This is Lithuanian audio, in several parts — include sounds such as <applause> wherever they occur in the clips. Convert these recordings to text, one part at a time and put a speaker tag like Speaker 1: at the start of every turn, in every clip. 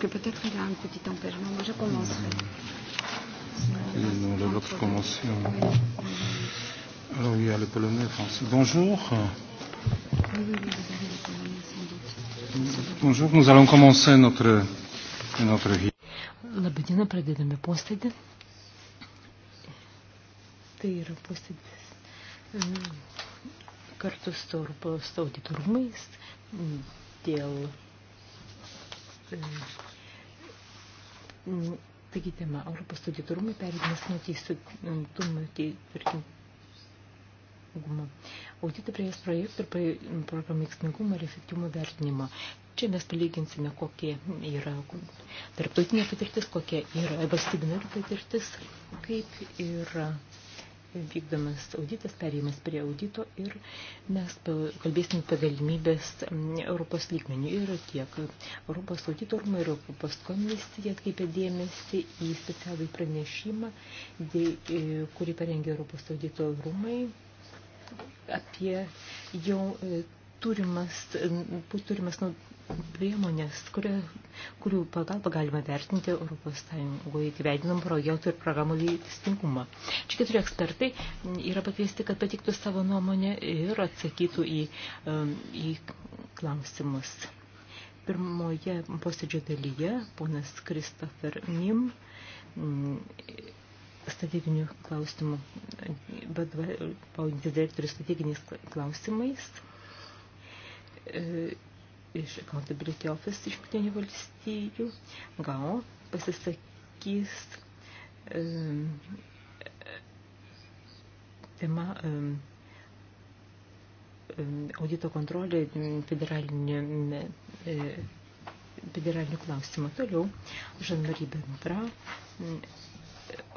Speaker 1: que
Speaker 2: peut-être il y a un petit empêchement. Moi, je commencerai.
Speaker 1: Oui, nous, le vote commence.
Speaker 3: Alors, il y a ah le Polonais, français. Bonjour. Oui,
Speaker 1: oui, vous avez le Polonais, sans doute. Bonjour, nous allons commencer
Speaker 3: notre, notre vie. Labai diena, pradedame posėdį.
Speaker 2: Tai yra posėdis e, kartu su Europos auditorumais dėl e, Mm, taigi tema Europos auditorumai perėdimas nuo teisėtumų tvirtingumo. Audito prie jas projektų ir mm, programų veiksmingumo ir efektyvumo vertinimo. Čia mes palyginsime, kokie yra tarptautinė patirtis, kokia yra valstybinė patirtis, kaip yra vykdomas auditas, perėjimas prie audito ir mes kalbėsim apie galimybės Europos lygmenių. Ir tiek Europos audito rūmai ir Europos komisija atkreipė dėmesį į specialų pranešimą, e, kurį parengė Europos audito rūmai apie jau e, turimas, turimas nu, priemonės, kurie, kurių pagalba galima vertinti Europos Sąjungoje įgyvendinam projektų ir programų veiksmingumą. Čia keturi ekspertai yra pakviesti, kad patiktų savo nuomonę ir atsakytų į, um, į klausimus. Pirmoje posėdžio dalyje ponas Kristofer Nim mm, strateginių klausimų, bet paujantis direktorius strateginiais klausimais e, iš Accountability Office iš Junktinių valstybių, gal pasisakys um, tema um, audito kontrolė federalinė e, federalinių klausimų. Toliau Jean-Marie Bendra,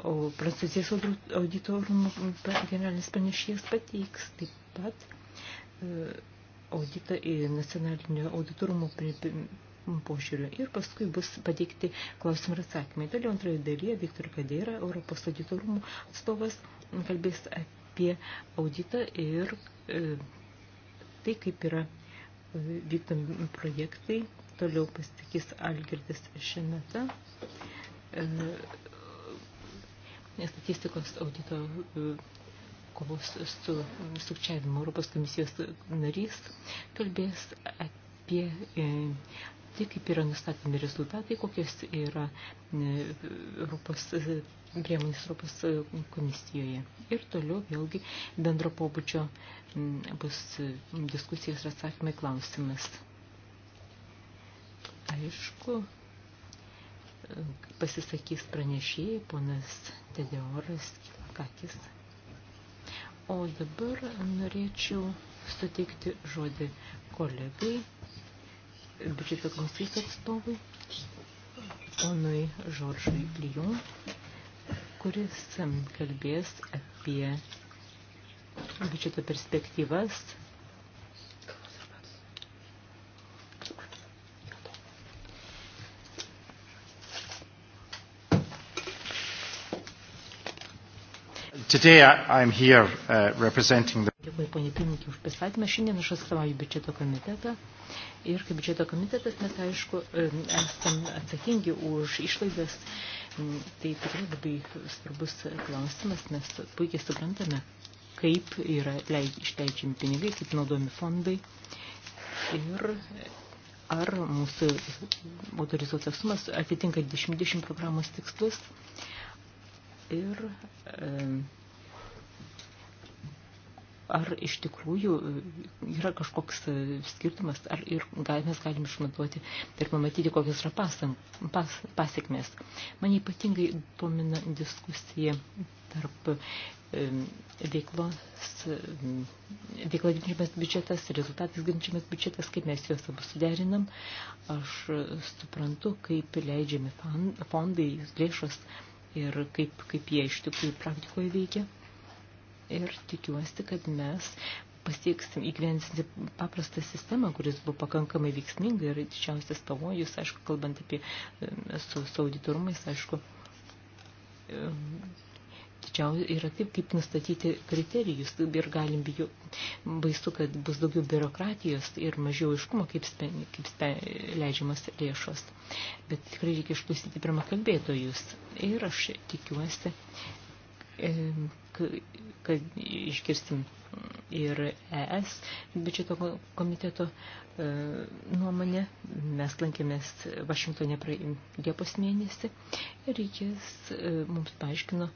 Speaker 2: o Prancūzijos audito rūmų generalinis pranešėjas pateiks taip pat e, auditą į nacionalinio auditorumo požiūriu. Ir paskui bus pateikti klausimai ir atsakymai. Toliau antroje dalyje Viktor Kadeira, Europos auditorumų atstovas, kalbės apie auditą ir e, tai, kaip yra e, vykdomi projektai. Toliau pasitikys Algirdis Šemeta, e, statistikos audito e, kovos su sukčiavimu Europos komisijos narys kalbės apie e, tai, kaip yra nustatomi rezultatai, kokios yra e, Europos e, priemonės Europos komisijoje. Ir toliau vėlgi bendro pobūdžio bus diskusijos ir atsakymai klausimas. Aišku, pasisakys pranešėjai ponas Tedeoras Kilakakis. O dabar norėčiau suteikti žodį kolegai, biudžeto komisijos atstovui, ponui Žoržui Lijon, kuris kalbės apie biudžeto perspektyvas
Speaker 3: Today I am here uh, representing the...
Speaker 2: Dėkui, ponė pirmininkė, už pristatymą. Šiandien aš atstovauju biudžeto komitetą. Ir kaip biudžeto komitetas mes, aišku, e, esam atsakingi už išlaidas. Mm, tai tikrai labai svarbus klausimas. Mes puikiai suprantame, kaip yra išleidžiami pinigai, kaip naudojami fondai. Ir ar mūsų autorizuotas sumas atitinka 2020 programos tikslus ir e, ar iš tikrųjų e, yra kažkoks e, skirtumas, ar ir gal, mes galim išmatuoti ir pamatyti, kokios yra pasam, pas, pasiekmes. Man ypatingai domina diskusija tarp e, veiklos, veikla ginčiamas biudžetas, rezultatas ginčiamas biudžetas, kaip mes juos abu suderinam. Aš suprantu, kaip leidžiami fondai, lėšos ir kaip, kaip jie iš tikrųjų praktikoje veikia ir tikiuosi, kad mes pasieksim įgyvensinti paprastą sistemą, kuris buvo pakankamai veiksminga ir didžiausias pavojus, aišku, kalbant apie su, su auditorumais, aišku, didžiausia yra taip, kaip nustatyti kriterijus ir galim bijau, baisu, kad bus daugiau biurokratijos ir mažiau iškumo, kaip, spe, kaip spe, leidžiamas lėšos. Bet tikrai reikia išklausyti pirmą kalbėtojus ir aš tikiuosi, E, kad išgirstim ir ES biudžeto komiteto e, nuomonę. Mes lankėmės Vašingtonė Liepos mėnesį ir jis e, mums paaiškino,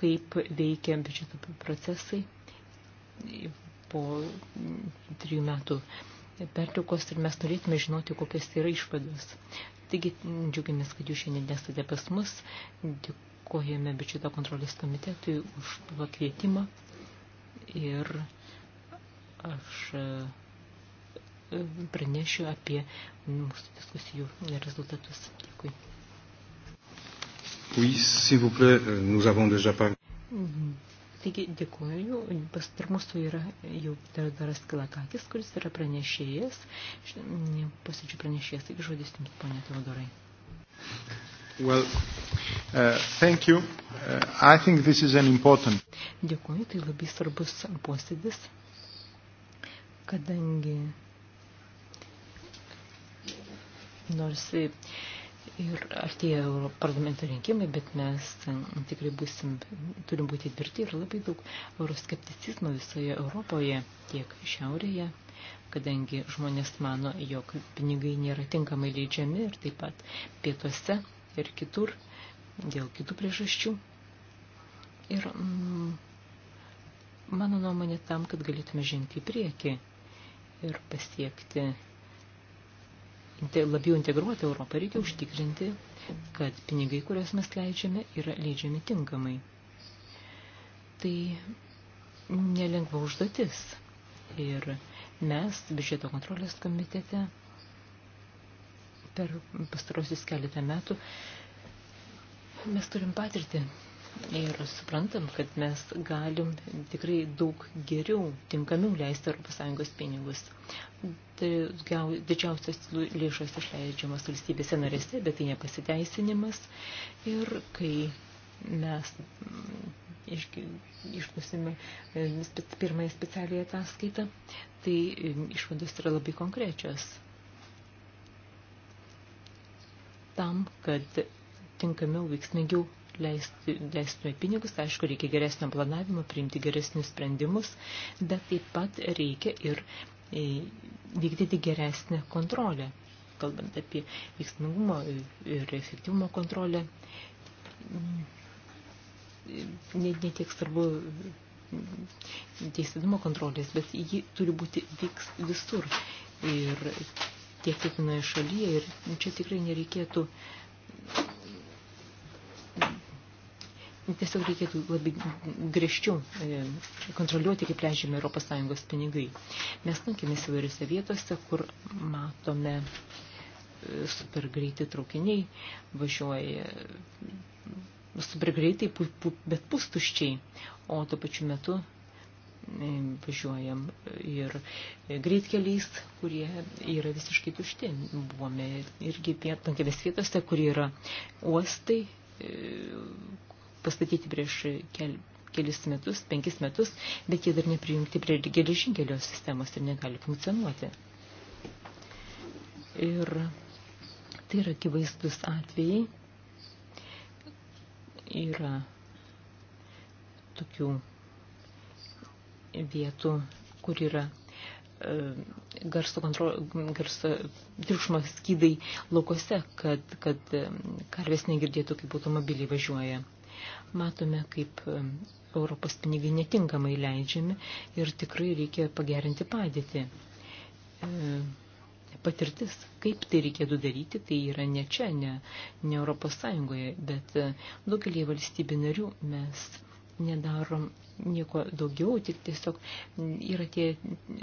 Speaker 2: kaip veikia biudžeto procesai po trijų metų pertraukos ir mes norėtume žinoti, kokias tai yra išvados. Taigi džiugiamės, kad jūs šiandien esate pas mus. Dėkui dėkojame biudžeto kontrolės komitetui už pakvietimą ir aš e, pranešiu apie mūsų diskusijų rezultatus. Dėkui.
Speaker 3: Oui, s'il vous plaît, euh, nous avons déjà parlé.
Speaker 2: Taigi, dėkuoju. Pas tarp mūsų yra jau Teodoras Kilakakis, kuris yra pranešėjas, posėdžių pranešėjas. Taigi, žodis jums, ponė Teodorai.
Speaker 3: Well, uh, thank you. Uh, I think this is an important.
Speaker 2: Dėkuoju, tai labai svarbus posėdis, kadangi nors ir artėja parlamento rinkimai, bet mes tikrai būsim, turim būti tvirti ir labai daug euroskepticizmo visoje Europoje, tiek šiaurėje, kadangi žmonės mano, jog pinigai nėra tinkamai leidžiami ir taip pat pietuose ir kitur, dėl kitų priežasčių. Ir mm, mano nuomonė tam, kad galėtume žengti į priekį ir pasiekti labiau integruoti Europą, reikia užtikrinti, kad pinigai, kuriuos mes leidžiame, yra leidžiami tinkamai. Tai nelengva užduotis. Ir mes biudžeto kontrolės komitete per pastarosius keletą metų mes turim patirtį ir suprantam, kad mes galim tikrai daug geriau, tinkamiau leisti ES pinigus. Tai didžiausias lėšas išleidžiamas valstybėse narėse, bet tai nepasiteisinimas. Ir kai mes išklausime e, pirmąją specialią ataskaitą, tai e, išvados yra labai konkrečios. tam, kad tinkamiau veiksmingiau leistume pinigus, aišku, reikia geresnio planavimo, priimti geresnius sprendimus, bet taip pat reikia ir e, vykdyti geresnę kontrolę, kalbant apie veiksmingumo ir efektyvumo kontrolę. Mm, ne, ne tiek svarbu mm, teisėdumo kontrolės, bet ji turi būti vyks visur. Ir tiek kiekvienoje šalyje ir čia tikrai nereikėtų tiesiog reikėtų labai griežčiau e, kontroliuoti, kaip leidžiami Europos Sąjungos pinigai. Mes lankėmės įvairiose vietose, kur matome e, super greiti traukiniai, važiuoja super greitai, bet pustuščiai, o tuo pačiu metu E, važiuojam ir greitkeliais, kurie yra visiškai tušti. Buvome irgi aplankėmės vietose, kur yra uostai e, pastatyti prieš kel, kelis metus, penkis metus, bet jie dar neprijungti prie geležinkelio sistemos ir negali funkcionuoti. Ir tai yra akivaizdus atvejai. Yra tokių vietų, kur yra e, garso, kontrol, garso triukšmo skydai laukose, kad, kad e, karvės negirdėtų, kaip automobiliai važiuoja. Matome, kaip e, Europos pinigai netinkamai leidžiami ir tikrai reikia pagerinti padėtį. Patirtis, kaip tai reikėtų daryti, tai yra ne čia, ne, ne Europos Sąjungoje, bet daugelį valstybių narių mes nedarom nieko daugiau, tik tiesiog yra tie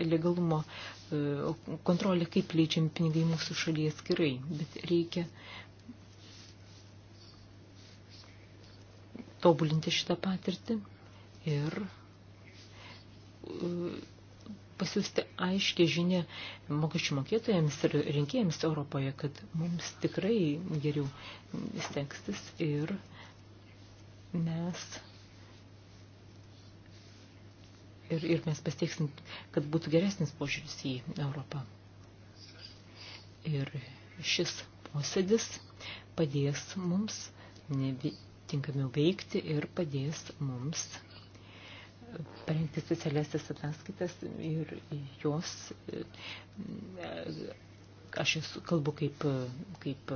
Speaker 2: legalumo e, kontrolė, kaip leidžiami pinigai mūsų šalyje skirai, bet reikia tobulinti šitą patirtį ir e, pasiūsti aiškę žinę mokesčių mokėtojams ir rinkėjams Europoje, kad mums tikrai geriau stengstis ir mes ir, ir mes pasieksim, kad būtų geresnis požiūris į Europą. Ir šis posėdis padės mums tinkamiau veikti ir padės mums parengti specialiasis ataskaitas ir jos, aš esu, kalbu kaip, kaip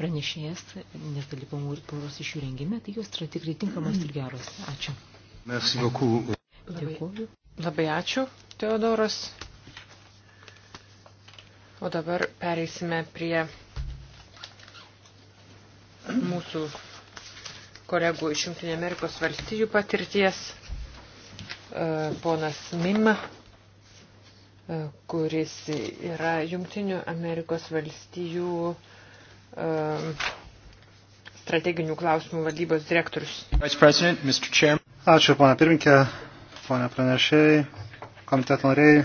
Speaker 2: pranešėjas, nes dalyvau ir poros iš jų rengime, tai jos yra tikrai tinkamos ir geros. Ačiū.
Speaker 3: Merci beaucoup.
Speaker 2: Dėkuoju. Labai ačiū, Teodoras.
Speaker 4: O dabar pereisime prie mūsų kolegų iš Junktinė Amerikos valstijų patirties. E, ponas Mima, e, kuris yra Junktinių Amerikos valstijų e, strateginių klausimų vadybos direktorius.
Speaker 3: Ačiū, pana pirminkė, ponė pranešėjai, komiteto nariai.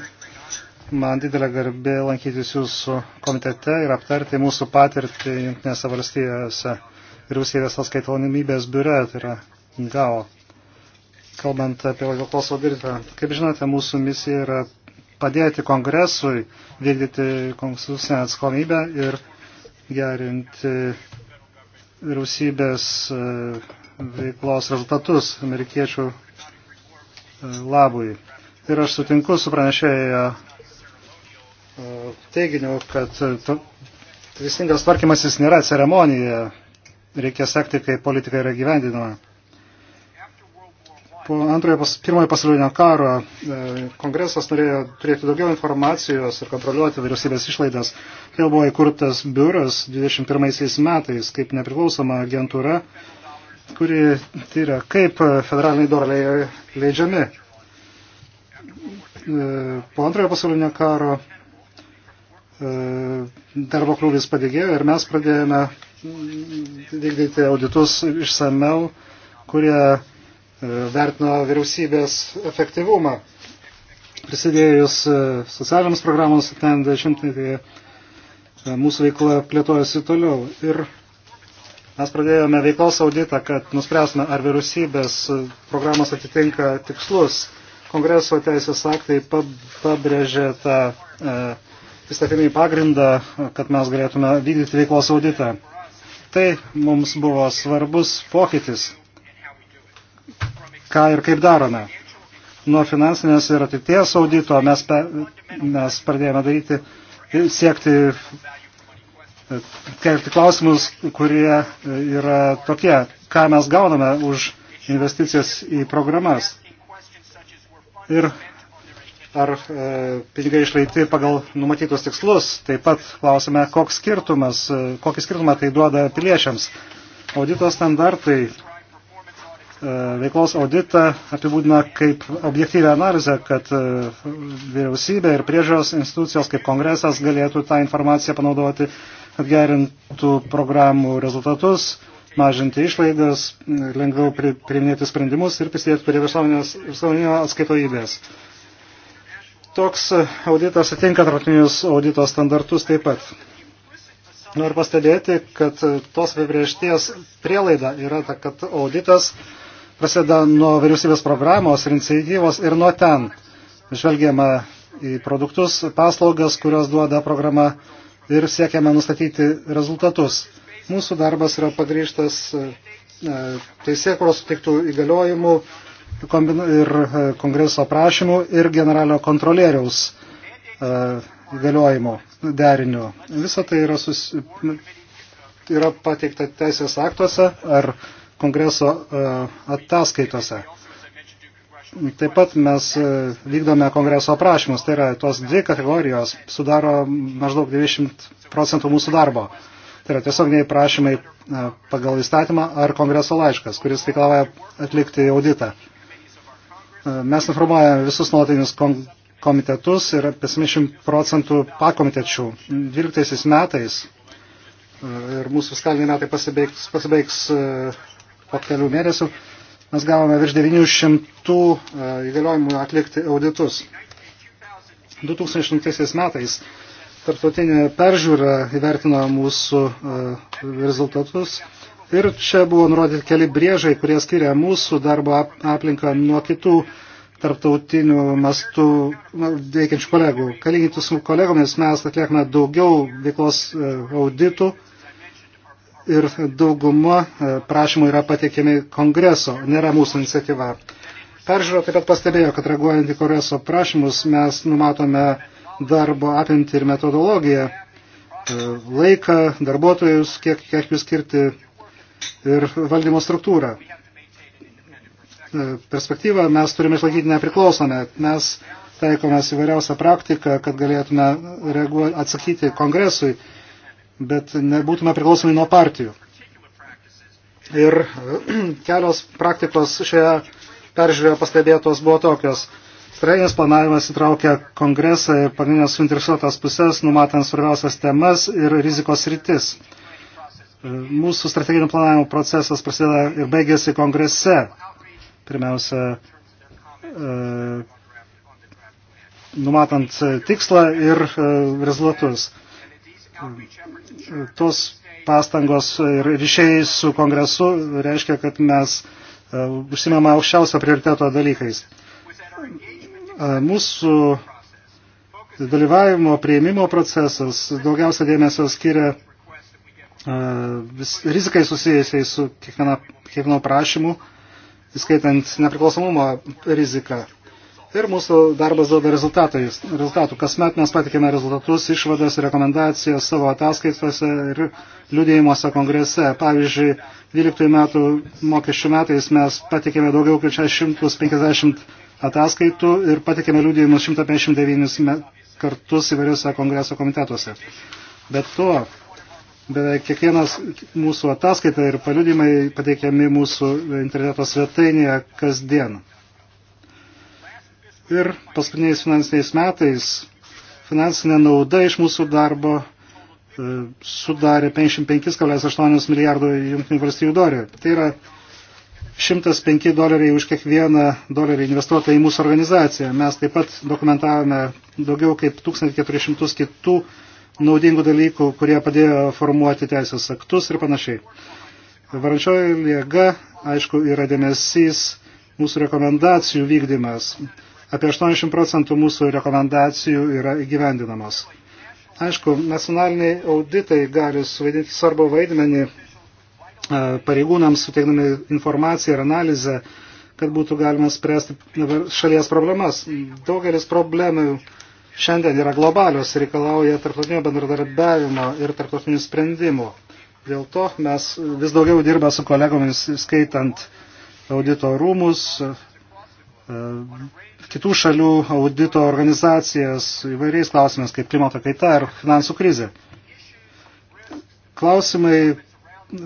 Speaker 3: Man didelė garbė lankytis jūsų komitete ir aptarti mūsų patirtį Junktinėse valstijose vyriausybės atskaitomybės biure, tai yra GAO. Kalbant apie valdžios auditą, kaip žinote, mūsų misija yra padėti kongresui vykdyti konstitucinę atsakomybę ir gerinti vyriausybės e, veiklos rezultatus. Amerikiečių labui. Ir aš sutinku su pranešėja e, teiginiu, kad teisingas tvarkymasis nėra ceremonija, reikia sekti, kaip politika yra gyvendinama. Po antrojo, pas, pirmojo pasaulinio karo e, kongresas norėjo turėti daugiau informacijos ir kontroliuoti vyriausybės išlaidas. Vėl buvo įkurtas biuras 21 metais kaip nepriklausoma agentūra kuri tyria, kaip federaliniai dorliai leidžiami. E, po antrojo pasaulinio karo e, darbo krūvis padėgėjo ir mes pradėjome vykdyti auditus išsameu, kurie e, vertino vyriausybės efektyvumą. Prisidėjus socialiniams programams 70-metį mūsų veikla plėtojasi toliau. Ir Mes pradėjome veiklos auditą, kad nuspręsime, ar vyriausybės programos atitinka tikslus. Kongreso teisės aktai pabrėžė tą e, įstatyminį pagrindą, kad mes galėtume vykdyti veiklos auditą. Tai mums buvo svarbus pokytis, ką ir kaip darome. Nuo finansinės ir atities audito mes, pe, mes pradėjome daryti, siekti kelti klausimus, kurie yra tokie, ką mes gauname už investicijas į programas. Ir ar e, pinigai išleiti pagal numatytus tikslus. Taip pat klausime, koks skirtumas, e, kokį skirtumą tai duoda piliečiams. Audito standartai e, veiklos auditą apibūdina kaip objektyvę analizę, kad e, vyriausybė ir priežiūros institucijos kaip kongresas galėtų tą informaciją panaudoti kad gerintų programų rezultatus, mažinti išlaidas, lengviau priiminėti sprendimus ir prisidėti prie visuomeninio atskaitojybės. Toks auditas atitinka tarptautinius audito standartus taip pat. Noriu pastebėti, kad tos apibriešties prielaida yra ta, kad auditas prasideda nuo vyriausybės programos ir iniciatyvos ir nuo ten žvelgiama į produktus, paslaugas, kurios duoda programa ir siekiame nustatyti rezultatus. Mūsų darbas yra pagrįžtas e, e, teisėkuros sutiktų įgaliojimų ir e, kongreso prašymų ir generalinio kontrolieriaus įgaliojimo deriniu. Visa tai yra, sus, yra pateikta teisės aktuose ar kongreso ataskaitose. Taip pat mes e, vykdome kongreso prašymus, tai yra tos dvi kategorijos sudaro maždaug 90 procentų mūsų darbo. Tai yra tiesioginiai prašymai e, pagal įstatymą ar kongreso laiškas, kuris reikalavoja atlikti auditą. E, mes informuojame visus nuolatinius komitetus ir apie 70 procentų pakomitečių. 12 metais ir mūsų fiskaliniai metai pasibaigs, pasibaigs po kelių mėnesių mes gavome virš 900 e, įgaliojimų atlikti auditus. 2008 metais tarptautinė peržiūra įvertino mūsų e, rezultatus ir čia buvo nurodyti keli brėžai, kurie skiria mūsų darbo aplinką nuo kitų tarptautinių mastų veikiančių kolegų. Kalinginti su kolegomis mes atliekame daugiau veiklos e, auditų ir dauguma e, prašymų yra pateikiami kongreso, nėra mūsų iniciatyva. Peržiūro taip pat pastebėjo, kad reaguojant į kongreso prašymus mes numatome darbo apimti ir metodologiją, e, laiką, darbuotojus, kiek, kiek jų skirti ir valdymo struktūrą. E, perspektyvą mes turime išlaikyti nepriklausomę. Mes taikomės įvairiausią praktiką, kad galėtume reaguoti, atsakyti kongresui bet nebūtume priklausomi nuo partijų. Ir <clears throat> kelios praktikos šioje peržiūrėje pastebėtos buvo tokios. Strateginis planavimas įtraukia kongresą ir pagrindinės suinteresuotas pusės, numatant svarbiausias temas ir rizikos rytis. Mūsų strateginio planavimo procesas prasideda ir baigėsi kongrese. Pirmiausia, e, numatant tikslą ir e, rezultatus. Mm. tos pastangos ir ryšiai su kongresu reiškia, kad mes e, užsimame aukščiausio prioriteto dalykais. E, mūsų dalyvavimo prieimimo procesas daugiausia dėmesio skiria e, vis, rizikai susijusiai su kiekvieno prašymu, įskaitant nepriklausomumo riziką ir mūsų darbas duoda rezultatų. Kasmet mes patikime rezultatus, išvadas, rekomendacijas savo ataskaitose ir liudėjimuose kongrese. Pavyzdžiui, 12 metų mokesčių metais mes patikėme daugiau kaip 650 ataskaitų ir patikėme liudėjimus 159 kartus įvairiuose kongreso komitetuose. Bet to, beveik kiekvienas mūsų ataskaita ir paliudimai pateikiami mūsų interneto svetainėje kasdien. Ir paskutiniais finansiniais metais finansinė nauda iš mūsų darbo e, sudarė 55,8 milijardo jungtinių valstybių dolerių. Tai yra 105 doleriai už kiekvieną dolerį investuotą į mūsų organizaciją. Mes taip pat dokumentavome daugiau kaip 1400 kitų naudingų dalykų, kurie padėjo formuoti teisės aktus ir panašiai. Varančioji liega, aišku, yra dėmesys mūsų rekomendacijų vykdymas. Apie 80 procentų mūsų rekomendacijų yra įgyvendinamos. Aišku, nacionaliniai auditai gali suvaidinti svarbu vaidmenį e, pareigūnams suteikdami informaciją ir analizę, kad būtų galima spręsti šalies problemas. Daugelis problemų šiandien yra globalios ir reikalauja tarptautinio bendradarbiavimo ir tarptautinių sprendimų. Dėl to mes vis daugiau dirbame su kolegomis, skaitant audito rūmus, E, kitų šalių audito organizacijas įvairiais klausimais, kaip klimato kaita ar finansų krizė. Klausimai,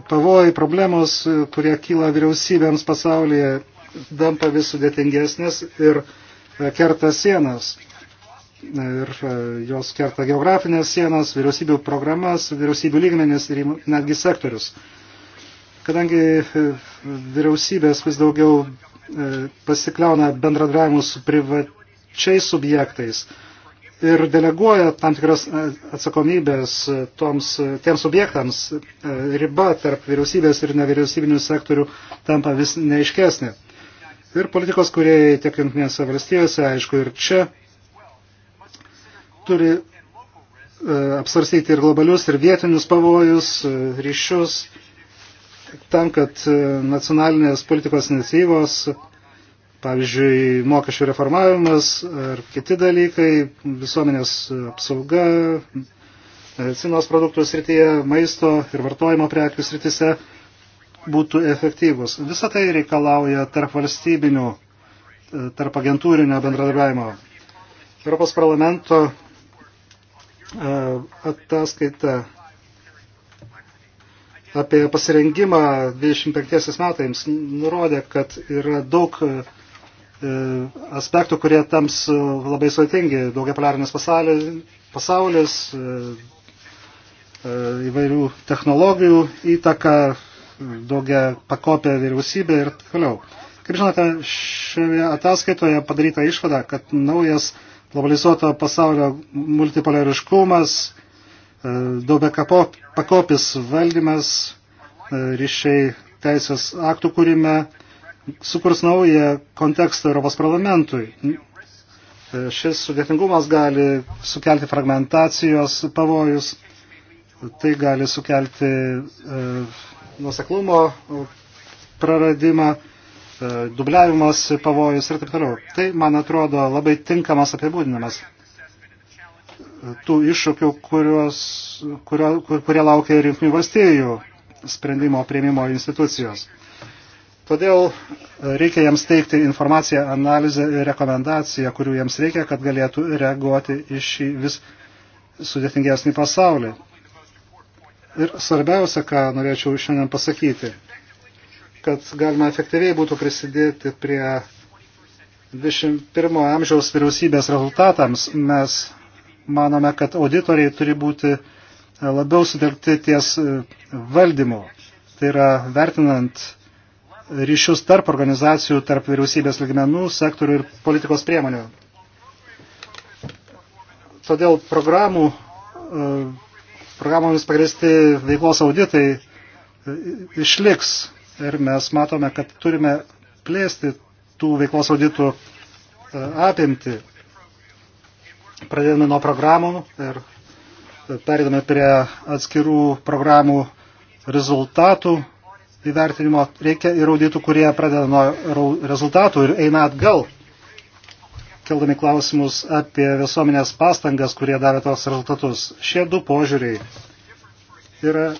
Speaker 3: pavojai, problemos, kurie kyla vyriausybėms pasaulyje, dampa vis sudėtingesnės ir e, kerta sienas. Ir e, jos kerta geografinės sienas, vyriausybių programas, vyriausybių lygmenis ir netgi sektorius. Kadangi vyriausybės vis daugiau E, pasikliauna bendradarbiavimu su privačiais subjektais ir deleguoja tam tikras e, atsakomybės toms, tiems subjektams, e, riba tarp vyriausybės ir nevyriausybinių sektorių tampa vis neiškesnė. Ir politikos kuriejai tiek jungtinėse valstijose, aišku, ir čia turi apsvarstyti ir globalius, ir vietinius pavojus, ryšius tam, kad e, nacionalinės politikos iniciatyvos, pavyzdžiui, mokesčių reformavimas ar kiti dalykai, visuomenės apsauga, medicinos produktų srityje, maisto ir vartojimo prekių srityse būtų efektyvus. Visą tai reikalauja tarp valstybinių, e, tarp agentūrinio bendradarbiavimo. Europos parlamento e, ataskaita apie pasirengimą 25 metams nurodė, kad yra daug e, aspektų, kurie tams e, labai sveitingi. Daugiapolarinis pasaulis, pasaulis, e, įvairių technologijų įtaka, daugia pakopė vyriausybė ir toliau. Kaip žinote, šioje ataskaitoje padaryta išvada, kad naujas globalizuoto pasaulio multipolariškumas E, daubė pakopis valdymas, e, ryšiai teisės aktų kūrime sukurs naują kontekstą Europos parlamentui. E, šis sudėtingumas gali sukelti fragmentacijos pavojus, tai gali sukelti e, nuseklumo praradimą, e, dubliavimas pavojus ir taip toliau. Tai, man atrodo, labai tinkamas apibūdinimas tų iššūkių, kurios, kurio, kur, kurie laukia ir jungtinių valstijų sprendimo prieimimo institucijos. Todėl reikia jiems teikti informaciją, analizę ir rekomendaciją, kurių jiems reikia, kad galėtų reaguoti iš šį vis sudėtingesnį pasaulį. Ir svarbiausia, ką norėčiau šiandien pasakyti, kad galima efektyviai būtų prisidėti prie 21 amžiaus vyriausybės rezultatams, mes manome, kad auditoriai turi būti e, labiau sutelkti ties e, valdymu. Tai yra vertinant ryšius tarp organizacijų, tarp vyriausybės ligmenų, sektorių ir politikos priemonių. Todėl programų, e, programomis pagristi veiklos auditai išliks ir mes matome, kad turime plėsti tų veiklos auditų apimti. Pradedame nuo programų ir perėdame prie atskirų programų rezultatų įvertinimo. Reikia ir auditų, kurie pradeda nuo rezultatų ir eina atgal, keldami klausimus apie visuomenės pastangas, kurie daro tos rezultatus. Šie du požiūriai yra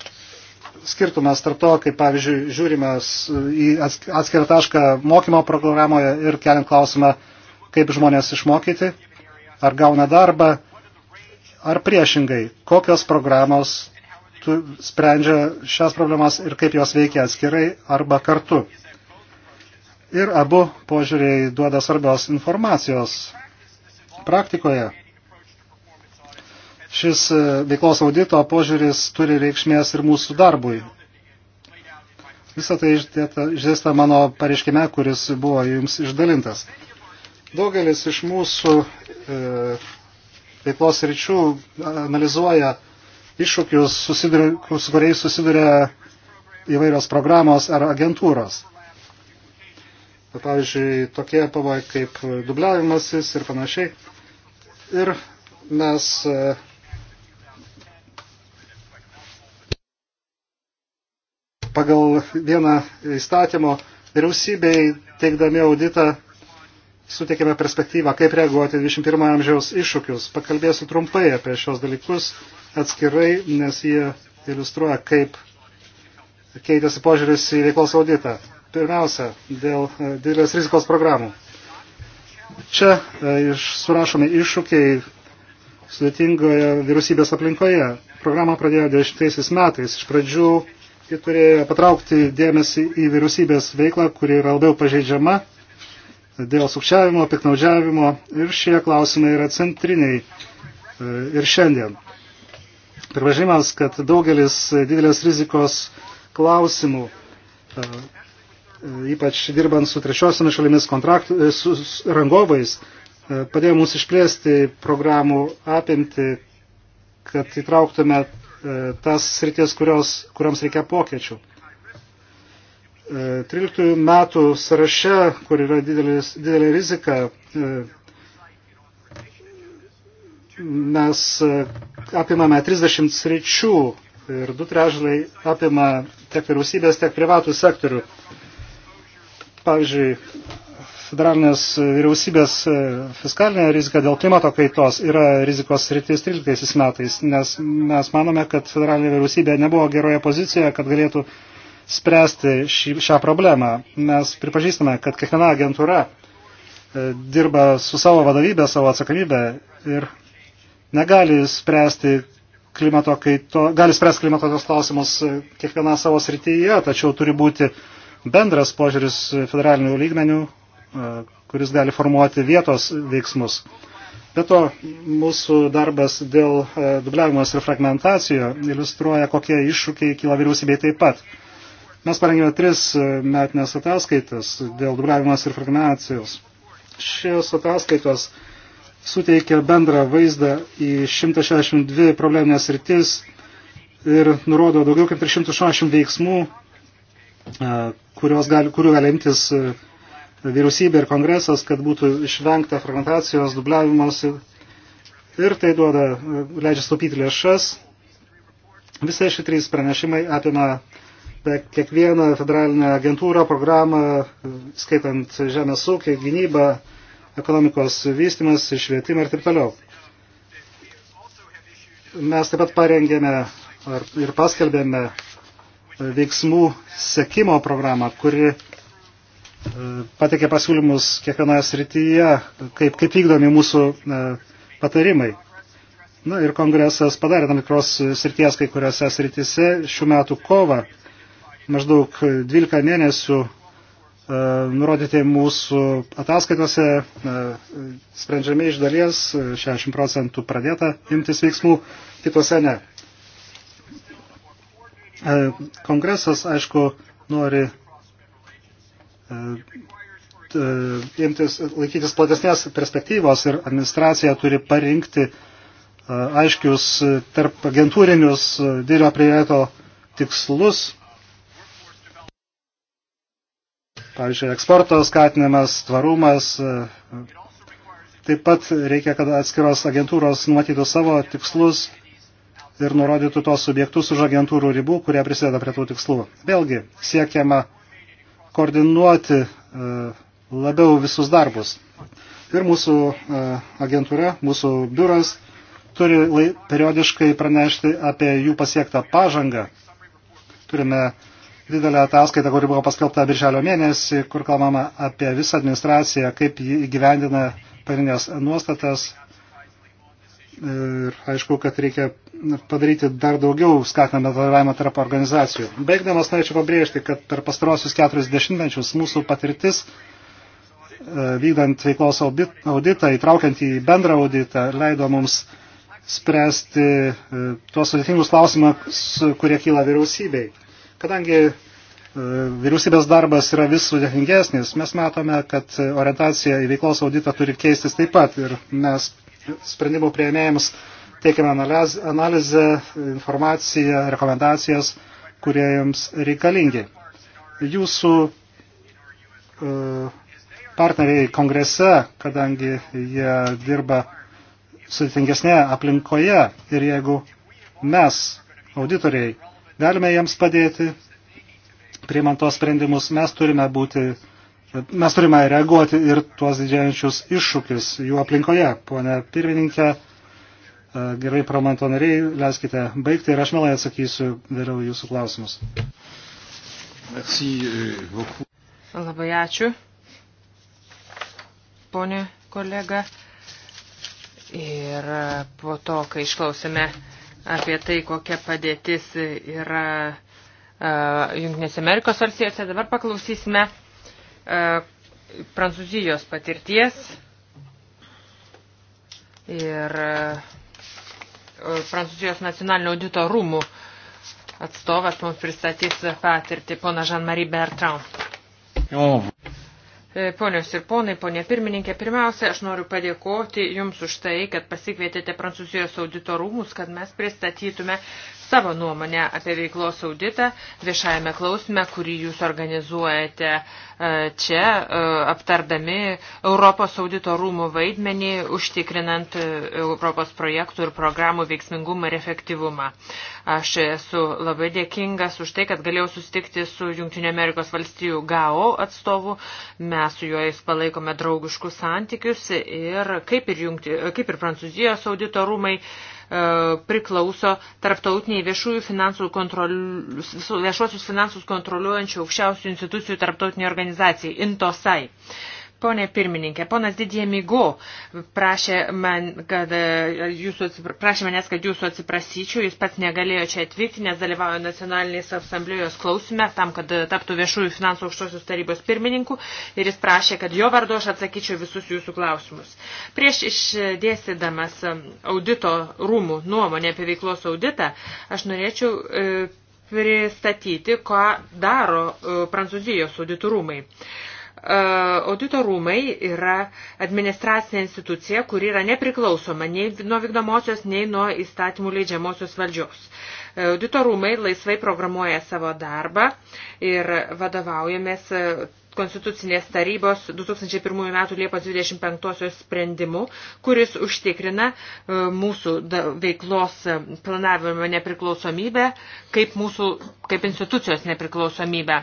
Speaker 3: skirtumas tarp to, kaip pavyzdžiui žiūrimas į atskirą tašką mokymo programoje ir keliant klausimą, kaip žmonės išmokyti ar gauna darbą, ar priešingai, kokios programos sprendžia šias problemas ir kaip jos veikia atskirai arba kartu. Ir abu požiūriai duoda svarbios informacijos praktikoje. Šis e, veiklos audito požiūris turi reikšmės ir mūsų darbui. Visą tai išdėsta mano pareiškime, kuris buvo jums išdalintas. Daugelis iš mūsų e, veiklos ryčių analizuoja iššūkius, su kuriais susiduria įvairios programos ar agentūros. Pavyzdžiui, tokie pavojai kaip dubliavimasis ir panašiai. Ir mes e, pagal vieną įstatymo vyriausybei teikdami auditą suteikėme perspektyvą, kaip reaguoti 21 amžiaus iššūkius. Pakalbėsiu trumpai apie šios dalykus atskirai, nes jie iliustruoja, kaip keitėsi požiūris į veiklos auditą. Pirmiausia, dėl e, didelės rizikos programų. Čia e, iš, surašomi iššūkiai sudėtingoje vyriausybės aplinkoje. Programą pradėjo 10 metais. Iš pradžių ji turėjo patraukti dėmesį į vyriausybės veiklą, kuri yra labiau pažeidžiama dėl sukčiavimo, piknaudžiavimo ir šie klausimai yra centriniai e, ir šiandien. Pripažinimas, kad daugelis didelės rizikos klausimų, e, ypač dirbant su trečiosiomis šalimis kontraktų, e, su rangovais, padėjo mums išplėsti programų apimti, kad įtrauktume tas sritis, kurios, kuriams reikia pokėčių. 13 e, metų sąraše, kur yra didelis, didelė rizika, e, mes e, apimame 30 sričių ir du trešdaliai apima tiek vyriausybės, tiek privatų sektorių. Pavyzdžiui, federalinės vyriausybės fiskalinė rizika dėl klimato kaitos yra rizikos sritis 13 metais, nes mes manome, kad federalinė vyriausybė nebuvo geroje pozicijoje, kad galėtų uh, spręsti šį, šią problemą. Mes pripažįstame, kad kiekviena agentūra e, dirba su savo vadovybė, savo atsakomybė ir negali spręsti klimato kaito, gali spręsti klimato kaitos klausimus e, kiekviena savo srityje, tačiau turi būti bendras požiūris federalinių lygmenių, e, kuris gali formuoti vietos veiksmus. Be to, mūsų darbas dėl dubliavimas ir fragmentacijo iliustruoja, kokie iššūkiai kyla vyriausybei taip pat. Mes parengėme tris e, metinės ataskaitas dėl dubliavimas ir fragmentacijos. Šios ataskaitos suteikia bendrą vaizdą į 162 probleminės rytis ir nurodo daugiau kaip 360 veiksmų, e, gali, kurių gali imtis e, vyriausybė ir kongresas, kad būtų išvengta fragmentacijos, dubliavimos ir tai duoda, leidžia staupyti lėšas. Visai šie trys pranešimai apima kiekvieną federalinę agentūrą, programą, skaitant žemės ūkį, gynybą, ekonomikos vystimas, švietimą ir taip toliau. Mes taip pat parengėme ir paskelbėme veiksmų sekimo programą, kuri e, patikė pasiūlymus kiekvienoje srityje, kaip, kaip vykdomi mūsų e, patarimai. Na ir kongresas padarė tam tikros srities kai kuriuose srityse šių metų kovą maždaug 12 mėnesių e, nurodyti mūsų ataskaitose, e, sprendžiami iš dalies, 60 e, procentų pradėta imtis veiksmų, kitose ne. Kongresas, aišku, nori imtis, laikytis platesnės perspektyvos ir administracija turi parinkti aiškius tarp agentūrinius didelio prioriteto tikslus pavyzdžiui, eksporto skatinimas, tvarumas. E, taip pat reikia, kad atskiros agentūros numatytų savo tikslus ir nurodytų tos subjektus už agentūrų ribų, kurie prisideda prie tų tikslų. Vėlgi, siekiama koordinuoti e, labiau visus darbus. Ir mūsų e, agentūra, mūsų biuras turi periodiškai pranešti apie jų pasiektą pažangą. Turime didelę ataskaitą, kuri buvo paskelbta birželio mėnesį, kur kalbama apie visą administraciją, kaip jį gyvendina pagrindinės nuostatas. Ir aišku, kad reikia padaryti dar daugiau skatinamą dalyvavimą tarp organizacijų. Baigdamas norėčiau pabrėžti, kad per pastarosius keturis dešimtmečius mūsų patirtis e, vykdant veiklos auditą, įtraukiant į bendrą auditą, leido mums spręsti e, tuos sudėtingus klausimus, kurie kyla vyriausybei. Kadangi e, vyriausybės darbas yra vis sudėtingesnis, mes matome, kad orientacija į veiklos auditą turi keistis taip pat ir mes sprendimų prieimėjams teikiame analizę, informaciją, rekomendacijas, kurie jums reikalingi. Jūsų e, partneriai kongrese, kadangi jie dirba sudėtingesnėje aplinkoje ir jeigu mes, auditoriai, Galime jiems padėti, priimant tos sprendimus, mes turime būti. Mes turime reaguoti ir tuos didžiančius iššūkius jų aplinkoje. Pone pirmininkė, gerai pramanto nariai, leiskite baigti ir aš melai atsakysiu vėliau jūsų klausimus. Merci euh, beaucoup.
Speaker 4: Labai ačiū, ponė kolega. Ir po to, kai išklausėme apie tai, kokia padėtis yra e, Junktinėse Amerikos valstijose. Dabar paklausysime e, Prancūzijos patirties ir e, Prancūzijos nacionalinio audito rūmų atstovas mums pristatys patirtį, pona Jean-Marie Bertrand. E, ponios ir ponai, ponė pirmininkė, pirmiausia, aš noriu padėkoti Jums už tai, kad pasikvietėte Prancūzijos auditorumus, kad mes pristatytume savo nuomonę apie veiklos auditą viešajame klausime, kurį jūs organizuojate e, čia, e, aptardami Europos audito rūmų vaidmenį, užtikrinant e, Europos projektų ir programų veiksmingumą ir efektyvumą. Aš esu labai dėkingas už tai, kad galėjau sustikti su Junktinio Amerikos valstijų GAO atstovu. Mes su juos palaikome draugiškus santykius ir kaip ir, jungti, kaip ir Prancūzijos audito rūmai, E, priklauso tarptautiniai viešųjų finansų kontrol... viešuosius finansus kontroliuojančių aukščiausių institucijų tarptautiniai organizacijai, INTOSAI. Pone pirmininkė, ponas Didie Migo prašė, man, kad e, jūsų, prašė manęs, kad jūsų atsiprasyčiau, jis pats negalėjo čia atvykti, nes dalyvauja nacionalinės asamblėjos klausime, tam, kad e, taptų viešųjų finansų aukštosios tarybos pirmininku ir jis prašė, kad jo vardu aš atsakyčiau visus jūsų klausimus. Prieš išdėstydamas e, audito rūmų nuomonę apie veiklos auditą, aš norėčiau e, pristatyti, ką daro Prancūzijos auditorumai. Audito rūmai yra administracinė institucija, kuri yra nepriklausoma nei nuo vykdomosios, nei nuo įstatymų leidžiamosios valdžios. Audito rūmai laisvai programuoja savo darbą ir vadovaujamės Konstitucinės tarybos 2001 m. Liepos 25 sprendimu, kuris užtikrina e, mūsų veiklos planavimo nepriklausomybę kaip, mūsų, kaip institucijos nepriklausomybę.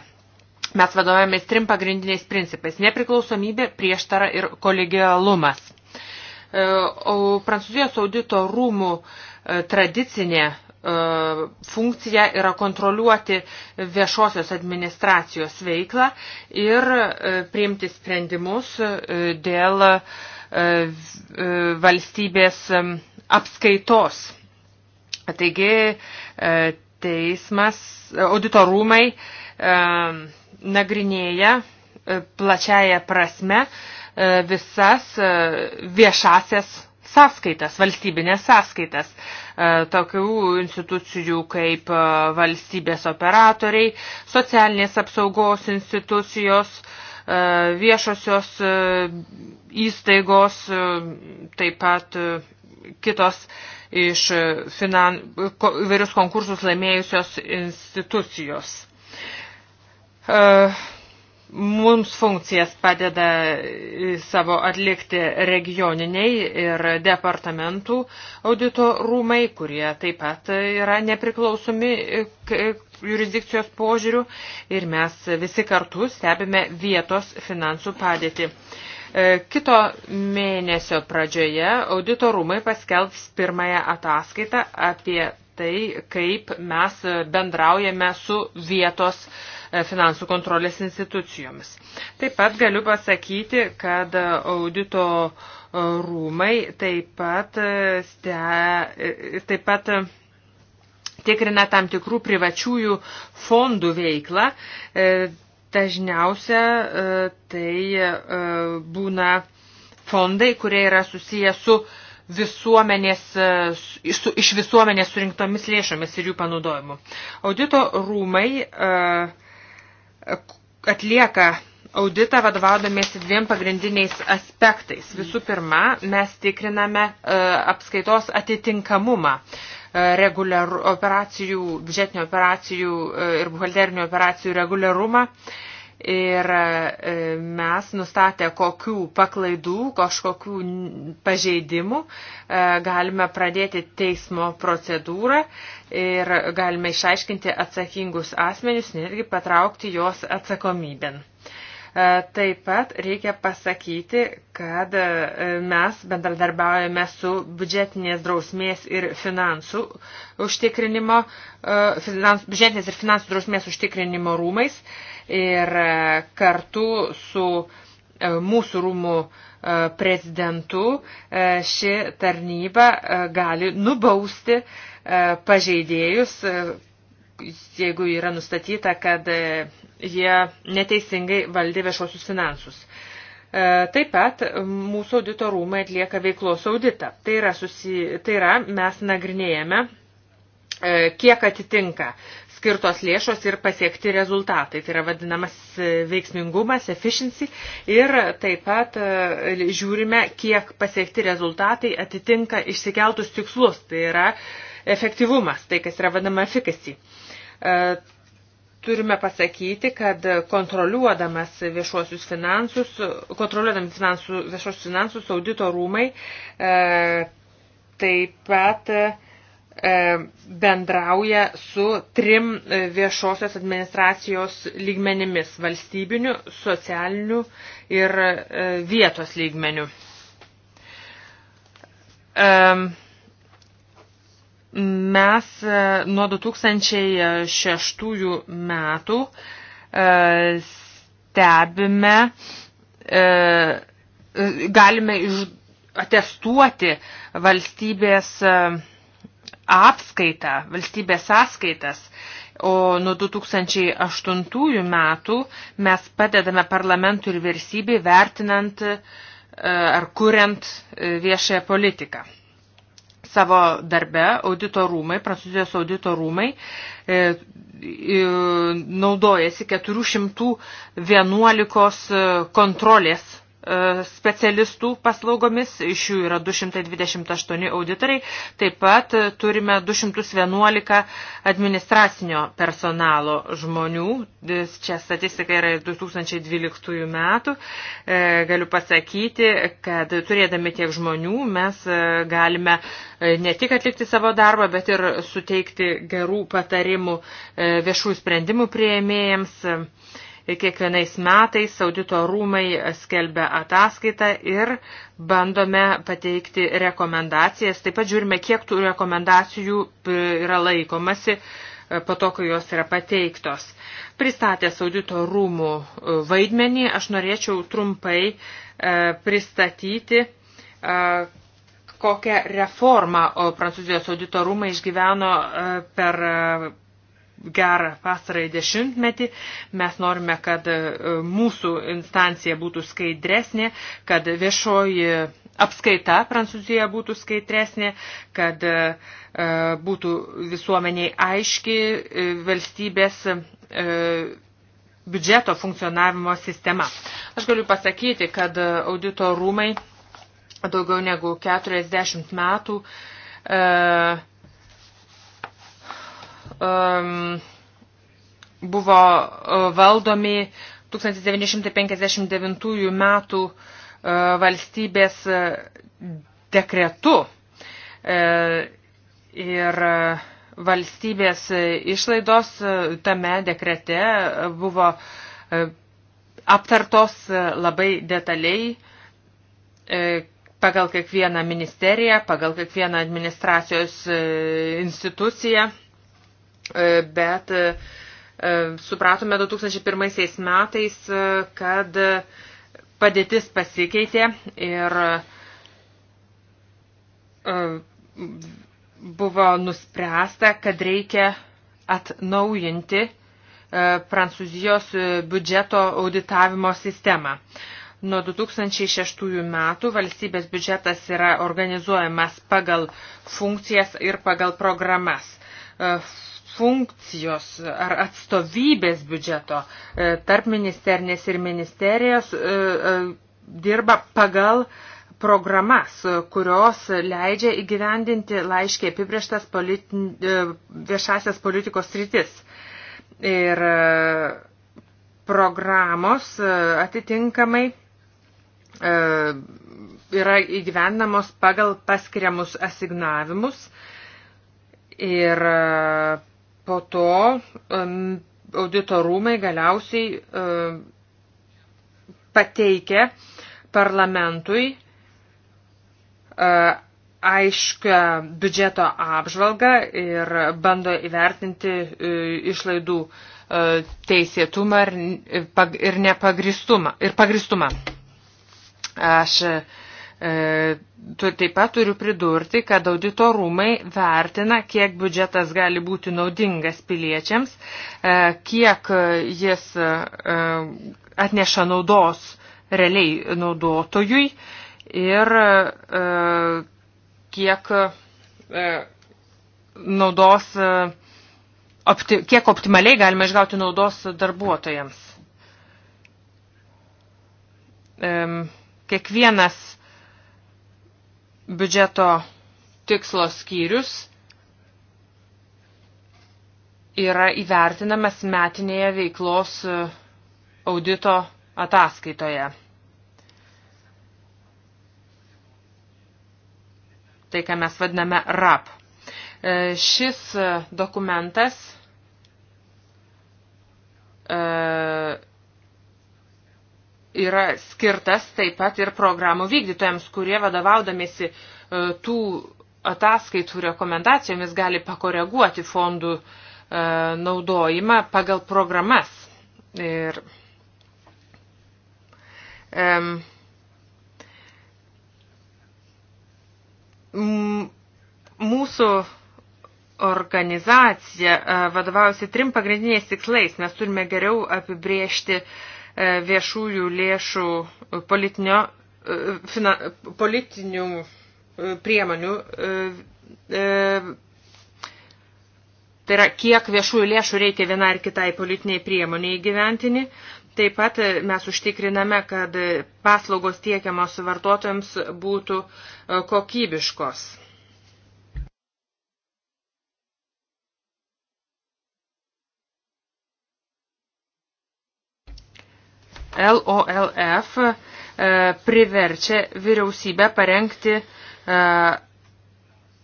Speaker 4: Mes vadovavomės trim pagrindiniais principais – nepriklausomybė, prieštara ir kolegialumas. E, Prancūzijos audito rūmų e, tradicinė e, funkcija yra kontroliuoti viešosios administracijos veiklą ir priimti sprendimus dėl valstybės apskaitos. Taigi teismas, auditorumai nagrinėja e, plačiaja prasme e, visas e, viešasias sąskaitas, valstybinės sąskaitas, tokių institucijų kaip valstybės operatoriai, socialinės apsaugos institucijos, viešosios įstaigos, taip pat kitos iš finan, įvairius konkursus laimėjusios institucijos. Uh, mums funkcijas padeda uh, savo atlikti regioniniai ir departamentų audito rūmai, kurie taip pat uh, yra nepriklausomi jurisdikcijos požiūrių ir mes visi kartu stebime vietos finansų padėtį. Kito mėnesio pradžioje audito rūmai paskelbs pirmąją ataskaitą apie tai, kaip mes bendraujame su vietos e, finansų kontrolės institucijomis. Taip pat galiu pasakyti, kad audito e, rūmai taip pat, e, ste, taip pat tikrina tam tikrų privačiųjų fondų veiklą. Dažniausia tai būna fondai, kurie yra susiję su uh, visuomenės, iš, e, iš visuomenės surinktomis lėšomis ir jų panaudojimu. Audito rūmai e, atlieka auditą vadovaudomėsi dviem pagrindiniais aspektais. Visų pirma, mes tikriname e, apskaitos atitinkamumą reguliarų operacijų, biudžetinių operacijų ir buhalterinių operacijų reguliarumą Ir e, mes nustatę, kokių paklaidų, kažkokių pažeidimų e, galime pradėti teismo procedūrą ir galime išaiškinti atsakingus asmenius, netgi patraukti jos atsakomybėn. E, taip pat reikia pasakyti, kad mes bendradarbiaujame su biudžetinės drausmės ir finansų užtikrinimo, finans, biudžetinės ir finansų drausmės užtikrinimo rūmais ir e, kartu su e, mūsų rūmų e, prezidentu ši tarnyba gali nubausti pažeidėjus, jeigu yra nustatyta, kad jie neteisingai valdė viešosius finansus. Taip pat mūsų audito rūmai atlieka veiklos auditą. Tai yra, susi, tai yra mes nagrinėjame, kiek atitinka skirtos lėšos ir pasiekti rezultatai. Tai yra vadinamas e, veiksmingumas, efficiency. Ir taip pat e, žiūrime, kiek pasiekti rezultatai atitinka išsikeltus tikslus. Tai yra efektyvumas, tai kas yra vadinama efficacy. E, turime pasakyti, kad kontroliuodamas viešuosius finansus, kontroliuodami finansų, viešuosius finansus audito rūmai taip pat E, bendrauja su trim e, viešosios administracijos lygmenimis – valstybiniu, socialiniu ir e, vietos lygmeniu. Mes nuo 2006 metų stebime, galime atestuoti valstybės apskaitą, valstybės sąskaitas. O nuo 2008 metų mes padedame parlamentui ir versybei vertinant e, ar kuriant e, viešąją politiką. Savo darbe audito rūmai, prancūzijos audito rūmai e, naudojasi 411 kontrolės specialistų paslaugomis, iš jų yra 228 auditoriai, taip pat turime 211 administracinio personalo žmonių, čia statistika yra 2012 metų, e, galiu pasakyti, kad turėdami tiek žmonių mes e, galime e, ne tik atlikti savo darbą, bet ir suteikti gerų patarimų viešų sprendimų prieėmėjams Kiekvienais metais audito rūmai skelbia ataskaitą ir bandome pateikti rekomendacijas. Taip pat žiūrime, kiek tų rekomendacijų yra laikomasi e, po to, kai jos yra pateiktos. Pristatęs audito rūmų e, vaidmenį, aš norėčiau trumpai e, pristatyti, kokią reformą Prancūzijos audito rūmai išgyveno per gerą pastarąjį dešimtmetį. Mes norime, kad e, mūsų instancija būtų skaidresnė, kad viešoji apskaita Prancūzija būtų skaidresnė, kad e, e, būtų visuomeniai aiški valstybės biudžeto funkcionavimo sistema. Aš galiu pasakyti, kad audito rūmai daugiau negu 40 metų uh, um, buvo uh, valdomi 1959 metų uh, valstybės uh, dekretu. Ir valstybės išlaidos tame dekrete buvo aptartos labai detaliai pagal kiekvieną ministeriją, pagal kiekvieną administracijos instituciją bet e, e, supratome 2001 metais, e, kad padėtis pasikeitė ir buvo nuspręsta, kad reikia atnaujinti Prancūzijos biudžeto auditavimo sistemą. Nuo 2006 metų valstybės biudžetas yra organizuojamas pagal funkcijas ir pagal programas funkcijos ar atstovybės biudžeto e, tarp ministernės ir ministerijos e, e, dirba pagal programas, kurios leidžia įgyvendinti laiškiai apibrieštas politin, viešasias politikos rytis. Ir programos atitinkamai yra įgyvendamos pagal paskiriamus asignavimus ir po to auditorumai galiausiai pateikė parlamentui e, aiškę biudžeto apžvalgą ir bando įvertinti e, išlaidų e, teisėtumą ir nepagristumą. Ir pagristumą. Aš E, taip pat turiu pridurti, kad audito rūmai vertina, kiek biudžetas gali būti naudingas piliečiams, e, kiek jis e, atneša naudos realiai naudotojui ir kiek naudos, kiek optimaliai galima išgauti naudos darbuotojams. Kiekvienas biudžeto tikslo skyrius yra įvertinamas metinėje veiklos e, audito ataskaitoje. Tai, ką mes vadiname RAP. E, šis e, dokumentas yra skirtas taip pat ir programų vykdytojams, kurie vadovaudamėsi e, tų ataskaitų rekomendacijomis gali pakoreguoti fondų e, naudojimą pagal programas. Ir, um, mūsų organizacija e, vadovaujasi trim pagrindiniais tikslais. Mes turime geriau apibriežti uh, viešųjų lėšų politinio, e, fina, politinių e, priemonių. E, tai yra, kiek viešųjų lėšų reikia vienai ar kitai politiniai priemoniai gyventini. Taip pat mes užtikriname, kad paslaugos tiekiamos vartotojams būtų kokybiškos. LOLF e, priverčia vyriausybę parengti e,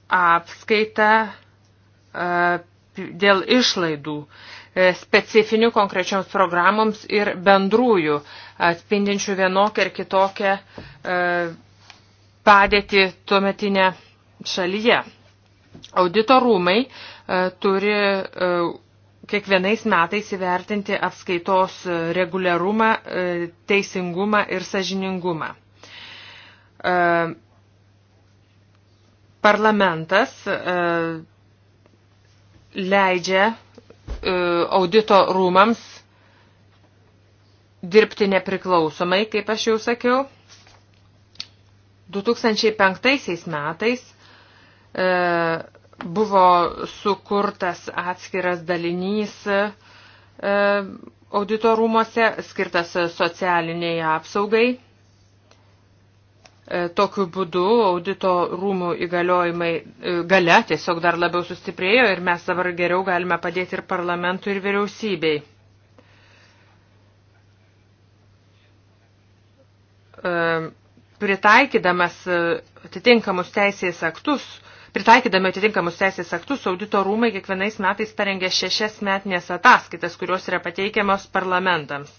Speaker 4: apskaitą e, dėl išlaidų specifinių konkrečioms programoms ir bendrųjų atspindinčių vienokią ir kitokią padėtį tuometinę šalyje. Audito rūmai turi kiekvienais metais įvertinti apskaitos reguliarumą, e, teisingumą ir sažiningumą. E, parlamentas e, leidžia audito rūmams dirbti nepriklausomai, kaip aš jau sakiau. 2005 metais Buvo sukurtas atskiras dalinys e, auditorumuose, skirtas socialiniai apsaugai. E, tokiu būdu audito rūmų įgaliojimai e, gale tiesiog dar labiau sustiprėjo ir mes dabar geriau galime padėti ir parlamentui, ir vyriausybei. Pritaikydamas atitinkamus teisės aktus, Pritaikydami atitinkamus teisės aktus, audito rūmai kiekvienais metais parengia šešias metinės ataskaitas, kurios yra pateikiamos parlamentams.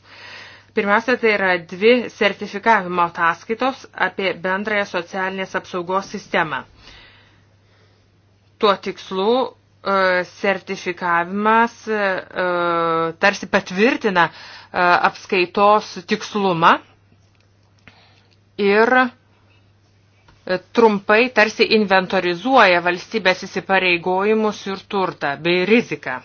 Speaker 4: Pirmiausia, tai yra dvi sertifikavimo ataskaitos apie bendrąją socialinės apsaugos sistemą. Tuo tikslu e, sertifikavimas e, tarsi patvirtina e, apskaitos tikslumą ir trumpai tarsi inventorizuoja valstybės įsipareigojimus ir turtą bei riziką.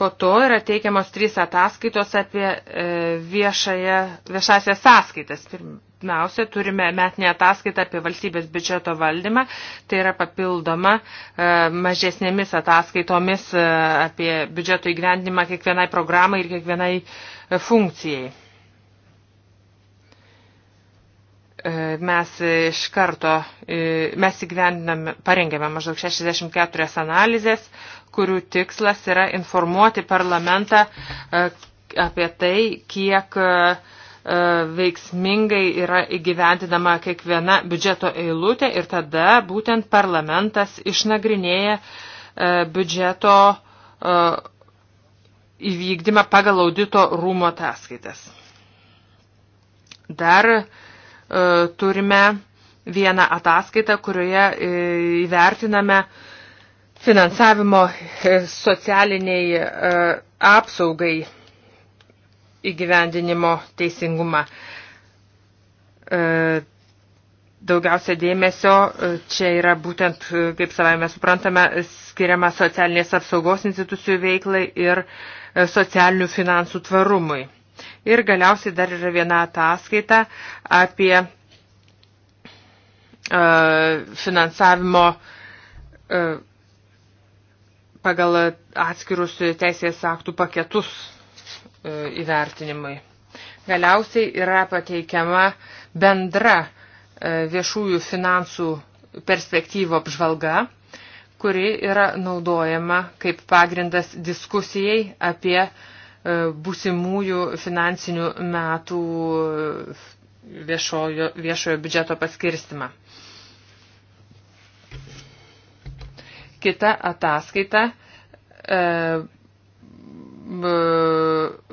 Speaker 4: Po to yra teikiamos trys ataskaitos apie e, viešąją, viešąsias sąskaitas. Pirmiausia, turime metinę ataskaitą apie valstybės biudžeto valdymą, tai yra papildoma e, mažesnėmis ataskaitomis e, apie biudžeto įgyvendimą kiekvienai programai ir kiekvienai funkcijai. E, mes iš karto, e, mes įgyvendinam, parengėme maždaug 64 analizės, kurių tikslas yra informuoti parlamentą e, apie tai, kiek veiksmingai yra įgyvendinama kiekviena biudžeto eilutė ir tada būtent parlamentas išnagrinėja biudžeto įvykdymą pagal audito rūmo ataskaitas. Dar uh, E, turime vieną ataskaitą, kurioje e, įvertiname finansavimo e, socialiniai apsaugai įgyvendinimo teisingumą. Daugiausia dėmesio čia yra būtent, kaip savai mes suprantame, skiriama socialinės apsaugos institucijų veiklai ir socialinių finansų tvarumui. Ir galiausiai dar yra viena ataskaita apie e, finansavimo e, pagal atskirus teisės aktų paketus e, įvertinimai. Galiausiai yra pateikiama bendra viešųjų finansų perspektyvo apžvalga, kuri yra naudojama kaip pagrindas diskusijai apie uh, E, būsimųjų finansinių metų viešojo, viešojo biudžeto paskirstimą. Kita ataskaita. E,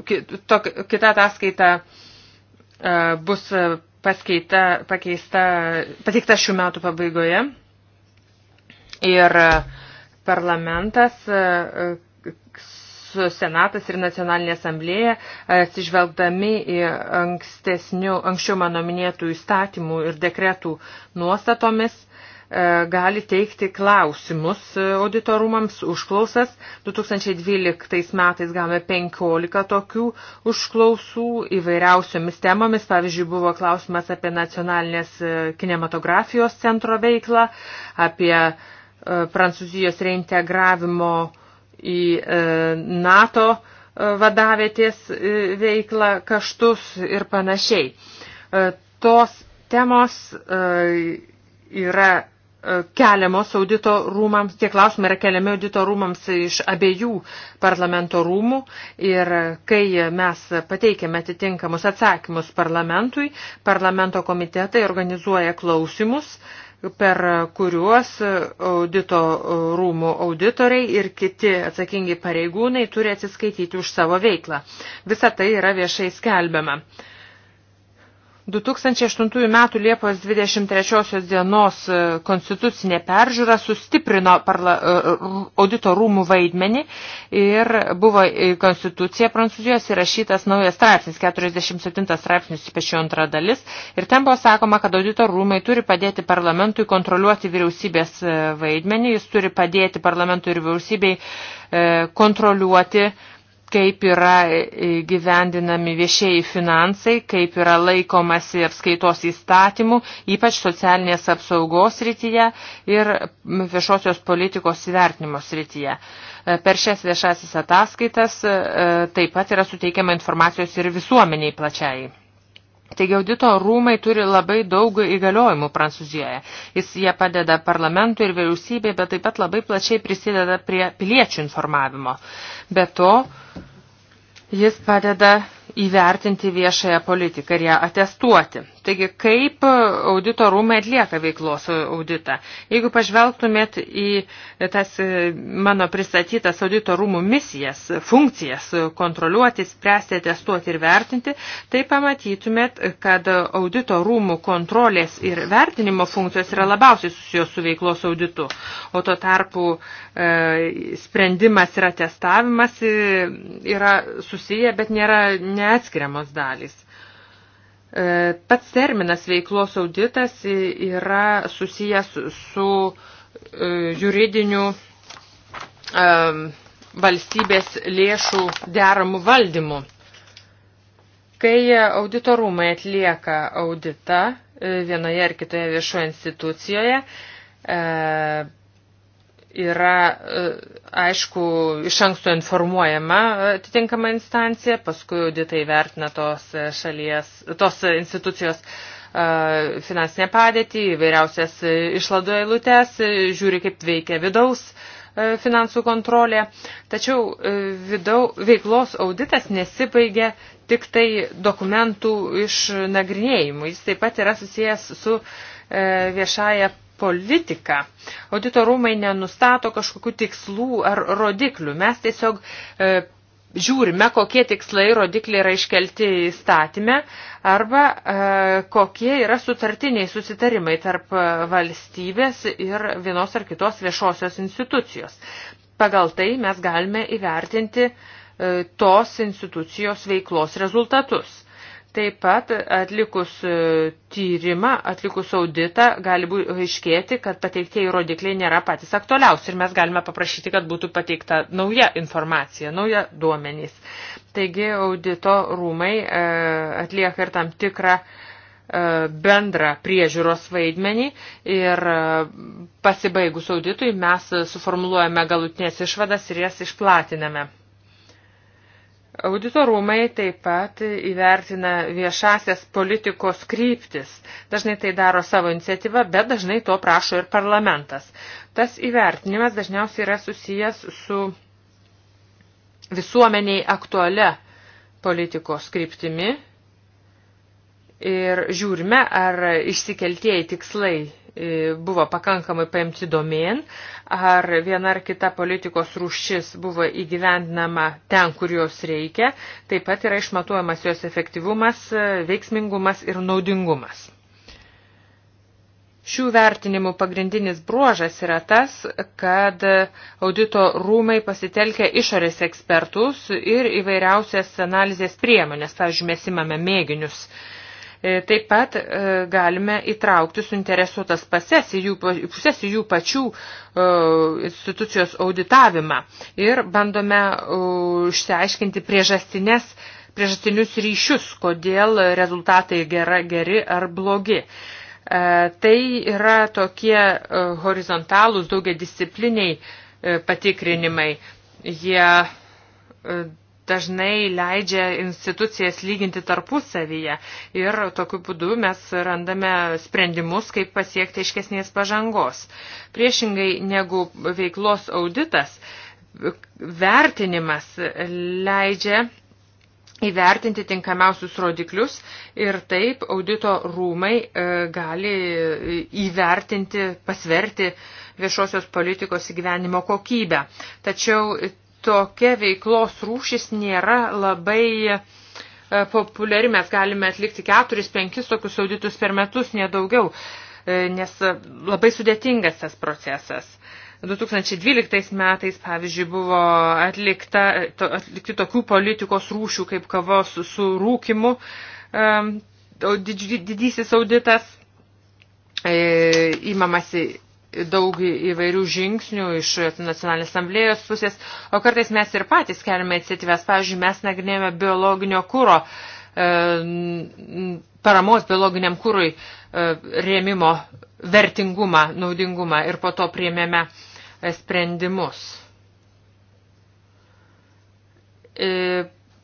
Speaker 4: kita ataskaita e, bus paskeita, pakeista, pateikta šių metų pabaigoje. Ir parlamentas Senatas ir Nacionalinė asamblėja, e, atsižvelgdami į anksčiau mano minėtų įstatymų ir dekretų nuostatomis, e, gali teikti klausimus e, auditorumams, užklausas. 2012 metais gavome 15 tokių užklausų įvairiausiomis temomis. Pavyzdžiui, buvo klausimas apie nacionalinės kinematografijos centro veiklą, apie Prancūzijos reintegravimo į e, NATO e, vadavėties e, veiklą, kaštus ir panašiai. Tos temos yra keliamos audito rūmams, tie klausimai yra keliami audito rūmams iš abiejų parlamento rūmų ir kai mes pateikėme atitinkamus atsakymus parlamentui, parlamento komitetai organizuoja klausimus, per kuriuos audito rūmų auditoriai ir kiti atsakingi pareigūnai turi atsiskaityti už savo veiklą. Visa tai yra viešai skelbiama. 2008 m. Liepos 23 dienos e, konstitucinė peržiūra sustiprino parla, e, e, audito rūmų vaidmenį ir buvo konstitucija Prancūzijos įrašytas naujas straipsnis, 47 straipsnis, ypač antra dalis. Ir ten buvo sakoma, kad audito rūmai turi padėti parlamentui kontroliuoti vyriausybės vaidmenį, jis turi padėti parlamentui ir vyriausybei kontroliuoti uh, kaip yra gyvendinami viešieji finansai, kaip yra laikomasi apskaitos įstatymų, ypač socialinės apsaugos rytyje ir viešosios politikos įvertinimo srityje. Per šias viešasis ataskaitas e, taip pat yra suteikiama informacijos ir visuomeniai plačiai. Taigi audito rūmai turi labai daug įgaliojimų Prancūzijoje. Jis jie padeda parlamentui ir vyriausybei, bet taip pat labai plačiai prisideda prie piliečių informavimo. Be to, jis padeda įvertinti viešąją politiką ir ją atestuoti. Taigi, kaip audito rūmai atlieka veiklos auditą? Jeigu pažvelgtumėt į tas e, mano pristatytas audito rūmų misijas, funkcijas kontroliuoti, spręsti, atestuoti ir vertinti, tai pamatytumėt, kad audito rūmų kontrolės ir vertinimo funkcijos yra labiausiai susijęs su veiklos auditu. O to tarpu e, sprendimas ir atestavimas e, yra susiję, bet nėra neatskiriamos dalys. E, pats terminas veiklos auditas yra susijęs su e, juridiniu e, valstybės lėšų deramų valdymų. Kai auditorumai atlieka auditą vienoje ar kitoje viešoje institucijoje, yra, e, aišku, iš anksto informuojama atitinkama instancija, paskui auditai vertina tos, šalies, tos institucijos e, finansinę padėtį, įvairiausias išladų eilutės, žiūri, kaip veikia vidaus e, finansų kontrolė. Tačiau vidau, veiklos auditas nesibaigia tik tai dokumentų išnagrinėjimu. Jis taip pat yra susijęs su viešaja politiką. Audito rūmai nenustato kažkokių tikslų ar rodiklių. Mes tiesiog e, žiūrime, kokie tikslai rodikliai yra iškelti įstatymę arba e, kokie yra sutartiniai susitarimai tarp e, valstybės ir vienos ar kitos viešosios institucijos. Pagal tai mes galime įvertinti e, tos institucijos veiklos rezultatus. Taip pat atlikus e, tyrimą, atlikus auditą, gali aiškėti, kad pateiktieji rodikliai nėra patys aktualiausi ir mes galime paprašyti, kad būtų pateikta nauja informacija, nauja duomenys. Taigi audito rūmai e, atlieka ir tam tikrą e, bendrą priežiūros vaidmenį ir pasibaigus auditui mes suformuluojame galutinės išvadas ir jas išplatiname. Auditorumai taip pat įvertina viešasias politikos kryptis. Dažnai tai daro savo iniciatyvą, bet dažnai to prašo ir parlamentas. Tas įvertinimas dažniausiai yra susijęs su visuomeniai aktualia politikos kryptimi ir žiūrime, ar išsikeltieji tikslai E, buvo pakankamai paimti domėn, ar viena ar kita politikos rūšis buvo įgyvendinama ten, kur jos reikia, taip pat yra išmatuojamas jos efektyvumas, e, veiksmingumas ir naudingumas. Šių vertinimų pagrindinis bruožas yra tas, kad audito rūmai pasitelkia išorės ekspertus ir įvairiausias analizės priemonės. Pavyzdžiui, mes imame mėginius E, taip pat e, galime įtraukti suinteresuotas pases į jų, pusės į jų pačių e, institucijos auditavimą ir bandome išsiaiškinti priežastinės priežastinius ryšius, kodėl rezultatai gera, geri ar blogi. Tai yra tokie horizontalūs, daugia discipliniai patikrinimai. Jie dažnai leidžia institucijas lyginti tarpusavyje ir tokiu būdu mes randame sprendimus, kaip pasiekti aiškesnės pažangos. Priešingai negu veiklos auditas, vertinimas leidžia įvertinti tinkamiausius rodiklius ir taip audito rūmai e, gali įvertinti, pasverti viešosios politikos įgyvenimo kokybę. Tačiau tokia veiklos rūšis nėra labai e, populiari. Mes galime atlikti 4-5 tokius auditus per metus, nedaugiau, e, nes e, labai sudėtingas tas procesas. 2012 metais, pavyzdžiui, buvo atlikta, to, atlikti tokių politikos rūšių kaip kavos su, su rūkimu um, didysis auditas, e, įmamasi daug įvairių žingsnių iš nacionalinės asamblėjos pusės, o kartais mes ir patys keliame iniciatyvės. Pavyzdžiui, mes nagrinėjame biologinio kūro e, paramos biologiniam kūrui e, rėmimo vertingumą, naudingumą ir po to priėmėme e, sprendimus.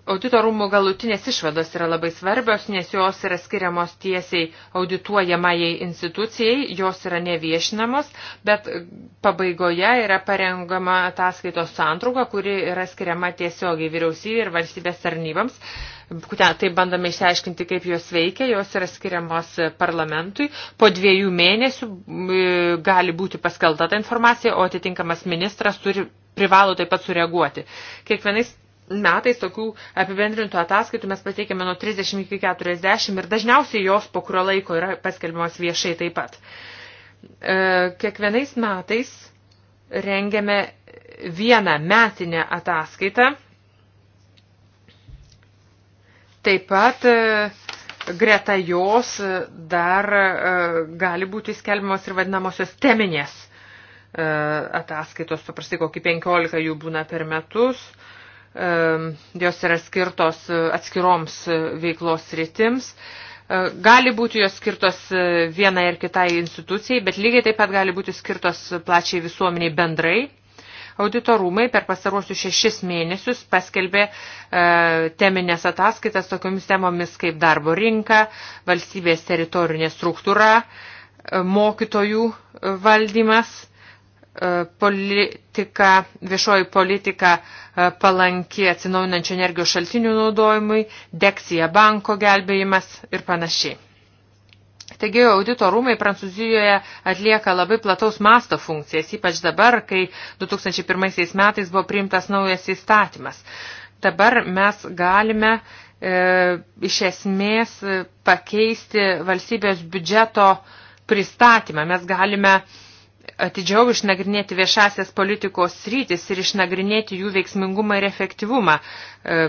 Speaker 4: Audito rūmų galutinės išvados yra labai svarbios, nes jos yra skiriamos tiesiai audituojamajai institucijai, jos yra neviešinamos, bet pabaigoje yra parengama ataskaitos santrauka, kuri yra skiriama tiesiogiai vyriausybei ir valstybės tarnybams. Tai bandome išsiaiškinti, kaip jos veikia, jos yra skiriamos parlamentui. Po dviejų mėnesių e, gali būti paskelta ta informacija, o atitinkamas ministras turi privalo taip pat sureaguoti. Kiekvienais metais tokių apibendrintų ataskaitų mes pateikėme nuo 30 iki 40 ir dažniausiai jos po kurio laiko yra paskelbiamos viešai taip pat. E, kiekvienais metais rengiame vieną metinę ataskaitą. Taip pat e, greta jos e, dar gali būti skelbiamos ir vadinamosios teminės ataskaitos, paprastai kokį 15 jų būna per metus jos yra skirtos e, atskiroms e, veiklos rytims. E, gali būti jos skirtos vienai ar kitai institucijai, bet lygiai taip pat gali būti skirtos plačiai visuomeniai bendrai. Auditorumai per pastaruosius šešis mėnesius paskelbė e, teminės ataskaitas tokiomis temomis kaip darbo rinka, valstybės teritorinė struktūra, e, mokytojų valdymas E, politika, viešoji politika e, palanki atsinaujinančių energijos šaltinių naudojimui, dekcija banko gelbėjimas ir panašiai. Taigi audito rūmai Prancūzijoje atlieka labai plataus masto funkcijas, ypač dabar, kai 2001 metais buvo priimtas naujas įstatymas. Dabar mes galime e, iš esmės e, pakeisti valstybės biudžeto pristatymą. Mes galime e, atidžiau išnagrinėti viešasias politikos sritis ir išnagrinėti jų veiksmingumą ir efektyvumą, e,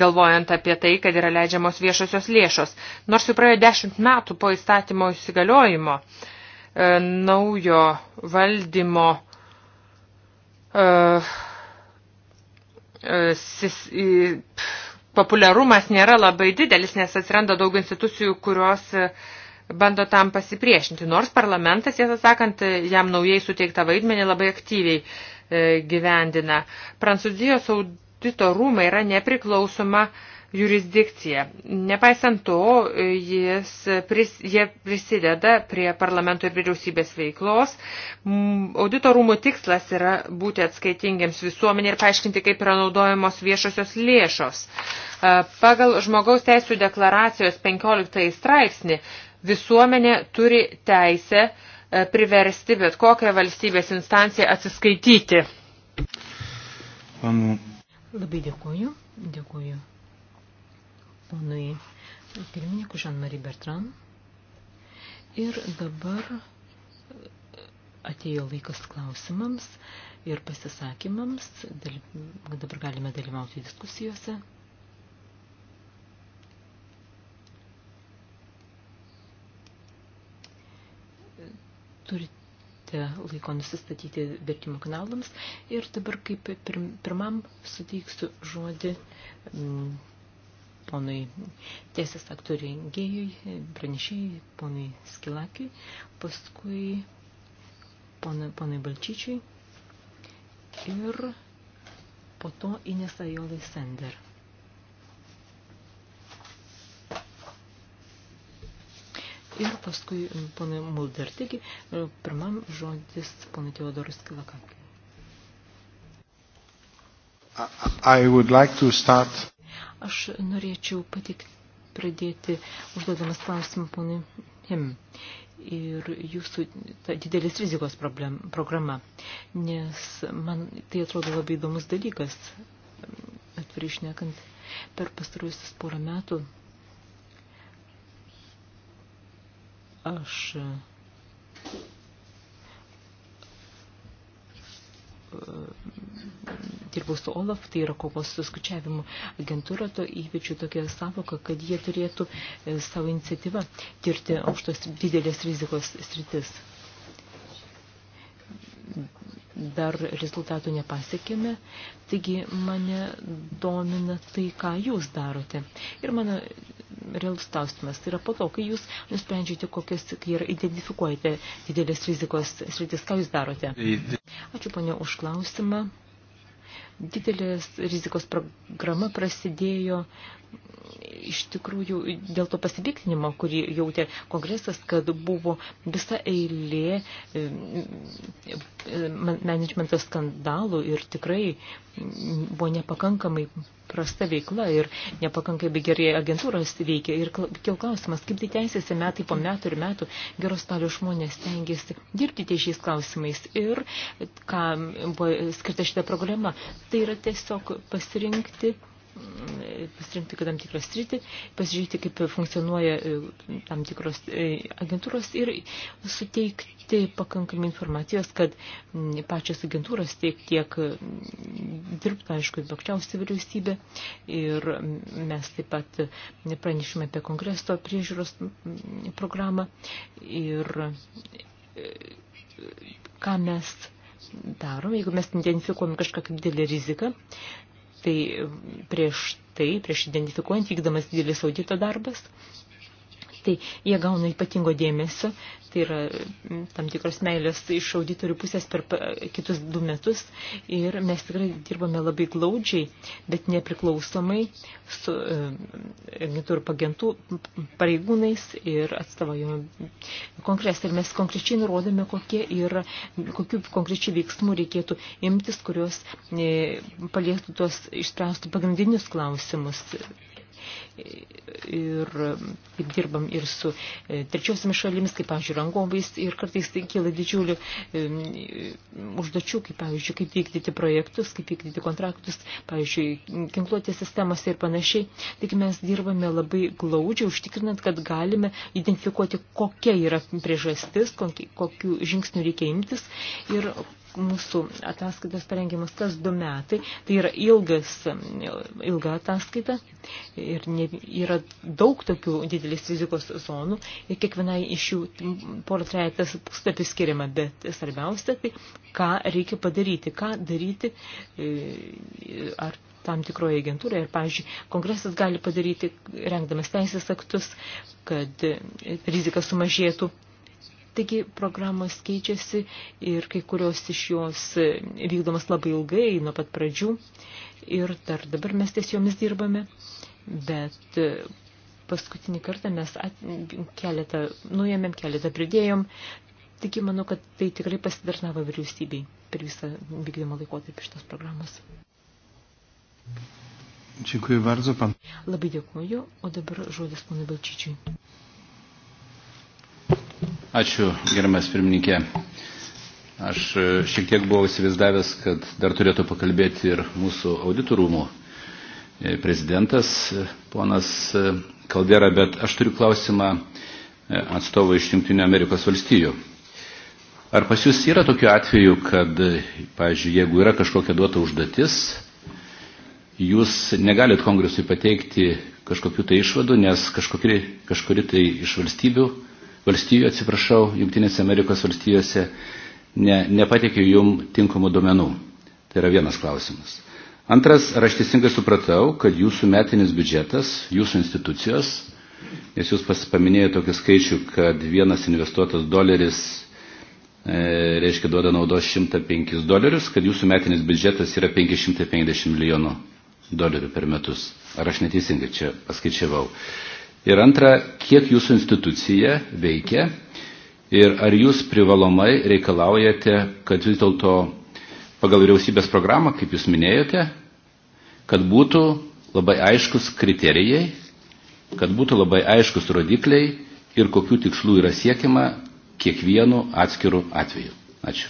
Speaker 4: galvojant apie tai, kad yra leidžiamos viešosios lėšos. Nors jau praėjo dešimt metų po įstatymo įsigaliojimo, e, naujo valdymo e, populiarumas nėra labai didelis, nes atsiranda daug institucijų, kurios bando tam pasipriešinti, nors parlamentas, tiesą sakant, jam naujai suteiktą vaidmenį labai aktyviai e, gyvendina. Prancūzijos audito rūmai yra nepriklausoma jurisdikcija. Nepaisant to, e, jis, pris, jie prisideda prie parlamento ir vyriausybės veiklos. Audito rūmų tikslas yra būti atskaitingiams visuomenė ir paaiškinti, kaip yra naudojamos viešosios lėšos. E, pagal žmogaus teisų deklaracijos 15 straipsnį Visuomenė turi teisę e, priversti bet kokią valstybės instanciją atsiskaityti.
Speaker 2: Panu. Labai dėkuoju. Dėkuoju. Ponui pirmininkui Jean-Marie Bertrand. Ir dabar atėjo laikas klausimams ir pasisakymams. Dabar galime dalyvauti diskusijose. turite laiko nusistatyti vertimo kanalams. Ir dabar kaip pirm, pirmam suteiksiu žodį m, mm, ponui teisės aktų rengėjui, pranešėjai, ponui Skilakiui, paskui ponui, ponui Balčyčiui ir po to Inesa Jolai Sender. ir paskui e, ponui Mulder. Taigi, e, pirmam žodis ponui Teodorus Kilakakui.
Speaker 3: I would like to start.
Speaker 2: Aš norėčiau patikti, pradėti užduodamas klausimą ponui Him ir jūsų didelis rizikos problem, programa, nes man tai atrodo labai įdomus dalykas, atvirišnekant, per pastaruosius porą metų Aš e, dirbau su OLAF, tai yra kovos su skučiavimu agentūra, to įvečiu tokią savoką, kad jie turėtų e, savo iniciatyvą tirti aukštos didelės rizikos sritis. Dar rezultatų nepasiekėme, taigi mane domina tai, ką jūs darote. Ir mano realus klausimas. Tai yra po to, kai jūs nusprendžiate, kokias, kai yra, identifikuojate didelės rizikos sritis, ką jūs darote. Ačiū, ponė, už klausimą. Didelės rizikos programa prasidėjo iš tikrųjų dėl to pasipiktinimo, kurį jautė kongresas, kad buvo visa eilė e, menedžmento skandalų ir tikrai buvo nepakankamai prasta veikla ir nepakankamai gerai agentūros veikia. Ir kil klausimas, kaip tai teisėsi metai po metų ir metų geros palio žmonės tengiasi dirbti ties šiais klausimais ir kam buvo skirta šita programa. Tai yra tiesiog pasirinkti pasirinkti tam tikrą sritį, pasižiūrėti, kaip funkcionuoja e, tam tikros e, agentūros ir suteikti pakankamai informacijos, kad pačios agentūros tiek tiek dirbtų, aišku, bakčiausia vyriausybė ir mes taip pat pranešime apie kongreso priežiūros programą ir e, ką mes darom, jeigu mes identifikuojam kažką kaip didelį riziką, tai prieš tai, prieš identifikuojant vykdamas didelis audito darbas, tai jie gauna ypatingo dėmesio, tai yra mm, tam tikros meilės iš auditorių pusės per kitus du metus ir mes tikrai dirbame labai glaudžiai, bet nepriklausomai su e, agentūrų pagentų pareigūnais ir atstovaujame kongresą. Ir mes konkrečiai nurodome, kokie yra, kokių konkrečių veiksmų reikėtų imtis, kurios e, paliestų tuos išspręstų pagrindinius klausimus ir kaip dirbam ir su e, trečiosiamis šalimis, kaip, pavyzdžiui, rangovais ir kartais tai kyla didžiulių e, užduočių, kaip, pavyzdžiui, kaip vykdyti projektus, kaip vykdyti kontraktus, pavyzdžiui, kinkluotės sistemos ir panašiai. Tik mes dirbame labai glaudžiai, užtikrinant, kad galime identifikuoti, kokia yra priežastis, kokiu žingsniu reikia imtis ir mūsų ataskaitos parengiamas kas du metai. Tai yra ilgas, ilga ataskaita ir ne, yra daug tokių didelės rizikos zonų ir kiekvienai iš jų porą trejatas puslapį skiriama, bet svarbiausia tai, ką reikia padaryti, ką daryti e, ar tam tikroje agentūroje. Ir, pavyzdžiui, kongresas gali padaryti, rengdamas teisės aktus, kad e, rizika sumažėtų Taigi programos keičiasi ir kai kurios iš jos vykdomas labai ilgai, nuo pat pradžių. Ir dar dabar mes ties jomis dirbame, bet e, paskutinį kartą mes at, keletą nuėmėm, keletą pridėjom. Taigi manau, kad tai tikrai pasidarnavo vyriausybei per visą vykdymo laikotarpį šitos programos.
Speaker 1: Dziękuję bardzo pan.
Speaker 2: Labai dėkuoju, o dabar žodis ponui Balčyčiui.
Speaker 1: Ačiū, gerbiamas pirmininkė. Aš e, šiek tiek buvau įsivaizdavęs, kad dar turėtų pakalbėti ir mūsų auditorumų e, prezidentas, e, ponas Kaldera, bet aš turiu klausimą atstovą iš Junktinių Amerikos valstijų. Ar pas jūs yra tokių atvejų, kad, pavyzdžiui, jeigu yra kažkokia duota užduotis, jūs negalit kongresui pateikti kažkokių tai išvadų, nes kažkokri, kažkuri tai iš valstybių valstijų, atsiprašau, Junktinėse Amerikos valstijose ne, nepateikiau jum tinkamų duomenų. Tai yra vienas klausimas. Antras, ar aš teisingai supratau, kad jūsų metinis biudžetas, jūsų institucijos, nes jūs paminėjote tokį skaičių, kad vienas investuotas doleris e, reiškia duoda naudos 105 dolerius, kad jūsų metinis biudžetas yra 550 milijonų dolerių per metus. Ar aš neteisingai čia paskaičiavau? Ir antra, kiek jūsų institucija veikia ir ar jūs privalomai reikalaujate, kad vis dėlto pagal vyriausybės programą, kaip jūs minėjote, kad būtų labai aiškus kriterijai, kad būtų labai aiškus rodikliai ir kokių tikslų yra siekiama kiekvienu atskiru atveju. Ačiū.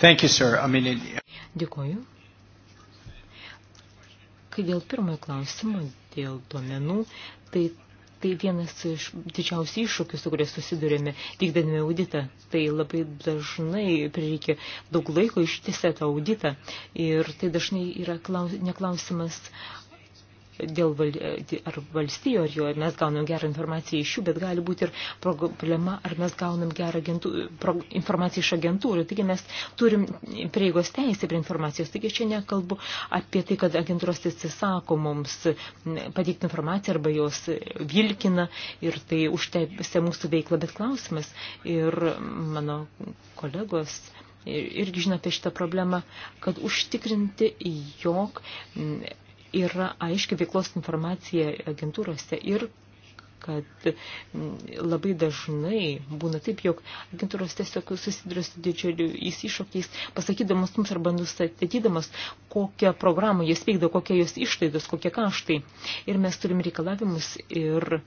Speaker 1: Thank you, sir. I mean, it...
Speaker 2: Dėkuoju. Kai dėl pirmojo klausimo, dėl duomenų, tai tai vienas iš didžiausių iššūkių, su kuriais susidurėme, vykdami auditą. Tai labai dažnai prireikia daug laiko ištisę tą auditą. Ir tai dažnai yra klaus, neklausimas dėl val, ar valstijų, ar jo, ar mes gaunam gerą informaciją iš jų, bet gali būti ir problema, ar mes gaunam gerą agentų, pro, informaciją iš agentūrų. Taigi mes turim prieigos teisę prie informacijos. Taigi čia nekalbu apie tai, kad agentūros atsisako mums pateikti informaciją arba jos vilkina ir tai užtepsia mūsų veiklą, bet klausimas ir mano kolegos irgi žino apie šitą problemą, kad užtikrinti, jog yra aiški veiklos informacija agentūrose ir kad labai dažnai būna taip, jog agentūros tiesiog susiduria su didžiuliais iššūkiais, pasakydamas mums arba nustatydamas, kokią programą jis vykdo, kokie jos išlaidos, kokie kaštai. Ir mes turim reikalavimus ir,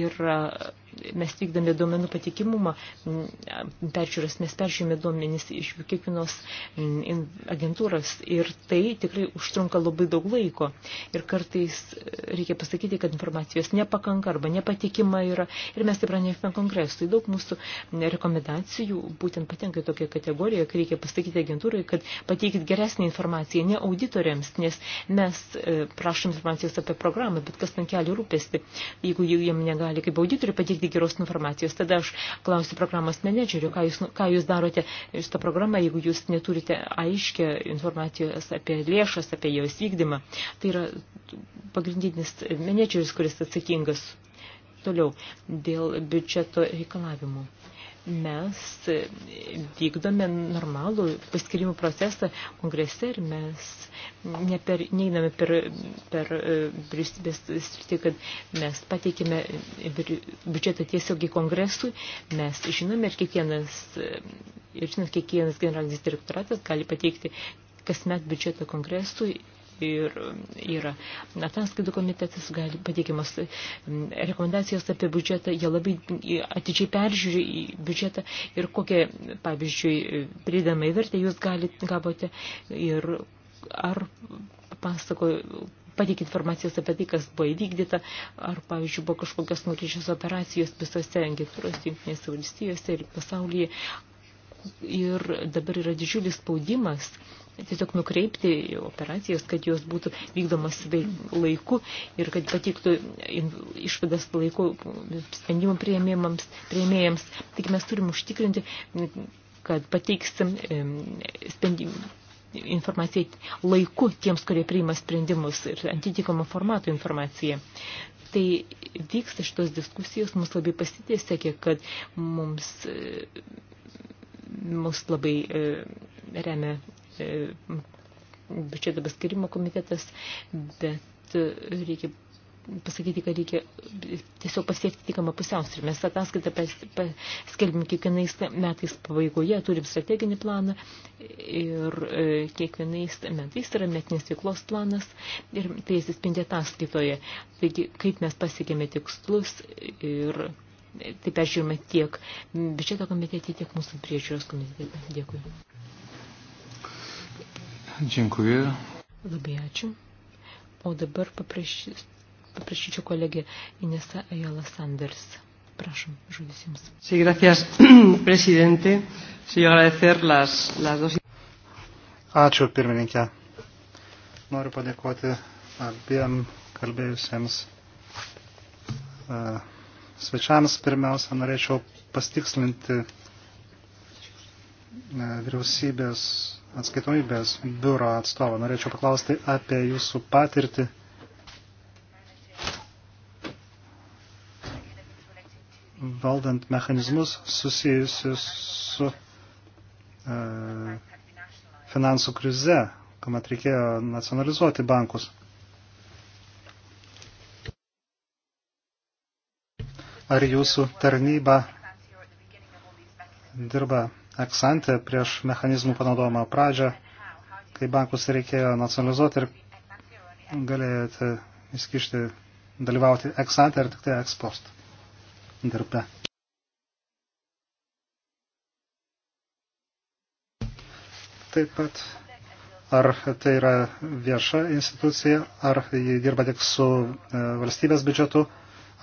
Speaker 2: ir mes vykdame duomenų patikimumą, peržiūras, mes peržiūrime duomenys iš kiekvienos agentūros ir tai tikrai užtrunka labai daug laiko. Ir kartais e, reikia pasakyti, kad informacijos nepakanka arba nepatikima yra ir mes tai pranešime kongresui. Daug mūsų rekomendacijų būtent patenka į tokią kategoriją, kai reikia pasakyti agentūrai, kad pateikit geresnį informaciją, ne auditoriams, nes mes e, prašom informacijos apie programą, bet kas man kelia rūpesti, jeigu jiem negali kaip auditoriui pateikti pateikti geros informacijos. Tada aš klausiu programos menedžerių, ką jūs, nu, ką jūs darote šitą programą, jeigu jūs neturite aiškę informacijos apie lėšas, apie jos vykdymą. Tai yra pagrindinis menedžeris, kuris atsakingas toliau dėl biudžeto reikalavimų mes e, vykdome normalų paskirimų procesą kongrese ir mes ne per, neiname per, per e, vyriausybės sritį, kad mes pateikime biudžetą tiesiog į kongresui, mes žinome ir kiekvienas, e, ir žinot, kiekvienas generalinis direktoratas gali pateikti kasmet biudžetą kongresui ir um, yra. Ataskaitų komitetas gali pateikimas um, rekomendacijas apie biudžetą, jie labai atidžiai peržiūri į biudžetą ir kokią, pavyzdžiui, pridamą įvertę jūs galite gavote ir ar pasako pateikė informacijas apie tai, kas buvo įvykdyta, ar, pavyzdžiui, buvo kažkokios mokesčios operacijos visose agentūros jungtinėse valstijose ir pasaulyje. Ir dabar yra didžiulis spaudimas uh, tiesiog nukreipti operacijas, kad jos būtų vykdomas laiku ir kad patiktų išvadas laiku sprendimų prieimėjams. Taigi mes turim užtikrinti, kad pateiksim sprendimų informaciją laiku tiems, kurie priima sprendimus ir atitikamo formato informaciją tai vyksta šitos diskusijos, mus labai pasitėsėkė, kad mums, mums labai remia E, biudžeto paskirimo komitetas, bet e, reikia pasakyti, kad reikia tiesiog pasiekti tikamą pusiausvyrį. Mes ataskaitą paskelbim kiekvienais metais pabaigoje, turim strateginį planą ir e, kiekvienais metais yra metinės veiklos planas ir tai atsispindi ataskaitoje. Taigi, kaip mes pasiekėme tikslus ir tai peržiūrime tiek biudžeto komitete, tiek mūsų priežiūros komitete. Dėkui.
Speaker 1: Dziękuję.
Speaker 2: Labai ačiū. O dabar paprašy, paprašyčiau kolegė Inesa Ajola Sanders.
Speaker 3: Prašom, žodis jums. Sí, gracias, <clears throat> presidente. Sí, agradecer las, las dos. Ačiū, pirmininkė. Noriu padėkoti abiem kalbėjusiems e, svečiams. Pirmiausia, norėčiau pastikslinti e, vyriausybės atskaitomybės biuro atstovą. Norėčiau paklausti apie jūsų patirtį. valdant mechanizmus susijusius su e, finansų krize, kuomet reikėjo nacionalizuoti bankus. Ar jūsų tarnyba dirba eksantę prieš mechanizmų panaudojimą pradžią, kai bankus reikėjo nacionalizuoti ir galėjote įskišti, dalyvauti eksantę ar tik tai ekspost darbe. Taip pat, ar tai yra vieša institucija, ar ji dirba tik su e, valstybės biudžetu,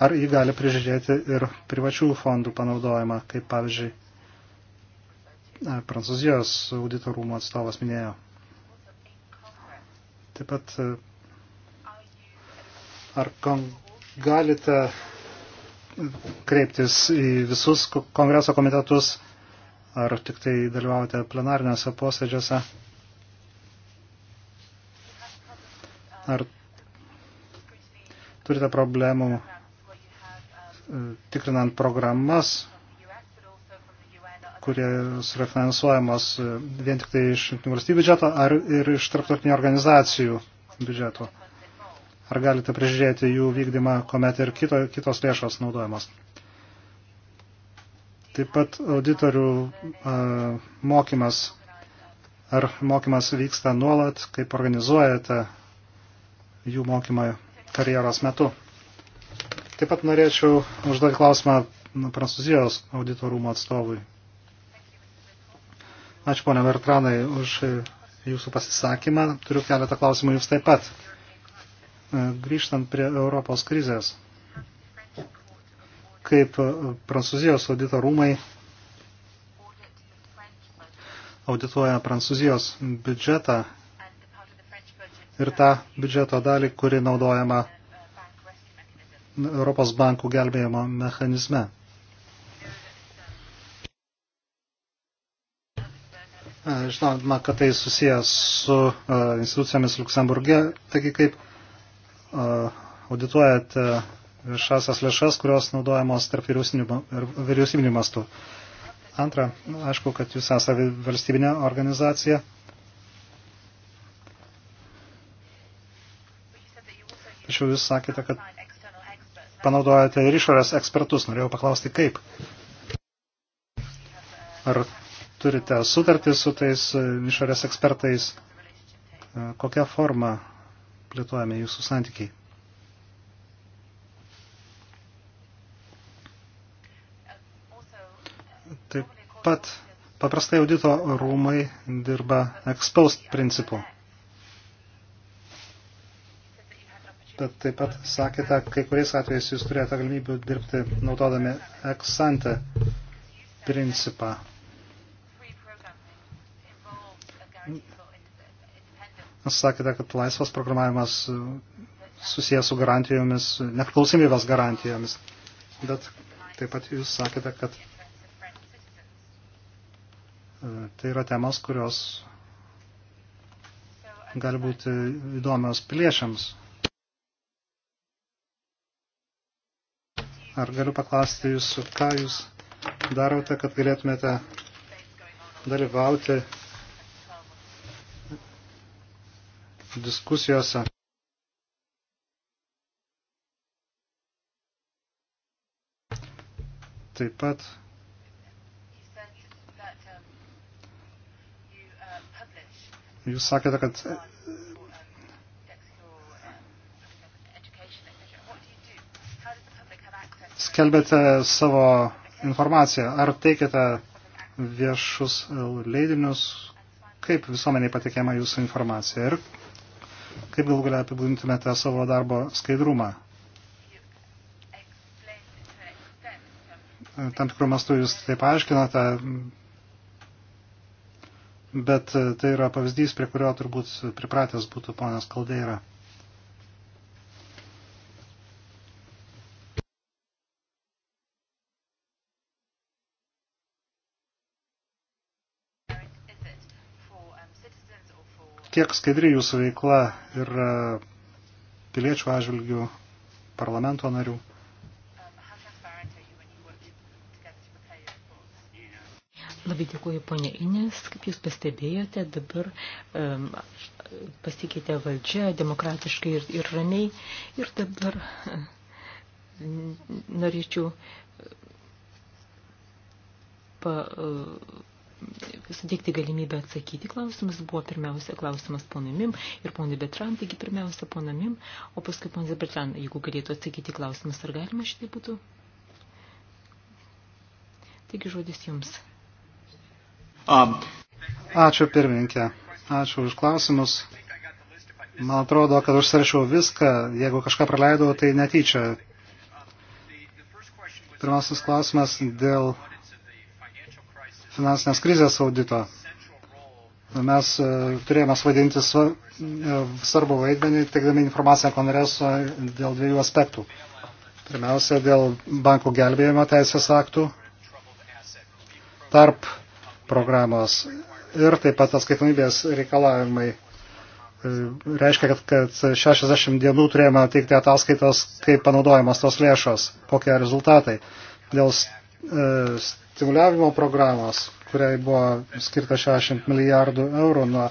Speaker 3: ar ji gali prižiūrėti ir privačių fondų panaudojimą, kaip pavyzdžiui Prancūzijos auditorumo atstovas minėjo. Taip pat, e, ar galite e, kreiptis į visus kongreso komitetus, ar tik tai dalyvaujate plenariniuose posėdžiuose? Ar turite problemų e, tikrinant programas, kurie yra finansuojamos e, vien tik tai iš valstybių biudžeto ar ir iš tarptautinių organizacijų biudžeto? Ar galite prižiūrėti jų vykdymą, kuomet ir kito, kitos lėšos naudojamos? Taip pat auditorių a, e, mokymas. Ar mokymas vyksta nuolat, kaip organizuojate jų mokymą karjeros metu? Taip pat norėčiau užduoti klausimą prancūzijos auditorumo atstovui. Ačiū, ponia Vertranai, už jūsų pasisakymą. Turiu keletą klausimų jums taip pat. E, grįžtant prie Europos krizės, kaip Prancūzijos audito rūmai audituoja Prancūzijos biudžetą ir tą biudžeto dalį, kuri naudojama Europos bankų gelbėjimo mechanizme. žinoma, kad tai susijęs su uh, institucijomis Luksemburgė, taigi kaip uh, audituojate viešasias lėšas, kurios naudojamos tarp vyriausybinių mastų. Antra, aišku, kad jūs esate valstybinė organizacija. Tačiau jūs sakėte, kad panaudojate ir išorės ekspertus. Norėjau paklausti, kaip. Ar turite sutartį su tais e, išorės ekspertais, e, kokią formą plėtojame jūsų santykiai? Taip pat paprastai audito rūmai dirba exposed principu. Bet taip pat sakėte, kai kuriais atvejais jūs turėjote galimybių dirbti naudodami ex ante principą. sakėte, kad laisvas programavimas susijęs su garantijomis, nepriklausomybės garantijomis. Bet taip pat jūs sakėte, kad e, tai yra temas, kurios gali būti įdomios piliečiams. Ar galiu paklausti jūsų, ką jūs darote, kad galėtumėte dalyvauti diskusijose. Taip pat jūs sakėte, kad skelbėte savo informaciją. Ar teikiate viešus leidinius, kaip visuomeniai patikėma jūsų informacija ir Kaip galų galia apibūdintumėte savo darbo skaidrumą? Tam tikrų mastų jūs tai paaiškinate, bet tai yra pavyzdys, prie kurio turbūt pripratęs būtų ponas Kaldeira. kiek skaidri jūsų veikla ir e, piliečių atžvilgių parlamento narių?
Speaker 2: Labai dėkuoju, ponė Inės. Kaip jūs pastebėjote, dabar um, pasikeitė valdžia demokratiškai ir, ir ramiai. Ir dabar norėčiau pa, uh, suteikti galimybę atsakyti klausimus. Buvo pirmiausia klausimas ponamim ir ponui Betran, taigi pirmiausia ponamim, o paskui ponas Betran, jeigu galėtų atsakyti klausimus, ar galima šitai būtų? Taigi žodis jums.
Speaker 1: Um,
Speaker 3: Ačiū pirmininkė. Ačiū už klausimus. Man atrodo, kad užsirašiau viską. Jeigu kažką praleidau, tai netyčia. Pirmasis klausimas dėl finansinės krizės audito. Mes e, turėjome svaidinti svarbu e, vaidmenį, teikdami informaciją kongreso dėl dviejų aspektų. Pirmiausia, dėl bankų gelbėjimo teisės aktų tarp programos ir taip pat atskaitomybės reikalavimai. E, reiškia, kad, kad 60 dienų turėjome teikti ataskaitos, kaip panaudojamos tos lėšos, kokie rezultatai. Dėl stimuliavimo programos, kuriai buvo skirta 60 milijardų eurų nuo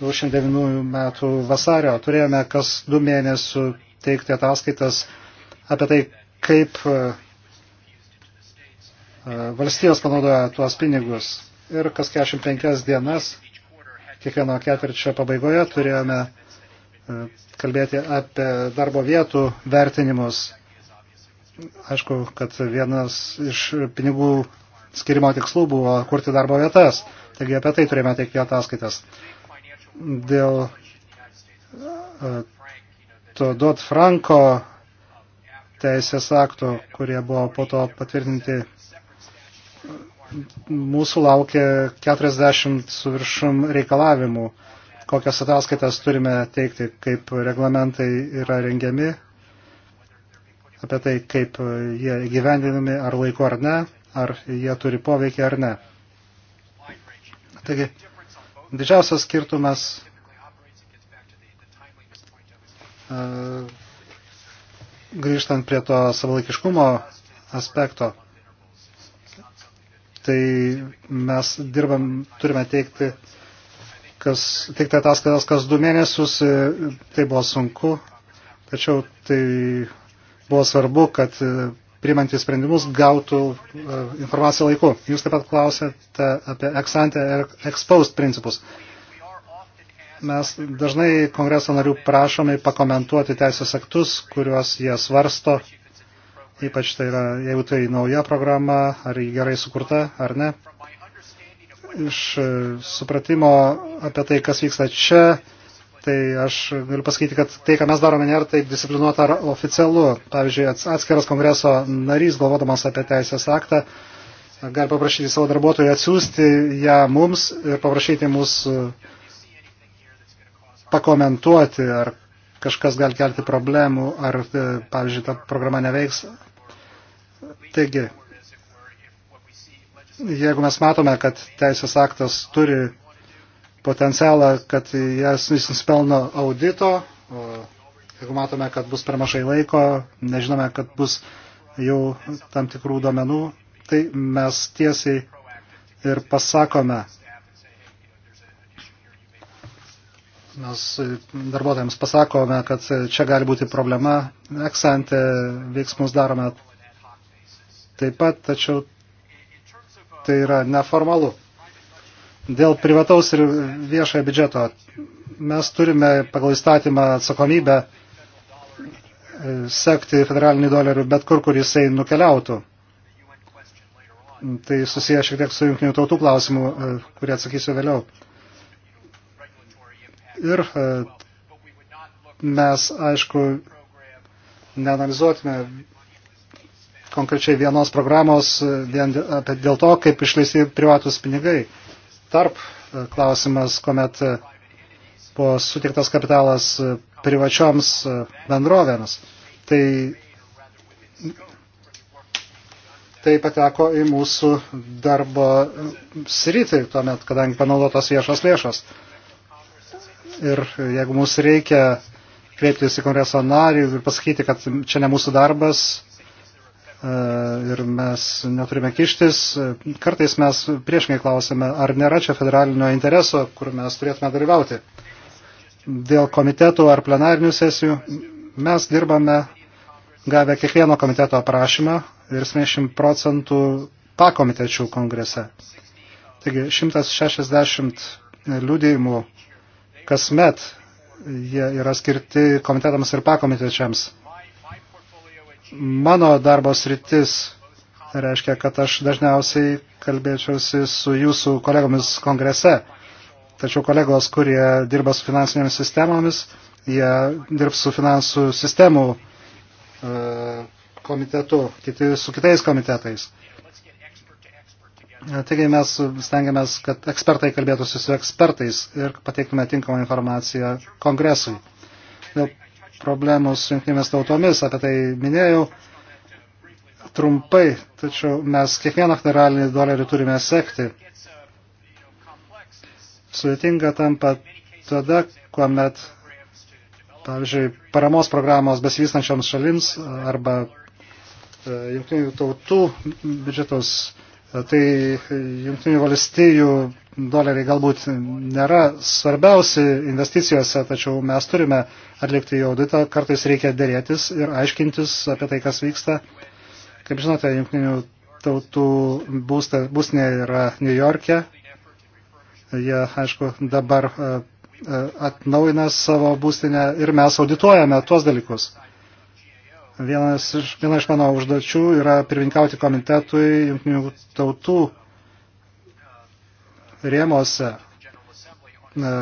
Speaker 3: 2009 metų vasario. Turėjome kas du mėnesių teikti ataskaitas apie tai, kaip e, e, valstijos panaudoja tuos pinigus. Ir kas 45 dienas, kiekvieno ketvirčio pabaigoje, turėjome e, kalbėti apie darbo vietų vertinimus. Aišku, kad vienas iš pinigų skirimo tikslų buvo kurti darbo vietas. Taigi apie tai turime teikti ataskaitas. Dėl e, to Dot Franko teisės akto, kurie buvo po to patvirtinti, mūsų laukia 40 su viršum reikalavimų, kokias ataskaitas turime teikti, kaip reglamentai yra rengiami, apie tai, kaip jie gyvendinami, ar laiku ar ne ar jie turi poveikį ar ne. Taigi, didžiausias skirtumas e, grįžtant prie to savalaikiškumo aspekto, tai mes dirbam, turime teikti, kas, teikti ataskaitas kas du mėnesius, e, tai buvo sunku, tačiau tai buvo svarbu, kad e, priimantys sprendimus, gautų e, informaciją laiku. Jūs taip pat klausėte apie ex-ante ir ex-post principus. Mes dažnai kongreso narių prašome pakomentuoti teisės aktus, kuriuos jie svarsto, ypač tai yra, jeigu tai nauja programa, ar jį gerai sukurta, ar ne. Iš supratimo apie tai, kas vyksta čia, Tai aš galiu pasakyti, kad tai, ką mes darome, nėra taip disciplinuota ar oficialu. Pavyzdžiui, atskiras kongreso narys, galvodamas apie teisės aktą, gali paprašyti savo darbuotojų atsiųsti ją mums ir paprašyti mūsų e, pakomentuoti, ar kažkas gali kelti problemų, ar, e, pavyzdžiui, ta programa neveiks. Taigi, jeigu mes matome, kad teisės aktas turi potencialą, kad jas jis nusipelno audito. O, jeigu matome, kad bus per mažai laiko, nežinome, kad bus jau tam tikrų domenų, tai mes tiesiai ir pasakome. Mes darbuotojams pasakome, kad čia gali būti problema, eksante veiksmus darome taip pat, tačiau tai yra neformalu. Dėl privataus ir viešojo biudžeto mes turime pagal įstatymą atsakomybę e, sekti federalinį dolerių bet kur, kur jisai nukeliautų. Tai susiję šiek tiek su jungtinių tautų klausimu, e, kurį atsakysiu vėliau. Ir e, mes, aišku, neanalizuotume konkrečiai vienos programos vien apie dėl to, kaip išleisti privatus pinigai tarp e, klausimas, kuomet e, po sutiktas kapitalas e, privačioms bendrovėms. Tai, tai pateko į mūsų darbo sritį, tuomet, kadangi panaudotos viešos lėšos. Ir jeigu mums reikia kreiptis į kongreso narį ir pasakyti, kad čia ne mūsų darbas, E, ir mes neturime kištis. Kartais mes priešingai klausime, ar nėra čia federalinio intereso, kur mes turėtume dalyvauti. Dėl komitetų ar plenarinių sesijų mes dirbame gavę kiekvieno komiteto aprašymą ir 70 procentų pakomitečių kongrese. Taigi 160 liudėjimų kasmet jie yra skirti komitetams ir pakomitečiams mano darbo sritis reiškia, kad aš dažniausiai kalbėčiausi su jūsų kolegomis kongrese. Tačiau kolegos, kurie dirba su finansinėmis sistemomis, jie dirbs su finansų sistemų e, komitetu, kiti su kitais komitetais. Taigi mes stengiamės, kad ekspertai kalbėtųsi su ekspertais ir pateiktume tinkamą informaciją kongresui. Dėl problemos su jungtinėmis tautomis, apie tai minėjau trumpai, tačiau mes kiekvieną federalinį dolerį turime sekti. Sudėtinga tampa tada, kuomet, pavyzdžiui, paramos programos besivystančioms šalims arba e, jungtinių tautų biudžetus, e, tai jungtinių valstijų doleriai galbūt nėra svarbiausi investicijose, tačiau mes turime atlikti jau auditą, kartais reikia dėrėtis ir aiškintis apie tai, kas vyksta. Kaip žinote, jungtinių tautų būstė, būstinė yra New York'e. Jie, aišku, dabar e, e, atnaujina savo būstinę ir mes audituojame tuos dalykus. Vienas iš, viena iš mano užduočių yra pirminkauti komitetui jungtinių tautų rėmose, e,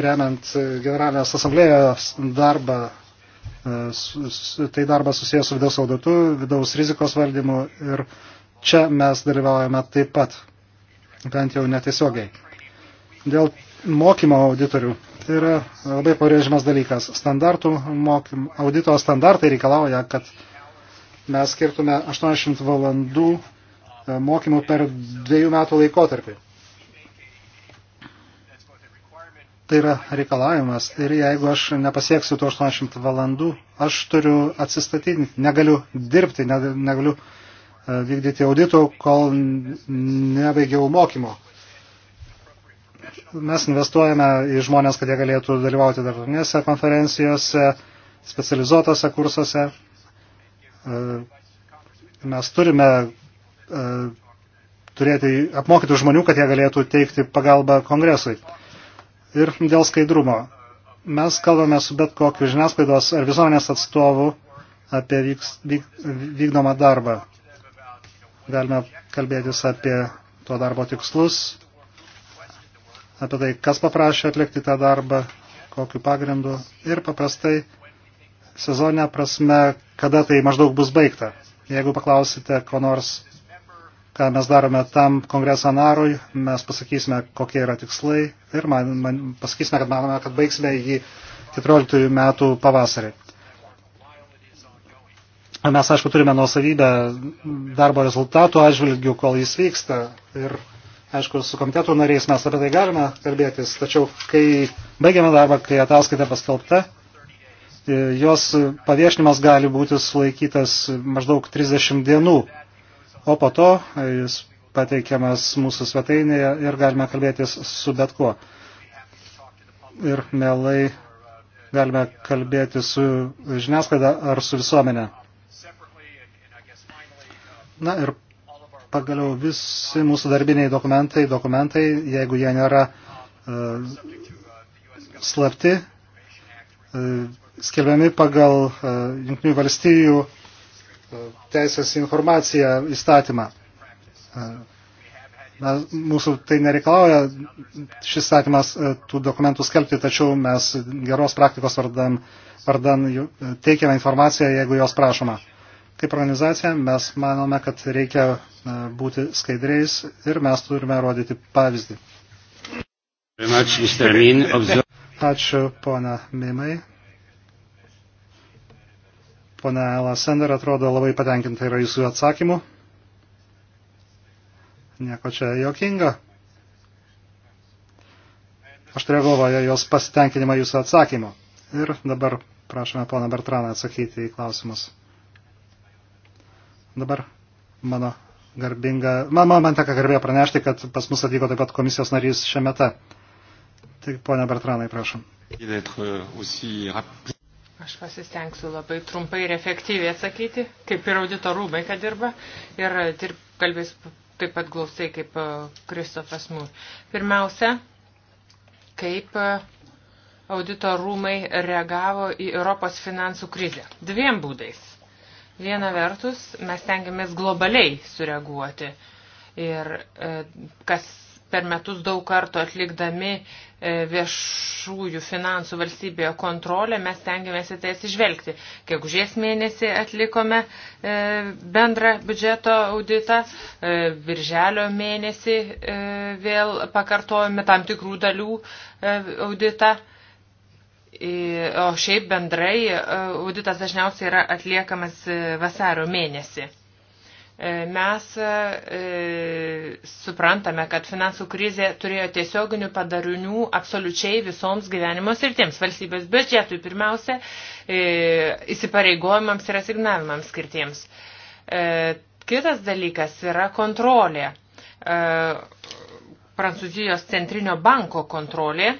Speaker 3: remiant Generalinės asamblėjos darbą, e, tai darbas susijęs su vidaus auditu, vidaus rizikos valdymu ir čia mes dalyvaujame taip pat, bent jau netiesiogiai. Dėl mokymo auditorių. Tai yra labai pareižimas dalykas. Standartų mokymo, audito standartai reikalauja, kad mes skirtume 80 valandų e, mokymų per dviejų metų laikotarpį. tai yra reikalavimas. Ir jeigu aš nepasieksiu tų 80 valandų, aš turiu atsistatydinti, negaliu dirbti, negaliu e, vykdyti audito, kol nebaigiau mokymo. Mes investuojame į žmonės, kad jie galėtų dalyvauti tarptautinėse konferencijose, specializuotose kursuose. E, mes turime e, turėti apmokytų žmonių, kad jie galėtų teikti pagalbą kongresui. Ir dėl skaidrumo. Mes kalbame su bet kokiu žiniasklaidos ar visuomenės atstovu apie vyks, vyk, vykdomą darbą. Galime kalbėtis apie to darbo tikslus, apie tai, kas paprašė atlikti tą darbą, kokiu pagrindu ir paprastai sezoninė prasme, kada tai maždaug bus baigta. Jeigu paklausite ko nors ką mes darome tam kongreso narui, mes pasakysime, kokie yra tikslai ir man, man, pasakysime, kad manome, kad baigsime jį 14 metų pavasarį. Mes, aišku, turime nuosavybę darbo rezultatų atžvilgių, kol jis vyksta. Ir, aišku, su komitetų nariais mes apie tai galime kalbėtis. Tačiau, kai baigiame darbą, kai ataskaita paskelbta, jos paviešinimas gali būti sulaikytas maždaug 30 dienų o po to e, jis pateikiamas mūsų svetainėje ir galime kalbėtis su bet kuo. Ir mielai galime kalbėti su žiniasklaida ar su visuomenė. Na ir pagaliau visi mūsų darbiniai dokumentai, dokumentai, jeigu jie nėra uh, slapti, uh, skelbiami pagal uh, Junktinių valstijų uh, teisės informaciją įstatymą. Na, mūsų tai nereikalauja šis statymas e, tų dokumentų skelbti, tačiau mes geros praktikos vardan, vardan e, teikiame informaciją, jeigu jos prašoma. Kaip organizacija mes manome, kad reikia e, būti skaidriais ir mes turime rodyti pavyzdį. Ačiū, ponia Mimai. Pone Lasender atrodo labai patenkinta yra jūsų atsakymu. Nieko čia jokinga. Aš turėjau galvoje jos pasitenkinimą jūsų atsakymu. Ir dabar prašome poną Bertraną atsakyti į klausimus. Dabar mano garbinga, man, man, man teka garbė pranešti, kad pas mus atvyko taip pat komisijos narys šiame te. Tik ponia Bertranai, prašom.
Speaker 4: Aš pasistengsiu labai trumpai ir efektyviai atsakyti, kaip ir audito rūmai, kad dirba. Ir dirb, kalbės taip pat glaustai kaip e, Kristofas Mūr. Pirmiausia, kaip e, audito rūmai reagavo į Europos finansų krizę. Dviem būdais. Viena vertus, mes tengiamės globaliai sureaguoti ir e, kas per metus daug kartų atlikdami e, viešųjų finansų valstybėje kontrolę, mes tengiamės į tai atsižvelgti. Kiekužės mėnesį atlikome e, bendrą biudžeto auditą, e, birželio mėnesį vėl pakartojame tam tikrų dalių auditą. O šiaip bendrai auditas dažniausiai yra atliekamas vasario mėnesį. E, mes e, suprantame, kad finansų krizė turėjo tiesioginių padarinių absoliučiai visoms gyvenimo sritims. Valstybės biudžetui pirmiausia, e, įsipareigojimams ir asignavimams skirtiems. Kitas dalykas yra kontrolė. Prancūzijos centrinio banko kontrolė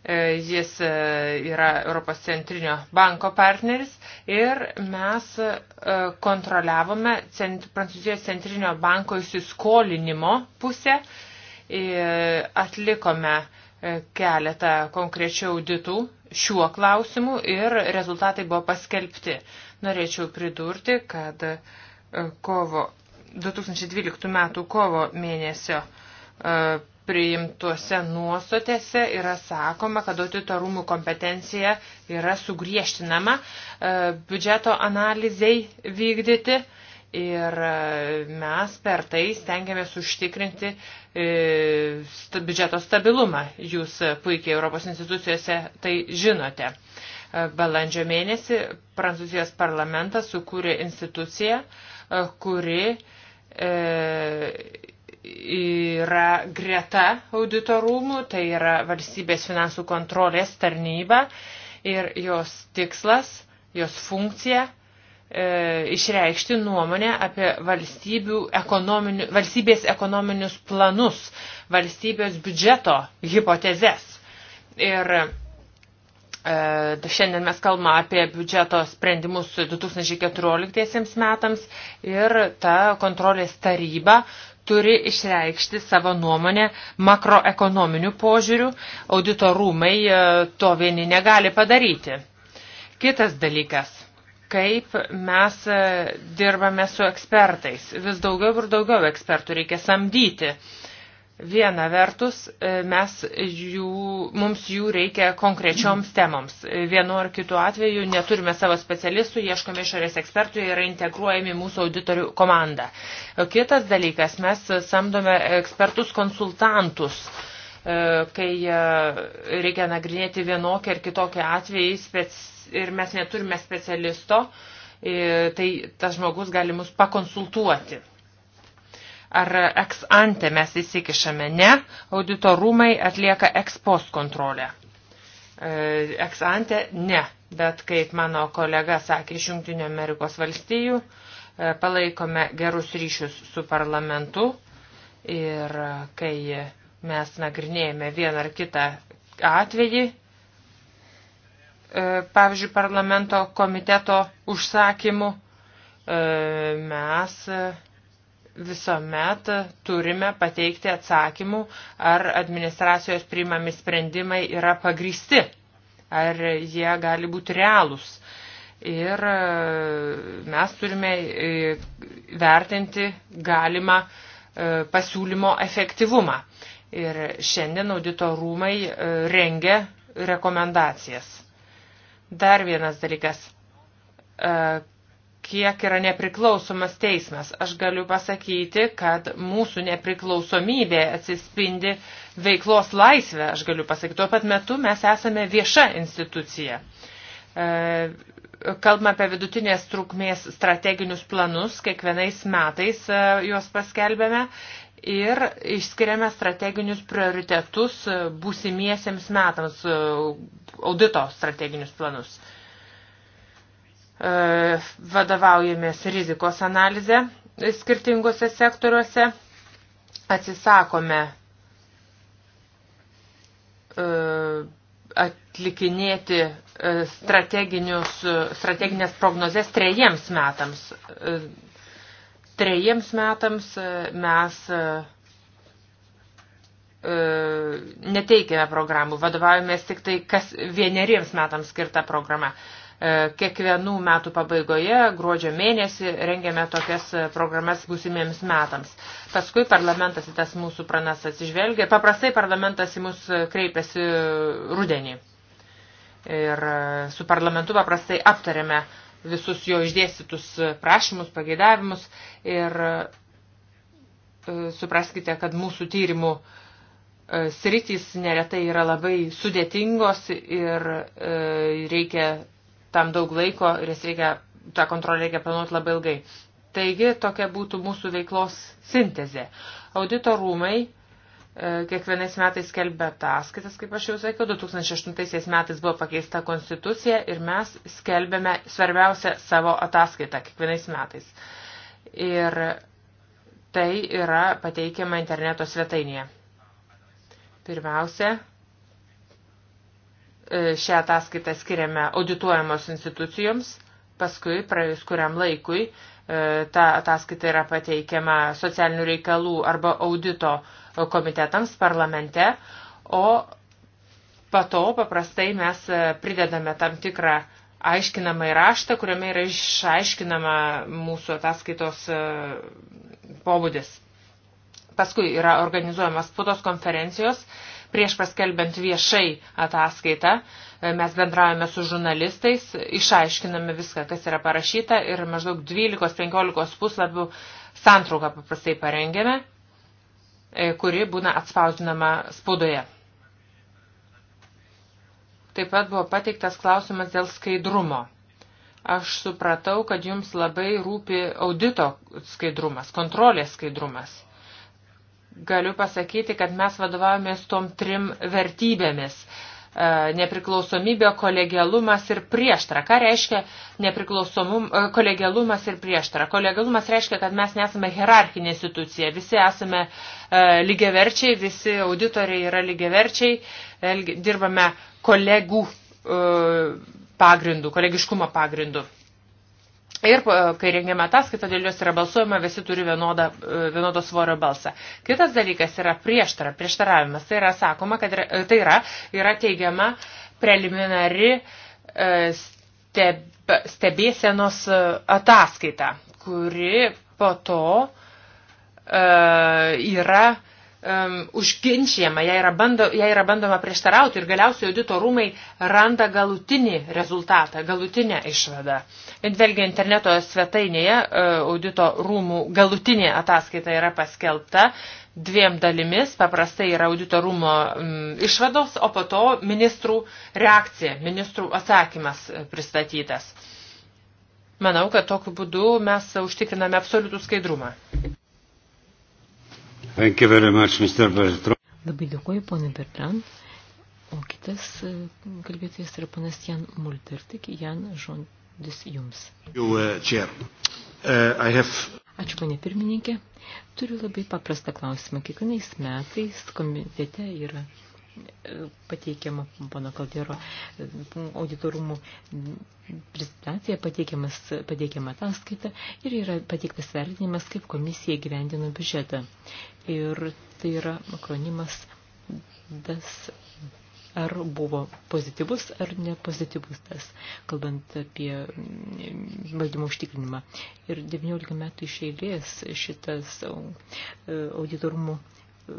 Speaker 4: E, jis e, yra Europos centrinio banko partneris ir mes e, kontroliavome cent, Prancūzijos centrinio banko įsiskolinimo pusę, atlikome keletą konkrečių auditų šiuo klausimu ir rezultatai buvo paskelbti. Norėčiau pridurti, kad kovo 2012 m. kovo mėnesio priimtuose nuostatėse yra sakoma, kad audito rūmų kompetencija yra sugriežtinama e, biudžeto analizei vykdyti ir e, mes per tai stengiamės užtikrinti e, biudžeto stabilumą. Jūs puikiai Europos institucijose tai žinote. Balandžio mėnesį Prancūzijos parlamentas sukūrė instituciją, kuri yra greta auditorumų, tai yra valstybės finansų kontrolės tarnyba ir jos tikslas, jos funkcija e, išreikšti nuomonę apie ekonominių, valstybės ekonominius planus, valstybės biudžeto hipotezes. Ir e, šiandien mes kalbame apie biudžeto sprendimus 2014 metams ir ta kontrolės taryba turi išreikšti savo nuomonę makroekonominių požiūrių, audito rūmai e, to vieni negali padaryti. Kitas dalykas kaip mes e, dirbame su ekspertais. Vis daugiau ir daugiau ekspertų reikia samdyti. Uh, Viena vertus, e, mes jų, mums jų reikia konkrečioms temoms. Vienu ar kitu atveju neturime savo specialistų, ieškome išorės ekspertų ir yra integruojami mūsų auditorių komanda. E, kitas dalykas, mes samdome ekspertus konsultantus, e, kai reikia nagrinėti vienokį ar kitokį atvejį ir mes neturime specialisto, tai tas žmogus gali mus pakonsultuoti ar ex ante mes įsikišame. Ne, audito rūmai atlieka ex post kontrolę. E, ex ante ne, bet kaip mano kolega sakė iš Junktinio Amerikos valstijų, e, palaikome gerus ryšius su parlamentu ir e, kai mes nagrinėjame vieną ar kitą atvejį, pavyzdžiui, parlamento komiteto užsakymu, mes visuomet turime pateikti atsakymų, ar administracijos priimami sprendimai yra pagristi, ar jie gali būti realūs. Ir e, mes turime e, vertinti galimą e, pasiūlymo efektyvumą. Ir šiandien audito rūmai rengia rekomendacijas. Dar vienas dalykas kiek yra nepriklausomas teismas. Aš galiu pasakyti, kad mūsų nepriklausomybė atsispindi veiklos laisvę, aš galiu pasakyti. Tuo pat metu mes esame vieša institucija. E, kalbame apie vidutinės trukmės strateginius planus, kiekvienais metais e, juos paskelbėme ir išskiriame strateginius prioritetus e, būsimiesiems metams, audito strateginius planus. E, vadovaujamės rizikos analizę skirtingose sektoriuose, atsisakome e, atlikinėti e, strateginės prognozes trejiems metams. Trejiems metams mes neteikiame programų, vadovaujamės tik tai kas vieneriems metams skirta programa. E, kiekvienų metų pabaigoje, gruodžio mėnesį, rengiame tokias programas būsimiems metams. Paskui parlamentas į tas mūsų pranas atsižvelgia. Paprastai parlamentas į mus kreipiasi rudenį. Ir e, su parlamentu paprastai aptariame visus jo išdėstytus prašymus, pageidavimus ir e, supraskite, kad mūsų tyrimų sritys neretai yra labai sudėtingos ir reikia tam daug laiko ir jas reikia, tą kontrolę reikia planuoti labai ilgai. Taigi tokia būtų mūsų veiklos sintezė. Audito rūmai e, kiekvienais metais skelbia ataskaitas, kaip aš jau sakiau, 2008 metais buvo pakeista konstitucija ir mes skelbėme svarbiausią savo ataskaitą kiekvienais metais. Ir tai yra pateikiama interneto svetainėje. Pirmiausia, E, šią ataskaitą skiriame audituojamos institucijoms, paskui praėjus kuriam laikui e, ta ataskaita yra pateikiama socialinių reikalų arba audito komitetams parlamente, o pato paprastai mes e, pridedame tam tikrą aiškinamą raštą, kuriame yra išaiškinama mūsų ataskaitos pobūdis. Paskui yra organizuojamas spaudos konferencijos Prieš paskelbent viešai ataskaitą e, mes bendraujame su žurnalistais, išaiškiname viską, kas yra parašyta ir maždaug 12-15 puslapių santrauką paprastai parengėme, e, kuri būna atspausdinama spaudoje. Taip pat buvo pateiktas klausimas dėl skaidrumo. Aš supratau, kad jums labai rūpi audito skaidrumas, kontrolės skaidrumas galiu pasakyti, kad mes vadovavomės tom trim vertybėmis. E, nepriklausomybė, kolegialumas ir prieštra. Ką reiškia e, kolegialumas ir prieštra? Kolegialumas reiškia, kad mes nesame hierarchinė institucija. Visi esame e, lygiaverčiai, visi auditoriai yra lygiaverčiai, dirbame kolegų pagrindų, kolegiškumo pagrindų. Ir e, kai rengiame ataskaitą, dėl jos yra balsuojama, visi turi vienodą, e, vienodo svorio balsą. Kitas dalykas yra prieštara, prieštaravimas. Tai yra sakoma, kad yra, e, tai yra, yra teigiama preliminari steb, stebėsenos ataskaita, kuri po to yra um, užginčiama, jai yra, bando, jai yra bandoma prieštarauti ir galiausiai audito rūmai randa galutinį rezultatą, galutinę išvadą. Vėlgi interneto svetainėje uh, audito rūmų galutinė ataskaita yra paskelbta dviem dalimis, paprastai yra audito rūmo mm, išvados, o po to ministrų reakcija, ministrų atsakymas uh, pristatytas. Manau, kad tokiu būdu mes užtikriname absoliutų skaidrumą.
Speaker 1: Much,
Speaker 2: Labai dėkuoju, ponai Bertrand. O kitas e, kalbėtojas yra panas Jan Mulder, tik Jan žodis jums.
Speaker 3: You, uh, chair. uh, I have... Ačiū, ponė
Speaker 2: pirmininkė. Turiu labai paprastą klausimą. Kiekvienais metais komitete yra pateikiama pono Kaldero auditorumų prezentacija, pateikiama ataskaita ir yra pateiktas vertinimas, kaip komisija gyvendino biudžetą. Ir tai yra akronimas DAS ar buvo pozityvus ar nepozityvus tas, kalbant apie valdymo užtikrinimą. Ir 19 metų iš eilės šitas e, auditorumų E,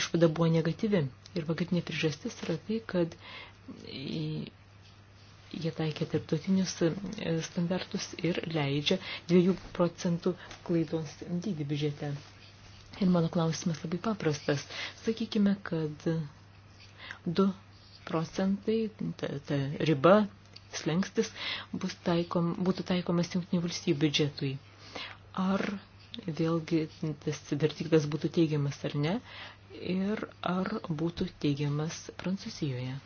Speaker 2: išvada buvo negatyvi. Ir vagatinė priežastis yra tai, kad jie taikė tarptautinius e, standartus ir leidžia 2 procentų klaidos dydį biudžete. Ir mano klausimas labai paprastas. Sakykime, kad 2 procentai, ta, ta riba, slengstis, bus taikom, būtų taikomas jungtinių valstybių biudžetui. Ar vėlgi tas verdiktas būtų teigiamas ar ne, ir ar būtų teigiamas Prancūzijoje.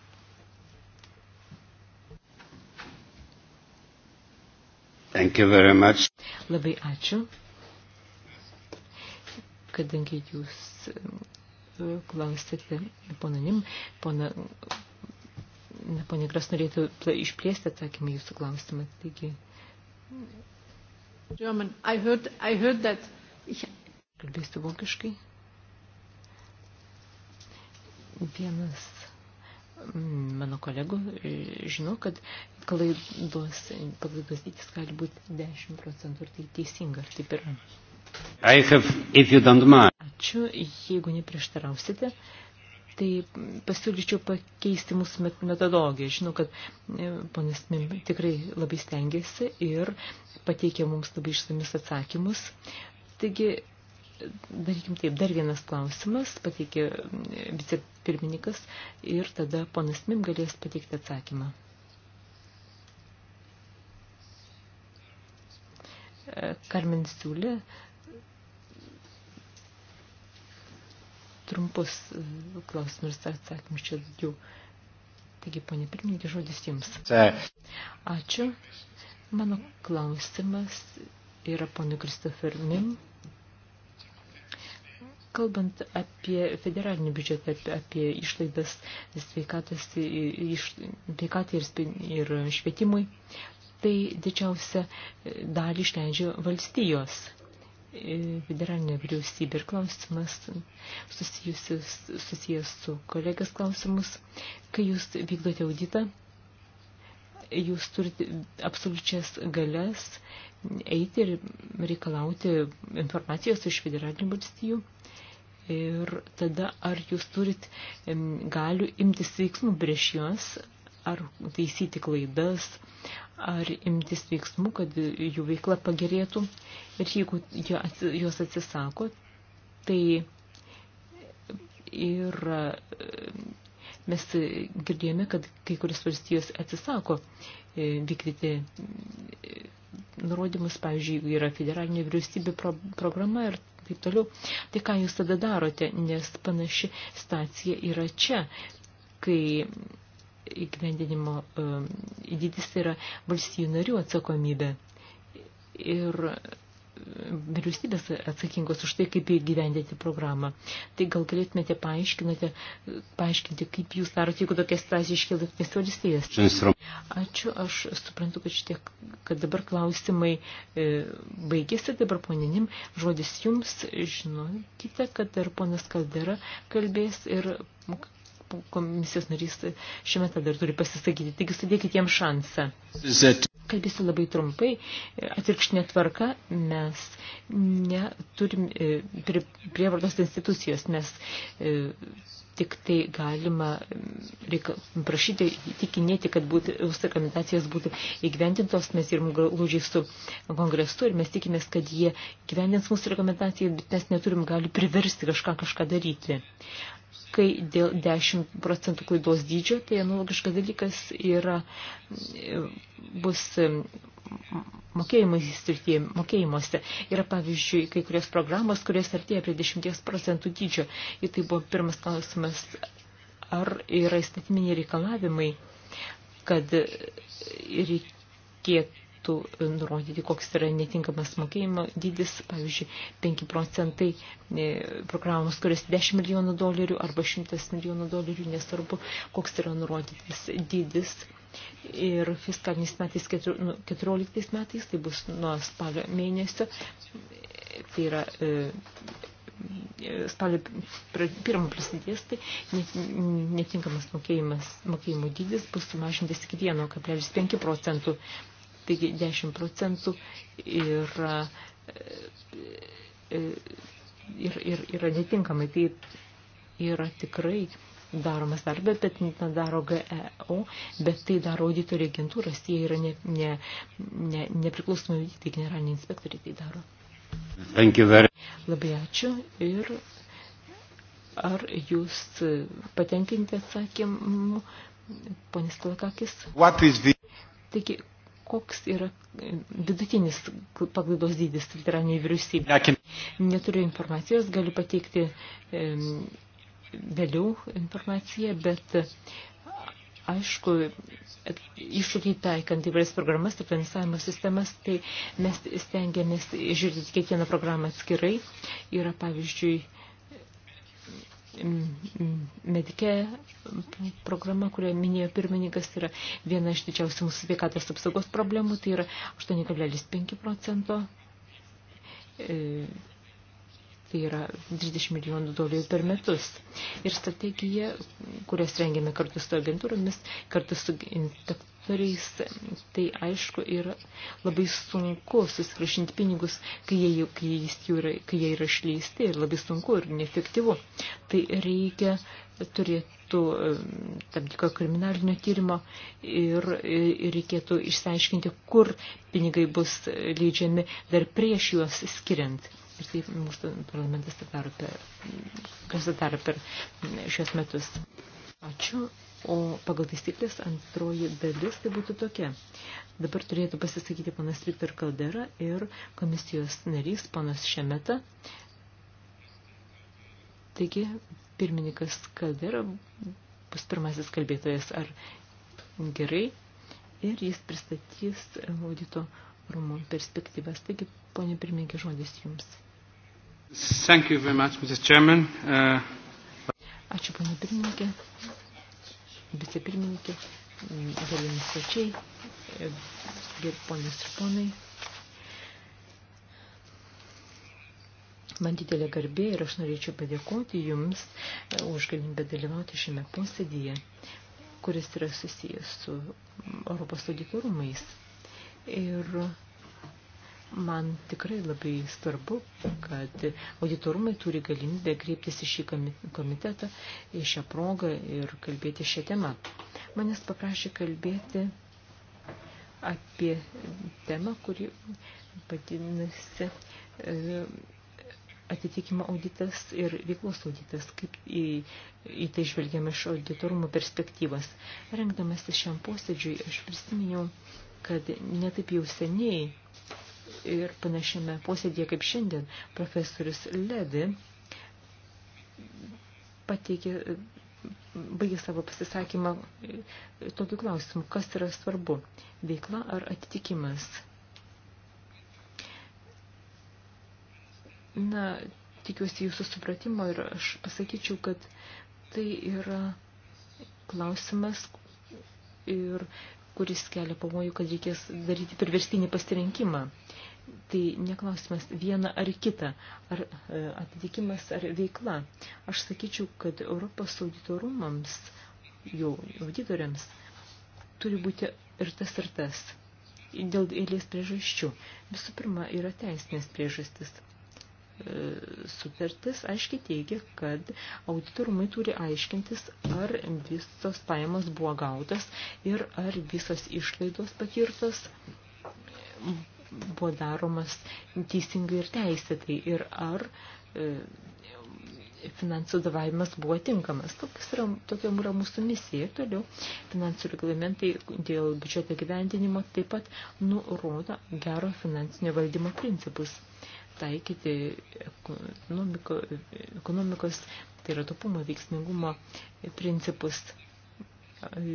Speaker 1: Thank you very much.
Speaker 2: Labai ačiū, kadangi jūs e, klausėte ponanim, pona, ponė Gras norėtų išplėsti atsakymą jūsų klausimą. Taigi, German, I heard, I heard that... Kalbėsiu vokiškai. Vienas mm, mano kolegų e, žino, kad klaidos, klaidos dydis gali būti 10 procentų ir tai teisinga, ar taip yra.
Speaker 1: I have, if you don't mind.
Speaker 2: Ačiū, jeigu neprieštarausite, uh, tai pasiūlyčiau pakeisti mūsų metodologiją. Žinau, kad e, ponas Mim tikrai labai stengiasi ir pateikė mums labai išsamius atsakymus. Taigi, darykim taip, dar vienas klausimas, pateikė e, vicepirmininkas ir tada ponas Mim galės pateikti atsakymą. E, Karmen Siūlė trumpus e, klausimus ir atsakymus čia jau. Taigi, ponė pirmininkė, žodis jums. Ačiū. Mano klausimas yra ponui Kristofer Mim. Kalbant apie federalinį biudžetą, apie išlaidas sveikatos, iš, sveikatai ir, ir švietimui, tai didžiausia dalį išleidžia valstijos federalinė vyriausybė ir klausimas susijęs su kolegas klausimus. Kai jūs vykdote auditą, jūs turite absoliučias galias eiti ir reikalauti informacijos iš federalinių valstijų. Ir tada ar jūs turit galių imtis veiksmų prieš juos, ar taisyti klaidas, ar imtis veiksmų, kad jų veikla pagerėtų. Ir jeigu jos atsisako, tai ir e, mes girdėjome, kad kai kuris valstijos atsisako e, vykdyti e, nurodymus, pavyzdžiui, yra federalinė vyriausybė pro programa ir taip toliau. Tai ką jūs tada darote, nes panaši stacija yra čia, kai įgyvendinimo e, įdydis tai yra valstybių narių atsakomybė. Ir e, vyriausybės atsakingos už tai, kaip įgyvendinti programą. Tai gal galėtumėte paaiškinate, paaiškinti, kaip jūs darote, jeigu tokia situacija iškyla jungtinės valstijas. Ačiū, aš suprantu, kad, šitie, kad dabar klausimai e, baigėsi, dabar poninim, žodis jums, žinokite, kad ir ponas Kaldera kalbės ir komisijos narys šiame tada dar turi pasisakyti, taigi sudėkit jiems šansą. Zet. Kalbėsiu labai trumpai, atvirkštinė tvarka, mes neturim e, prie, prievartos institucijos, mes e, tik tai galima e, reika, prašyti, tikinėti, kad būtų, rekomendacijos būtų įgyventintos, mes ir glūdžiai su kongresu ir mes tikimės, kad jie gyvendins mūsų rekomendaciją, bet mes neturim gali priversti kažką kažką daryti kai dėl 10 procentų klaidos dydžio, tai analogiškas dalykas yra, bus srityje, mokėjimuose. Yra, pavyzdžiui, kai kurios programos, kurios artėja prie 10 procentų dydžio. Ir tai buvo pirmas klausimas, ar yra įstatyminiai reikalavimai, kad reikėtų reikėtų e, nurodyti, koks yra netinkamas mokėjimo dydis, pavyzdžiui, 5 procentai e, programos, kurios 10 milijonų dolerių arba 100 milijonų dolerių, nesvarbu, koks yra nurodytas dydis. Ir fiskaliniais metais, 14 nu, metais, tai bus nuo spalio mėnesio, tai yra e, e spalio pirmą prasidės, tai netinkamas mokėjimas, mokėjimo dydis bus sumažintas iki 1,5 procentų. Taigi 10 procentų yra, yra, e, e, yra, yra netinkamai. Tai yra tikrai daromas darbas, bet nedaro GEO, bet tai daro auditorių agentūros, jie yra ne, ne, ne, nepriklausomi auditai, tai generaliniai inspektoriai tai daro. Thank you very Labai ačiū ir ar jūs patenkinti atsakymu, ponis Kalakakis? The... Taigi, koks yra vidutinis paklaidos dydis federaliniai vyriausybė. Neturiu informacijos, galiu pateikti vėliau informaciją, bet aišku, iššūkiai taikant įvairias programas ir finansavimo sistemas, tai mes stengiamės žiūrėti kiekvieną programą atskirai. Yra, pavyzdžiui, Mm, mm, medike programa, kurioje minėjo pirmininkas, yra viena iš didžiausių mūsų sveikatos apsaugos problemų, tai yra 8,5 procento e, tai yra 30 milijonų dolerių per metus. Ir strategija, kurias rengiame kartu su agentūromis, kartu su inspektoriais, tai aišku yra labai sunku susikrašinti pinigus, kai jie, kai, jie yra, kai jie yra išleisti ir labai sunku ir neefektyvu. Tai reikia turėtų tam tikro kriminalinio tyrimo ir, ir reikėtų išsiaiškinti, kur pinigai bus leidžiami dar prieš juos skiriant ir taip mūsų parlamentas tą daro per, kas tą daro per šios metus. Ačiū. O pagal taisyklės antroji dalis tai būtų tokia. Dabar turėtų pasisakyti panas Viktor Kaldera ir komisijos narys panas Šemeta. Taigi, pirmininkas Kaldera bus pirmasis kalbėtojas ar gerai ir jis pristatys audito rūmų perspektyvas. Taigi, ponė pirmininkė, žodis jums.
Speaker 1: Much, uh... Ačiū, panė pirmininkė,
Speaker 2: vicepirmininkė, gerbiami svečiai, gerbonės ir ponai. Man didelė garbė ir aš norėčiau padėkoti Jums už galimybę dalyvauti šiame posėdyje, kuris yra susijęs su Europos auditorumais. Ir Man tikrai labai svarbu, kad auditorumai turi galimybę kreiptis į šį komitetą, į šią progą ir kalbėti šią temą. Manęs paprašė kalbėti apie temą, kuri vadinasi e, atitikimo auditas ir veiklos auditas, kaip į, į tai žvelgiam iš auditorumo perspektyvas. Rengdamasis šiam posėdžiui, aš prisiminiau, kad netaip jau seniai Ir panašiame posėdėje kaip šiandien profesorius Ledi pateikė, baigė savo pasisakymą tokiu klausimu, kas yra svarbu, veikla ar atitikimas. Na, tikiuosi jūsų supratimo ir aš pasakyčiau, kad tai yra klausimas ir kuris kelia pavojų, kad reikės daryti perverstinį pasirinkimą. Tai neklausimas viena ar kita, ar e, atitikimas ar veikla. Aš sakyčiau, kad Europos auditorumams, jau auditoriams, turi būti ir tas ir tas. Dėl eilės priežasčių. Visų pirma, yra teisinės priežastis sutartis aiškiai teigia, kad auditorumai turi aiškintis, ar visos pajamos buvo gautas ir ar visos išlaidos patirtos buvo daromas teisingai ir teisėtai ir ar e, finansų davimas buvo tinkamas. Tokias yra, tokia yra mūsų misija. Ir toliau finansų reglamentai dėl biudžeto gyvendinimo taip pat nurodo gero finansinio valdymo principus. E, taikyti ekonomiko, ekonomikos, tai yra topumo veiksmingumo principus.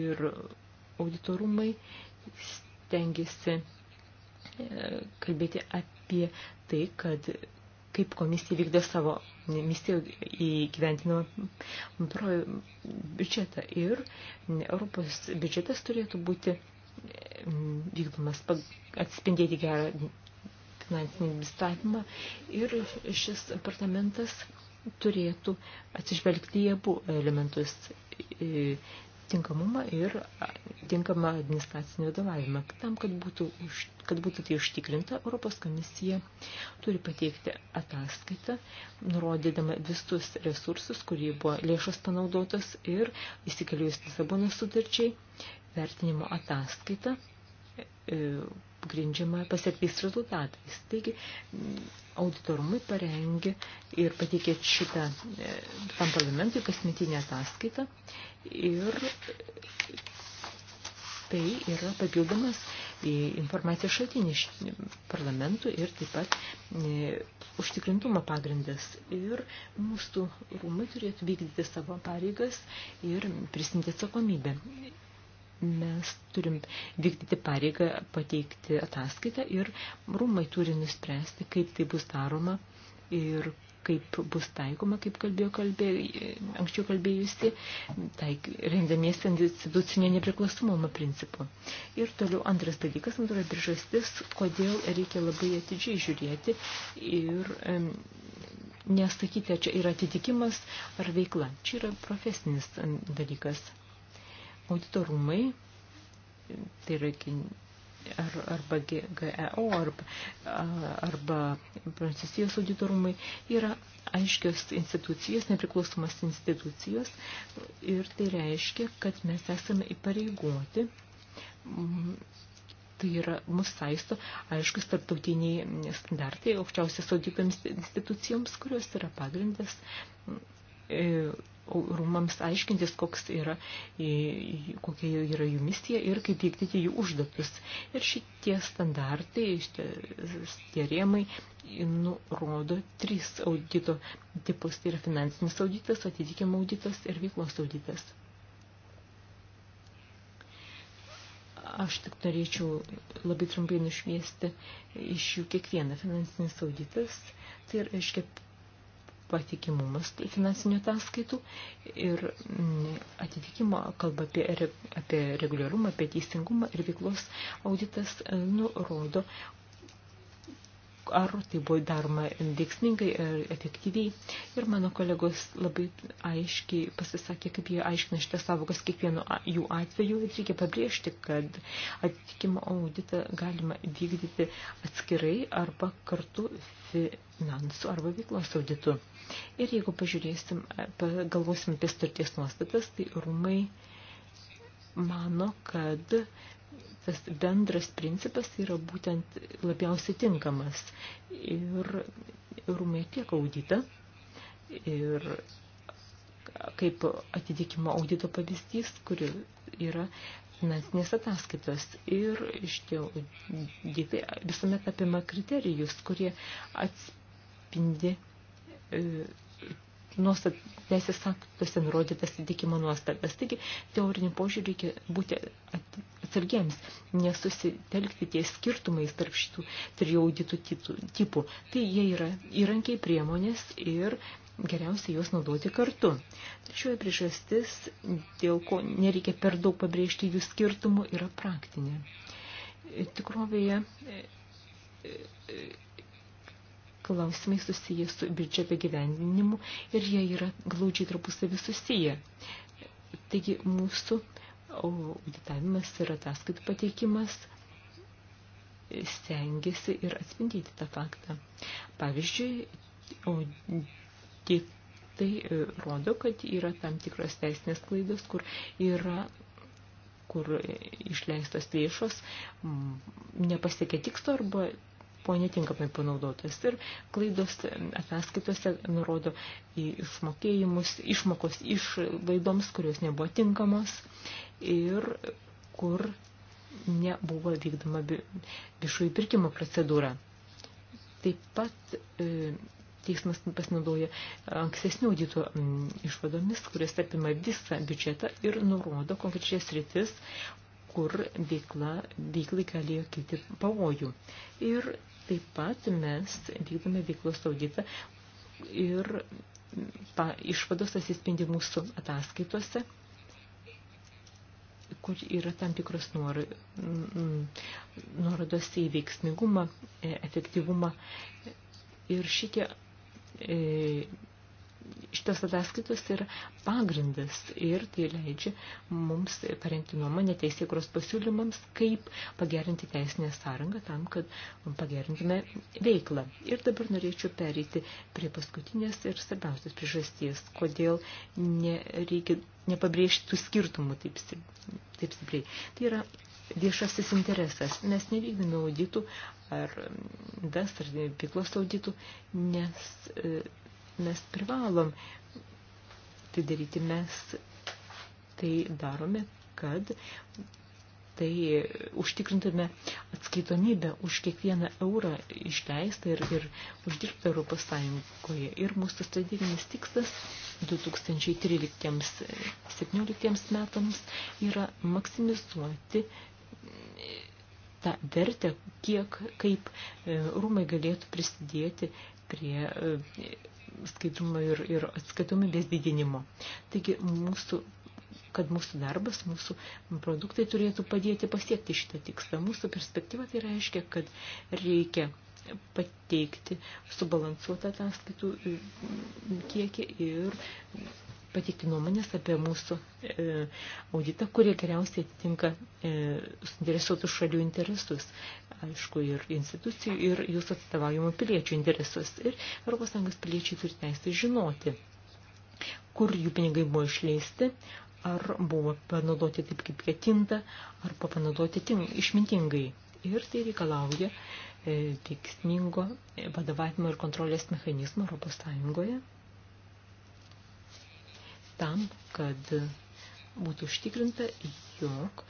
Speaker 2: Ir auditorumai stengiasi e, kalbėti apie tai, kad kaip komisija vykdo savo misiją įgyventinamą biudžetą. Ir Europos biudžetas turėtų būti vykdomas atspindėti gerą finansinį administravimą ir šis apartamentas turėtų atsižvelgti į abu elementus tinkamumą ir tinkamą administracinį vadovavimą. Tam, kad būtų, už, kad būtų tai užtikrinta, Europos komisija turi pateikti ataskaitą, nurodydama visus resursus, kurie buvo lėšos panaudotos ir įsikeliujus Lisabonos sutarčiai, vertinimo ataskaitą, e, grindžiama pasiektais rezultatais. Taigi, auditorumai parengė ir pateikė šitą e, tam parlamentui kasmetinę ataskaitą ir tai yra papildomas e, informacijos šaltinis parlamentų ir taip pat e, užtikrintumo pagrindas. Ir mūsų rūmai turėtų vykdyti savo pareigas ir prisimti atsakomybę mes turim vykdyti pareigą pateikti ataskaitą ir rūmai turi nuspręsti, kaip tai bus daroma ir kaip bus taikoma, kaip kalbėjo kalbė, anksčiau kalbėjusi, taik, rendamiesi institucinė nepriklausomumo principu. Ir toliau antras dalykas, antra priežastis, kodėl reikia labai atidžiai žiūrėti ir um, nesakyti, ar čia yra atitikimas ar veikla. Čia yra profesinis dalykas. Auditorumai, tai yra ar, arba GEO, arba, arba Prancūzijos auditorumai, yra aiškios institucijos, nepriklausomas institucijos ir tai reiškia, kad mes esame įpareigoti. Tai yra mus saisto aiškus tarptautiniai standartai aukščiausias audito institucijoms, kurios yra pagrindas e, rūmams aiškintis, koks yra, kokia yra jų misija ir kaip vykdyti jų užduotis. Ir šitie standartai, šitie, šitie rėmai nurodo trys audito tipus. Tai yra finansinis auditas, atitikimo auditas ir veiklos auditas. Aš tik norėčiau labai trumpai nušviesti iš jų kiekvieną finansinis auditas. Tai reiškia patikimumas finansinių ataskaitų ir mm, atitikimo kalba apie, re, apie reguliarumą, apie teisingumą ir veiklos auditas e, nurodo ar tai buvo daroma veiksmingai ir efektyviai. Ir mano kolegos labai aiškiai pasisakė, kaip jie aiškina šitą savokas kiekvienu jų atveju. Ir reikia pabrėžti, kad atitikimo auditą galima vykdyti atskirai arba kartu finansų arba veiklos auditu. Ir jeigu pažiūrėsim, galvosim apie starties nuostatas, tai rūmai mano, kad tas bendras principas yra būtent labiausiai tinkamas. Ir rūmai tiek auditą ir kaip atitikimo audito pavyzdys, kuri yra finansinės ataskaitos. Ir šitie auditai visuomet apima kriterijus, kurie atspindi e, nuostat, teisės aktuose nurodytas įtikimo nuostatas. Taigi, teorinių požiūrį reikia būti atsargiems, nesusitelkti ties skirtumais tarp šitų trijų auditų tipų. Tai jie yra įrankiai priemonės ir geriausia juos naudoti kartu. Tačiau priežastis, dėl ko nereikia per daug pabrėžti jų skirtumų, yra praktinė. Tikrovėje klausimai susiję su biudžeto gyvendinimu ir jie yra glaudžiai tarpusavį susiję. Taigi mūsų auditavimas ir ataskaitų pateikimas stengiasi ir atspindyti tą faktą. Pavyzdžiui, auditai e, rodo, kad yra tam tikros teisinės klaidos, kur yra kur išleistos lėšos nepasiekė tikslo arba buvo netinkamai panaudotas. Ir klaidos ataskaitose nurodo į išmokėjimus, išmokos išlaidoms, kurios nebuvo tinkamos ir kur nebuvo vykdoma viešųjų pirkimo procedūra. Taip pat e, teismas pasinaudoja ankstesnių audito išvadomis, kurias apima visą biudžetą ir nurodo konkrečias rytis, kur veikla, veiklai galėjo kilti pavojų. Ir Taip pat mes vykdome veiklos auditą ir pa, išvados atsispindi mūsų ataskaitose, kur yra tam tikros nuorodos į veiksmingumą, e, efektyvumą. Ir šitie e, šitas ataskaitos yra pagrindas ir tai leidžia mums parengti nuomonę teisėkros pasiūlymams, kaip pagerinti teisinę sąrangą tam, kad pagerintume veiklą. Ir dabar norėčiau pereiti prie paskutinės ir svarbiausios priežasties, kodėl nereikia nepabrėžti tų skirtumų taip, taip stipriai. Tai yra viešasis interesas. Mes nevykdome auditų ar DAS ar veiklos auditų, nes e, mes privalom tai daryti. Mes tai darome, kad tai užtikrintume atskaitomybę už kiekvieną eurą išleistą ir, ir uždirbtą Europos Sąjungoje. Ir mūsų strateginis tikslas 2013-2017 metams yra maksimizuoti tą vertę, kiek kaip e, rūmai galėtų prisidėti prie e, skaidrumo ir, ir atskaitomybės didinimo. Taigi, mūsų, kad mūsų darbas, mūsų produktai turėtų padėti pasiekti šitą tikslą. Mūsų perspektyva tai reiškia, kad reikia pateikti subalansuotą ataskaitų kiekį ir pateikti nuomonės apie mūsų e, auditą, kurie geriausiai atitinka e, suinteresuotų šalių interesus, aišku, ir institucijų, ir jūsų atstovaujamų piliečių interesus. Ir ES piliečiai turi teisę žinoti, kur jų pinigai buvo išleisti, ar buvo panaudoti taip, kaip ketinta, ar buvo panaudoti tink, išmintingai. Ir tai reikalauja e, veiksmingo e, vadovavimo ir kontrolės mechanizmo Europos Sąjungoje tam, kad būtų užtikrinta, jog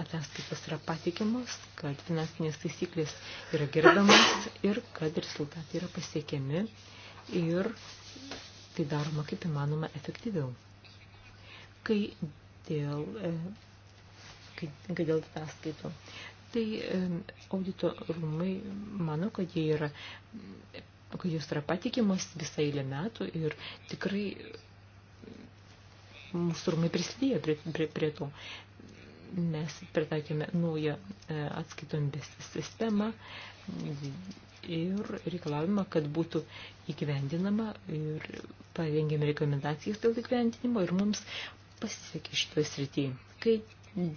Speaker 2: ataskaitos yra patikimos, kad finansinės taisyklės yra gerbiamas ir kad rezultatai yra pasiekiami ir tai daroma kaip įmanoma efektyviau. Kai dėl, e, kai, kai dėl ataskaitų, tai e, audito rūmai mano, kad jie yra kad jos yra patikimos visą eilę metų ir tikrai mūsų rūmai prisidėjo prie, prie, prie to. Mes pritaikėme naują e, atskaitomybės sistemą ir reikalavimą, kad būtų įgyvendinama ir parengėme rekomendacijas dėl įgyvendinimo ir mums pasisekė šitoje srityje. Kai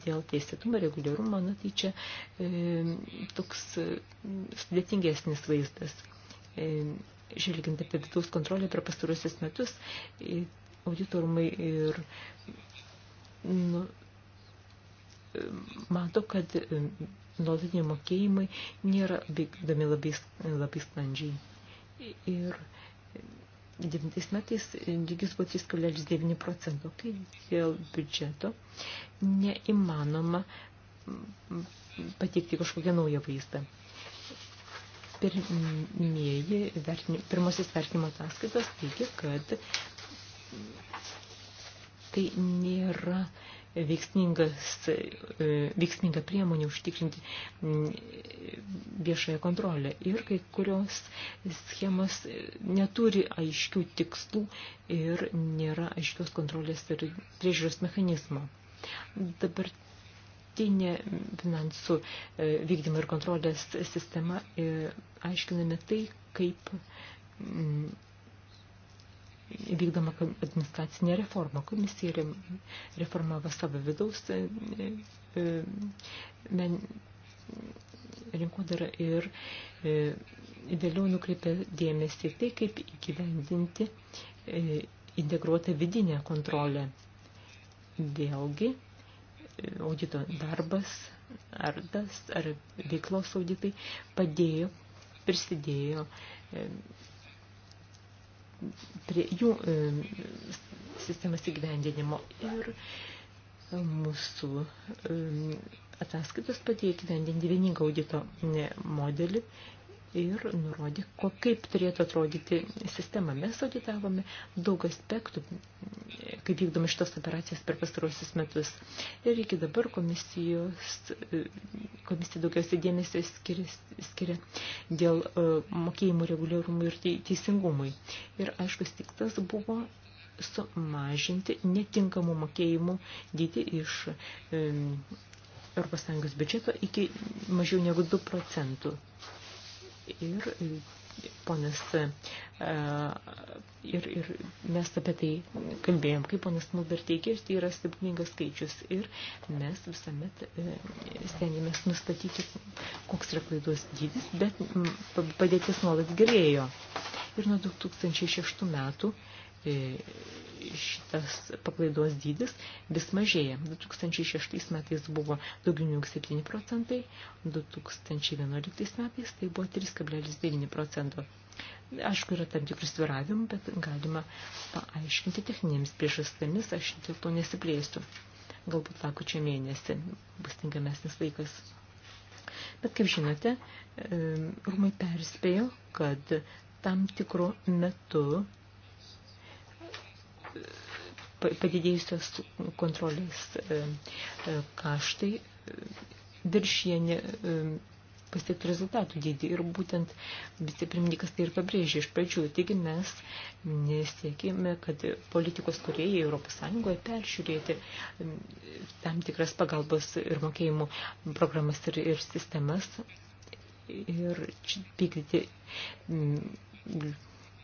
Speaker 2: dėl teisėtumo reguliarumo, na nu, tai čia e, toks e, sudėtingesnis vaizdas. E, Žvelgiant apie vidaus kontrolę per pastarusius metus, e, auditorumai ir nu, mato, kad nuolatiniai mokėjimai nėra vykdami labai, labai sklandžiai. Ir 9 metais lygis buvo 3,9 procento, kai dėl biudžeto neįmanoma pateikti kažkokią naują vaizdą. Pirmieji vertini, pirmasis vertinimo ataskaitos teigia, kad tai nėra e, veiksminga priemonė užtikrinti mm, viešąją kontrolę. Ir kai kurios schemos neturi aiškių tikslų ir nėra aiškios kontrolės ir priežiūros mechanizmo. Dabar dabartinė finansų e, vykdymo ir kontrolės sistema e, aiškiname tai, kaip mm, vykdoma administracinė reforma. Komisija reformavo savo vidaus e, e, men, rinkodarą ir e, vėliau nukreipė dėmesį tai, kaip įgyvendinti integruotą vidinę kontrolę. Vėlgi, audito darbas, ar tas, ar veiklos auditai padėjo, prisidėjo prie jų e, sistemas įgyvendinimo ir mūsų e, ataskaitos padėjo įgyvendinti vieningą audito modelį ir nurodė, ko, kaip turėtų atrodyti sistema. Mes auditavome daug aspektų, kaip vykdome šitas operacijas per pastarosius metus. Ir iki dabar komisijos, komisija daugiausiai dėmesio skiria, skiria dėl e, mokėjimų reguliarumų ir teisingumui. Ir aiškus tikslas buvo sumažinti netinkamų mokėjimų dydį iš ES biudžeto iki mažiau negu 2 procentų ir ponas e, ir, ir mes apie tai kalbėjom, kaip ponas Mulder teikė, tai yra stebuklingas skaičius ir mes visuomet e, stengiamės nustatyti, koks yra klaidos dydis, bet padėtis nuolat gerėjo. Ir nuo 2006 metų E, šitas paklaidos dydis vis mažėja. 2006 metais buvo daugiau negu 7 procentai, 2011 metais tai buvo 3,9 procento. Aišku, yra tam tikrų sviravimų, bet galima paaiškinti techninėms priežastimis, aš dėl to nesiplėsiu. Galbūt lakučio mėnesį bus tinkamesnis laikas. Bet kaip žinote, e, rūmai perspėjo, kad tam tikru metu padidėjusios kontrolės e, e, kaštai e, viršienė pasiektų rezultatų dydį. Ir būtent vicepirmininkas tai ir pabrėžė iš pradžių. Taigi mes siekime, kad politikos kuriejai Europos Sąjungoje peržiūrėti tam tikras pagalbos ir mokėjimų programas ir, ir sistemas ir vykdyti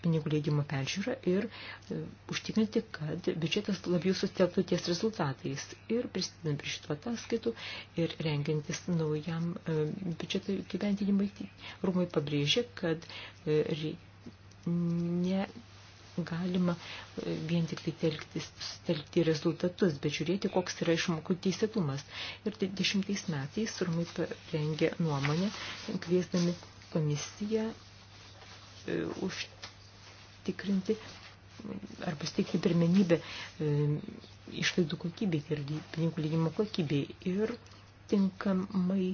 Speaker 2: pinigų leidimo peržiūrą ir e, užtikrinti, kad biudžetas labiau sustelktų ties rezultatais ir prisidedant prie šito ataskaitų ir rengiantis naujam e, biudžeto gyventinimui, tai rūmai pabrėžė, kad e, ne galima vien tik tai telktis, telkti rezultatus, bet žiūrėti, koks yra išmokų teisėtumas. Ir dešimtais metais Surmai parengė nuomonę, kviesdami komisiją už užtikrinti arba steigti pirmenybę e, išlaidų kokybei ir tai pinigų lygimo kokybei ir tinkamai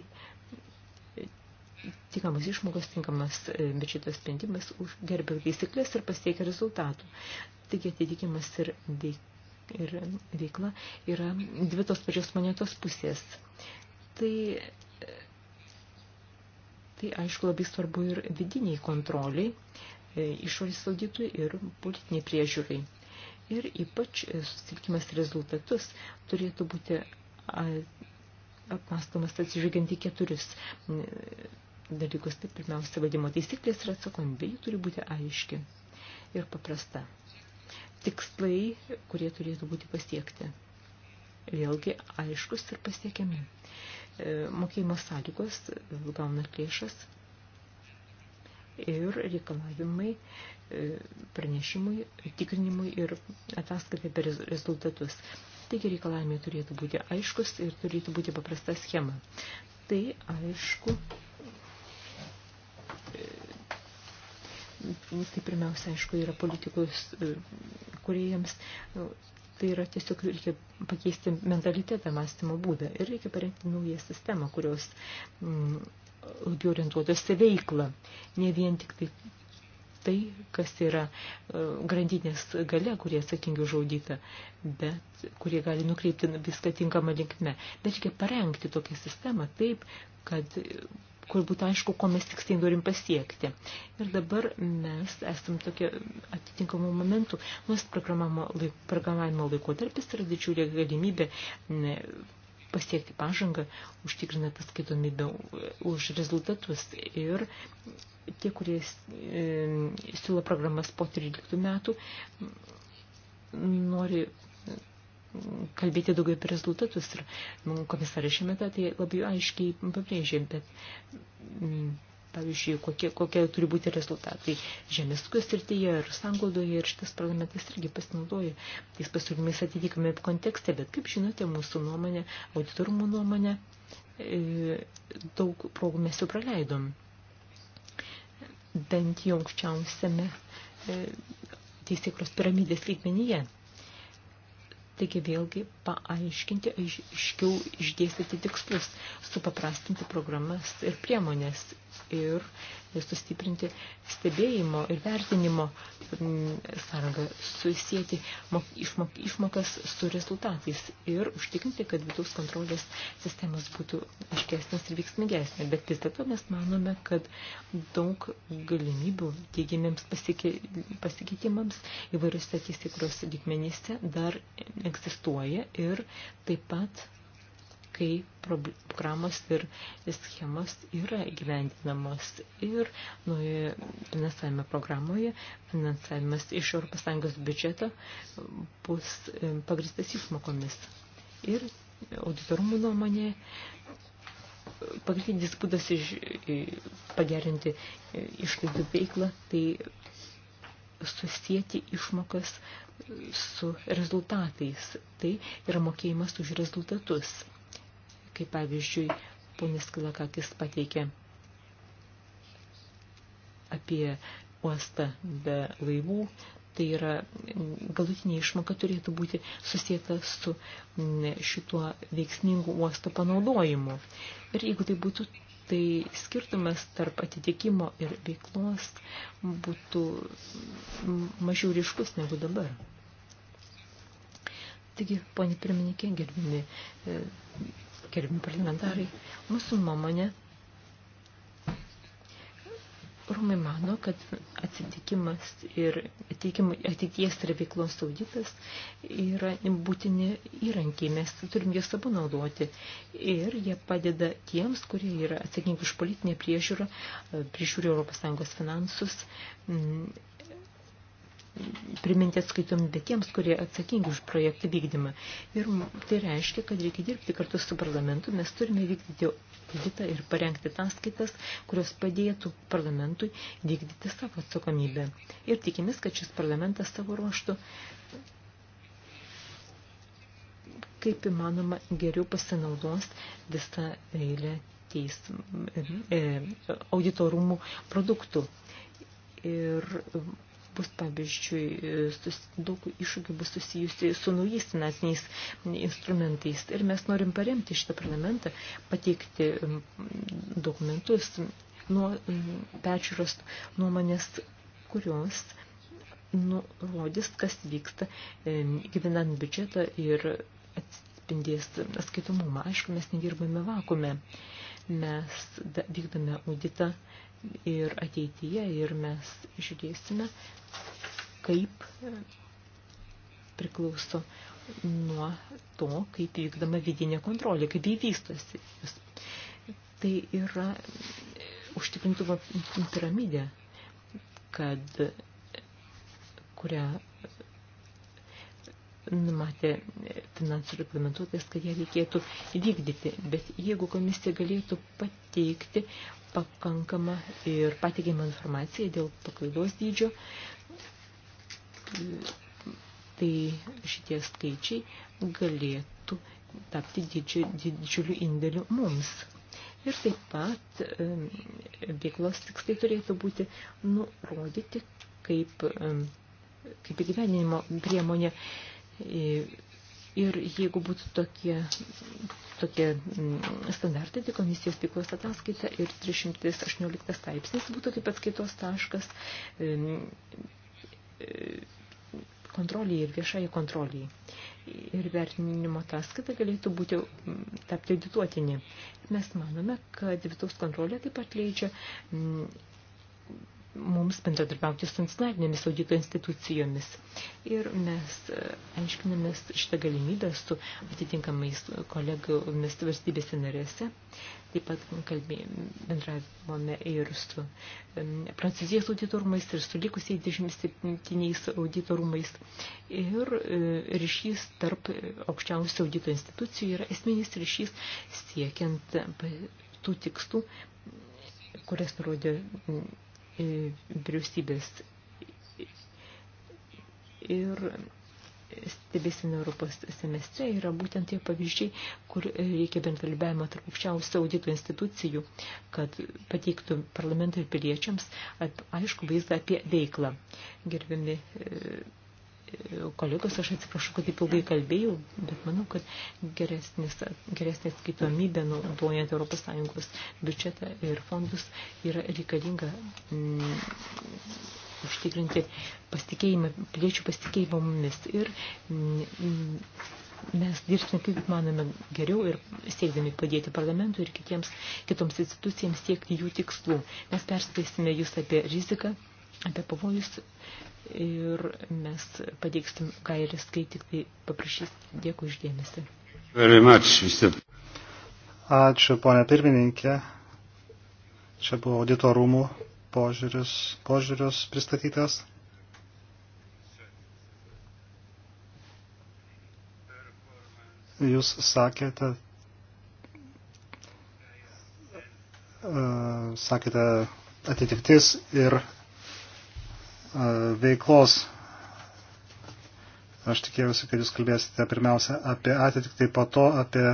Speaker 2: e, tinkamas išmokos, tinkamas e, biudžeto sprendimas už gerbę taisyklės ir pasiekia rezultatų. Taigi atitikimas ir, veik, ir veikla yra dvi tos pačios monetos pusės. Tai tai aišku labai svarbu ir vidiniai kontroliai, E, išorės auditui ir politiniai priežiūrai. Ir ypač e, susitikimas rezultatus turėtų būti apmastomas atsižvelgiant į keturis dalykus. Tai pirmiausia, valdymo taisyklės ir atsakomybė. Ji turi būti aiški ir paprasta. Tikslai, kurie turėtų būti pasiekti. Vėlgi aiškus ir pasiekiami. E, mokėjimo sąlygos, gaunant lėšas, ir reikalavimai e, pranešimui, tikrinimui ir ataskaitai per rezultatus. Taigi reikalavimai turėtų būti aiškus ir turėtų būti paprasta schema. Tai aišku, e, tai pirmiausia, aišku, yra politikos e, kuriejams, tai yra tiesiog reikia pakeisti mentalitetą, mąstymo būdą ir reikia parengti naują sistemą, kurios mm, labiau orientuotas į veiklą, ne vien tik tai tai, kas yra e, grandinės gale, kurie atsakingi žaudyta, bet kurie gali nukreipti viską tinkamą linkme. Bet reikia parengti tokią sistemą taip, kad e, kur būtų aišku, ko mes tiksliai norim pasiekti. Ir dabar mes esam tokie atitinkamų momentų, mūsų programavimo, laik, programavimo laikotarpis yra didžiulė galimybė ne, pasiekti pažangą, užtikrina paskaitomybę už rezultatus ir tie, kurie e, siūlo programas po 13 metų, nori kalbėti daugiau apie rezultatus ir komisarė šiame tai labai aiškiai pabrėžė, bet mm, pavyzdžiui, kokie, kokie turi būti rezultatai žemės ūkio srityje ir sanglaudoje ir šitas parlamentas irgi pasinaudoja tais pasiūlymais atitikami kontekste, bet kaip žinote, mūsų nuomonė, auditorumų nuomonė, e, daug progų mes jau praleidom. Bent jau aukščiausiame e, teisėkros piramidės lygmenyje. Taigi vėlgi paaiškinti, aiškiau išdėstyti tikslus, supaprastinti programas ir priemonės ir sustiprinti stebėjimo ir vertinimo mm, sąrangą, susijęti išmokas su rezultatais ir užtikrinti, kad vidaus kontrolės sistemas būtų aiškesnės ir veiksmingesnės. Bet vis dėlto mes manome, kad daug galimybių teigiamiems pasikeitimams įvairiuose teisėkuros lygmenyse dar egzistuoja ir taip pat, kai programos ir schemos yra gyvendinamos. Ir naujoje finansavimo programoje finansavimas iš ES biudžeto bus e, pagristas išmokomis. Ir auditorumų nuomonė pagrindinis būdas iš, pagerinti e, išlaidų veiklą, tai susijęti išmokas su rezultatais. Tai yra mokėjimas už rezultatus. Kaip pavyzdžiui, ponis Kilakakis pateikė apie uostą be laivų. Tai yra galutinė išmoka turėtų būti susieta su šituo veiksmingu uosto panaudojimu. Ir jeigu tai būtų tai skirtumas tarp atitikimo ir veiklos būtų mažiau ryškus negu dabar. Taigi, ponė pirmininkė, gerbimi, e, gerbimi parlamentarai, mūsų nuomonė Rūmai mano, kad atsitikimas ir ateities ir veiklos auditas yra būtini įrankiai, mes turim juos abu naudoti ir jie padeda tiems, kurie yra atsakingi už politinę priežiūrą, prižiūri ES finansus priminti atskaitomybę tiems, kurie atsakingi už projektų vykdymą. Ir tai reiškia, kad reikia dirbti kartu su parlamentu, mes turime vykdyti auditą ir parengti taskaitas, kurios padėtų parlamentui vykdyti savo atsakomybę. Ir tikimės, kad šis parlamentas savo ruoštų kaip įmanoma geriau pasinaudos visą eilę teism, e, e, auditorumų produktų. Ir bus, pavyzdžiui, sus, daug iššūkių bus susijusi su naujais finansiniais instrumentais. Ir mes norim paremti šitą parlamentą, pateikti dokumentus nuo peržiūros nuomonės, kurios nurodys, kas vyksta gyvenant biudžetą ir atspindės skaitomumą. Aišku, mes nedirbame vakume. Mes vykdame auditą ir ateityje ir mes žiūrėsime, kaip priklauso nuo to, kaip vykdama vidinė kontrolė, kaip jį vystosi. Tai yra užtikrintumo piramidė, kad kurią numatė finansų reglamentuotojas, kad ją reikėtų vykdyti. Bet jeigu komisija galėtų pateikti pakankama ir patikima informacija dėl paklaidos dydžio. Tai šitie skaičiai galėtų tapti didžiu, didžiuliu indėliu mums. Ir taip pat veiklos tikslai turėtų būti nurodyti kaip, kaip įgyvenimo priemonė Ir jeigu būtų tokie, tokie mm, standartai, tai komisijos tiklos ataskaita ir 318 straipsnis būtų kaip atskaitos taškas e, kontroliai ir viešai kontroliai. Ir vertinimo ataskaita galėtų būti mm, tapti audituotinį. Mes manome, kad vidaus kontrolė taip pat leidžia mm, mums bendradarbiauti su nacionalinėmis audito institucijomis. Ir mes e, aiškinamės šitą galimybę su atitinkamais kolegomis valstybėse narėse. Taip pat kalbėjome, bendravome ir su um, prancūzijos auditorumais, ir su likusiai 27 auditorumais. Ir uh, ryšys tarp aukščiausių audito institucijų yra esminis ryšys siekiant tų tikslų, kurias nurodė um, vyriausybės ir stebėsime Europos semestre yra būtent tie pavyzdžiai, kur reikia bendradarbiavimo tarp aukščiausių audito institucijų, kad pateiktų parlamentui ir piliečiams aišku vaizdą apie veiklą. Gerbiami e, kolegos, aš atsiprašau, kad taip ilgai kalbėjau, bet manau, kad geresnis, geresnė skaitomybė naudojant ES biudžetą ir fondus yra reikalinga m, mm, užtikrinti pasitikėjimą, piliečių pasitikėjimą mumis. Ir m, mm, mes dirbsime, kaip manome, geriau ir siekdami padėti parlamentui ir kitiems, kitoms institucijams siekti jų tikslų. Mes perspėsime jūs apie riziką, apie pavojus ir mes pateiksim gairės, kai tik tai paprašys. Dėkui uždėmesi.
Speaker 3: Ačiū, ponė pirmininkė. Čia buvo audito rūmų požiūris, požiūris pristatytas. Jūs sakėte, e, sakėte atitiktis ir veiklos. Aš tikėjausi, kad jūs kalbėsite pirmiausia apie atitiktį, tai po to apie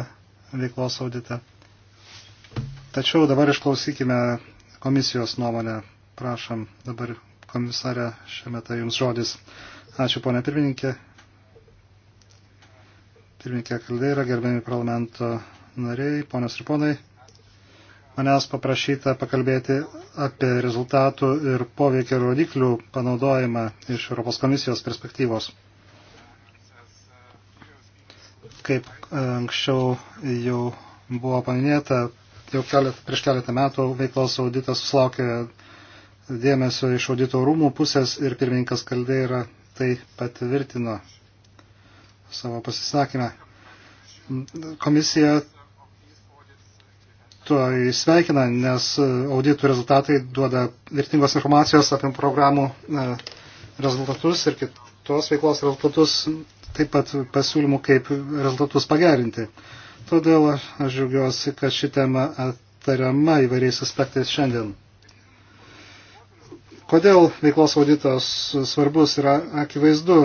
Speaker 3: veiklos auditą. Tačiau dabar išklausykime komisijos nuomonę. Prašom, dabar komisarė, šiame tai jums žodis. Ačiū, ponė pirmininkė. Pirmininkė Kaldeira, gerbėmi parlamento nariai, ponios ir ponai manęs paprašyta pakalbėti apie rezultatų ir poveikio rodiklių panaudojimą iš Europos komisijos perspektyvos. Kaip e, anksčiau jau buvo paminėta, jau kelet, prieš keletą metų veiklos auditas susilaukė dėmesio iš audito rūmų pusės ir pirmininkas Kaldeira tai patvirtino savo pasisakymę. Komisija to įsveikina, nes e, auditų rezultatai duoda vertingos informacijos apie programų e, rezultatus ir kitos veiklos rezultatus, taip pat pasiūlymų, kaip rezultatus pagerinti. Todėl aš žiūriuosi, kad ši tema aptariama įvairiais aspektais šiandien. Kodėl veiklos auditas svarbus yra akivaizdu,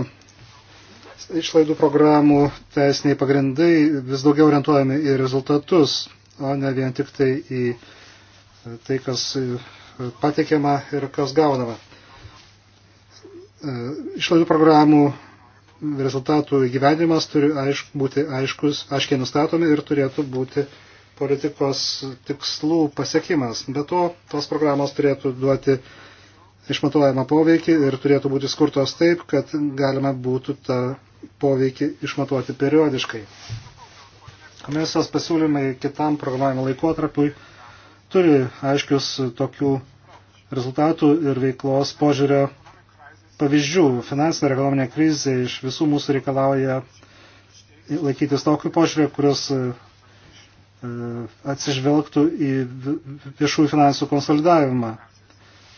Speaker 3: išlaidų programų teisiniai pagrindai vis daugiau orientuojami į rezultatus, o ne vien tik tai į tai, kas patikiama ir kas gaunama. E, išlaidų programų rezultatų įgyvenimas turi aišk, būti aiškus, aiškiai nustatomi ir turėtų būti politikos tikslų pasiekimas. Be to, tos programos turėtų duoti išmatuojamą poveikį ir turėtų būti skurtos taip, kad galima būtų tą poveikį išmatuoti periodiškai. Komisijos pasiūlymai kitam programavimo laikotarpiui turi aiškius tokių rezultatų ir veiklos požiūrio pavyzdžių. Finansinė ir ekonominė krizė iš visų mūsų reikalauja laikytis tokių požiūrio, kurios e, atsižvelgtų į viešųjų finansų konsolidavimą.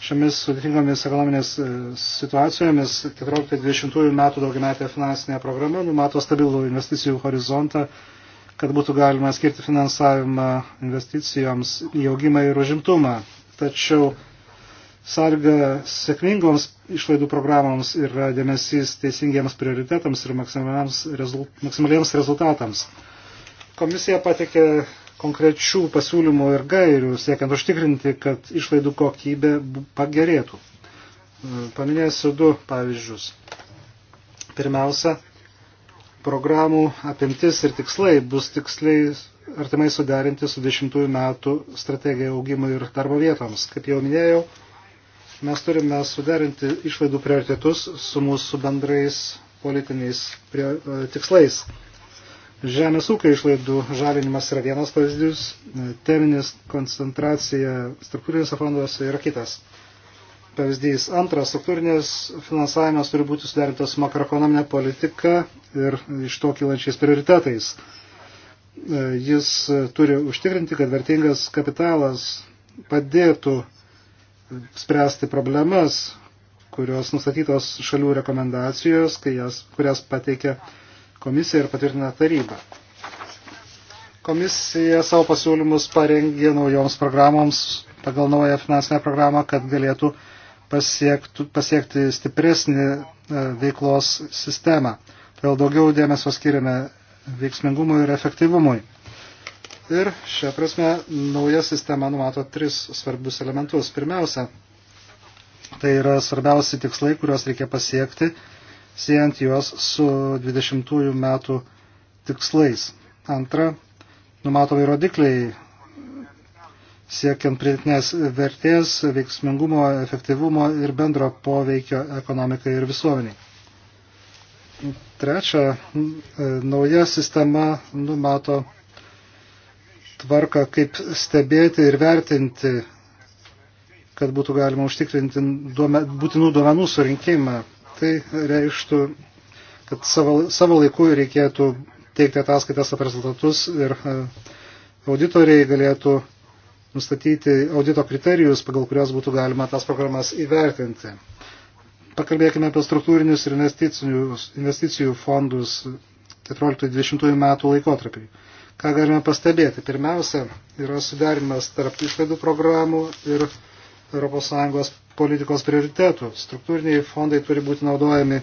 Speaker 3: Šiomis sudėtingomis ekonominės e, situacijomis 14-20 metų daugiametė finansinė programa numato stabilų investicijų horizontą kad būtų galima skirti finansavimą investicijoms į augimą ir užimtumą. Tačiau sąlyga sėkmingoms išlaidų programoms yra dėmesys teisingiems prioritetams ir maksimaliems rezultatams. Komisija patikė konkrečių pasiūlymų ir gairių, siekiant užtikrinti, kad išlaidų kokybė pagerėtų. Paminėsiu du pavyzdžius. Pirmiausia, programų apimtis ir tikslai bus tiksliai artimai suderinti su 10 metų strategija augimui ir darbo vietoms. Kaip jau minėjau, mes turime suderinti išlaidų prioritetus su mūsų bendrais politiniais prie, e, tikslais. Žemės ūkio išlaidų žalinimas yra vienas pavyzdys, e, teminis koncentracija struktūrinėse fonduose yra kitas pavyzdys. Antras, struktūrinės finansavimas turi būti suderintas su makroekonominė politika ir iš to kylančiais prioritetais. E, jis e, turi užtikrinti, kad vertingas kapitalas padėtų spręsti problemas, kurios nustatytos šalių rekomendacijos, jas, kurias pateikia komisija ir patvirtina taryba. Komisija savo pasiūlymus parengė naujoms programoms pagal naują finansinę programą, kad galėtų uh, pasiektų, pasiekti stipresnį e, veiklos sistemą. Todėl daugiau dėmesio skiriame veiksmingumui ir efektyvumui. Ir šią prasme nauja sistema numato tris svarbius elementus. Pirmiausia, tai yra svarbiausi tikslai, kuriuos reikia pasiekti, siejant juos su 20 metų tikslais. Antra, numatomi rodikliai, siekiant pridėtinės vertės, veiksmingumo, efektyvumo ir bendro poveikio ekonomikai ir visuomeniai. Trečia, e, nauja sistema numato tvarką, kaip stebėti ir vertinti, kad būtų galima užtikrinti duome, būtinų duomenų surinkimą. Tai reikštų, kad savo, savo laiku reikėtų teikti ataskaitas apie rezultatus ir e, auditoriai galėtų nustatyti audito kriterijus, pagal kurias būtų galima tas programas įvertinti. Pakalbėkime apie struktūrinius ir investicijų fondus 14-20 metų laikotarpį. Ką galime pastebėti? Pirmiausia, yra suderinimas tarp išlaidų programų ir ES politikos prioritetų. Struktūriniai fondai turi būti naudojami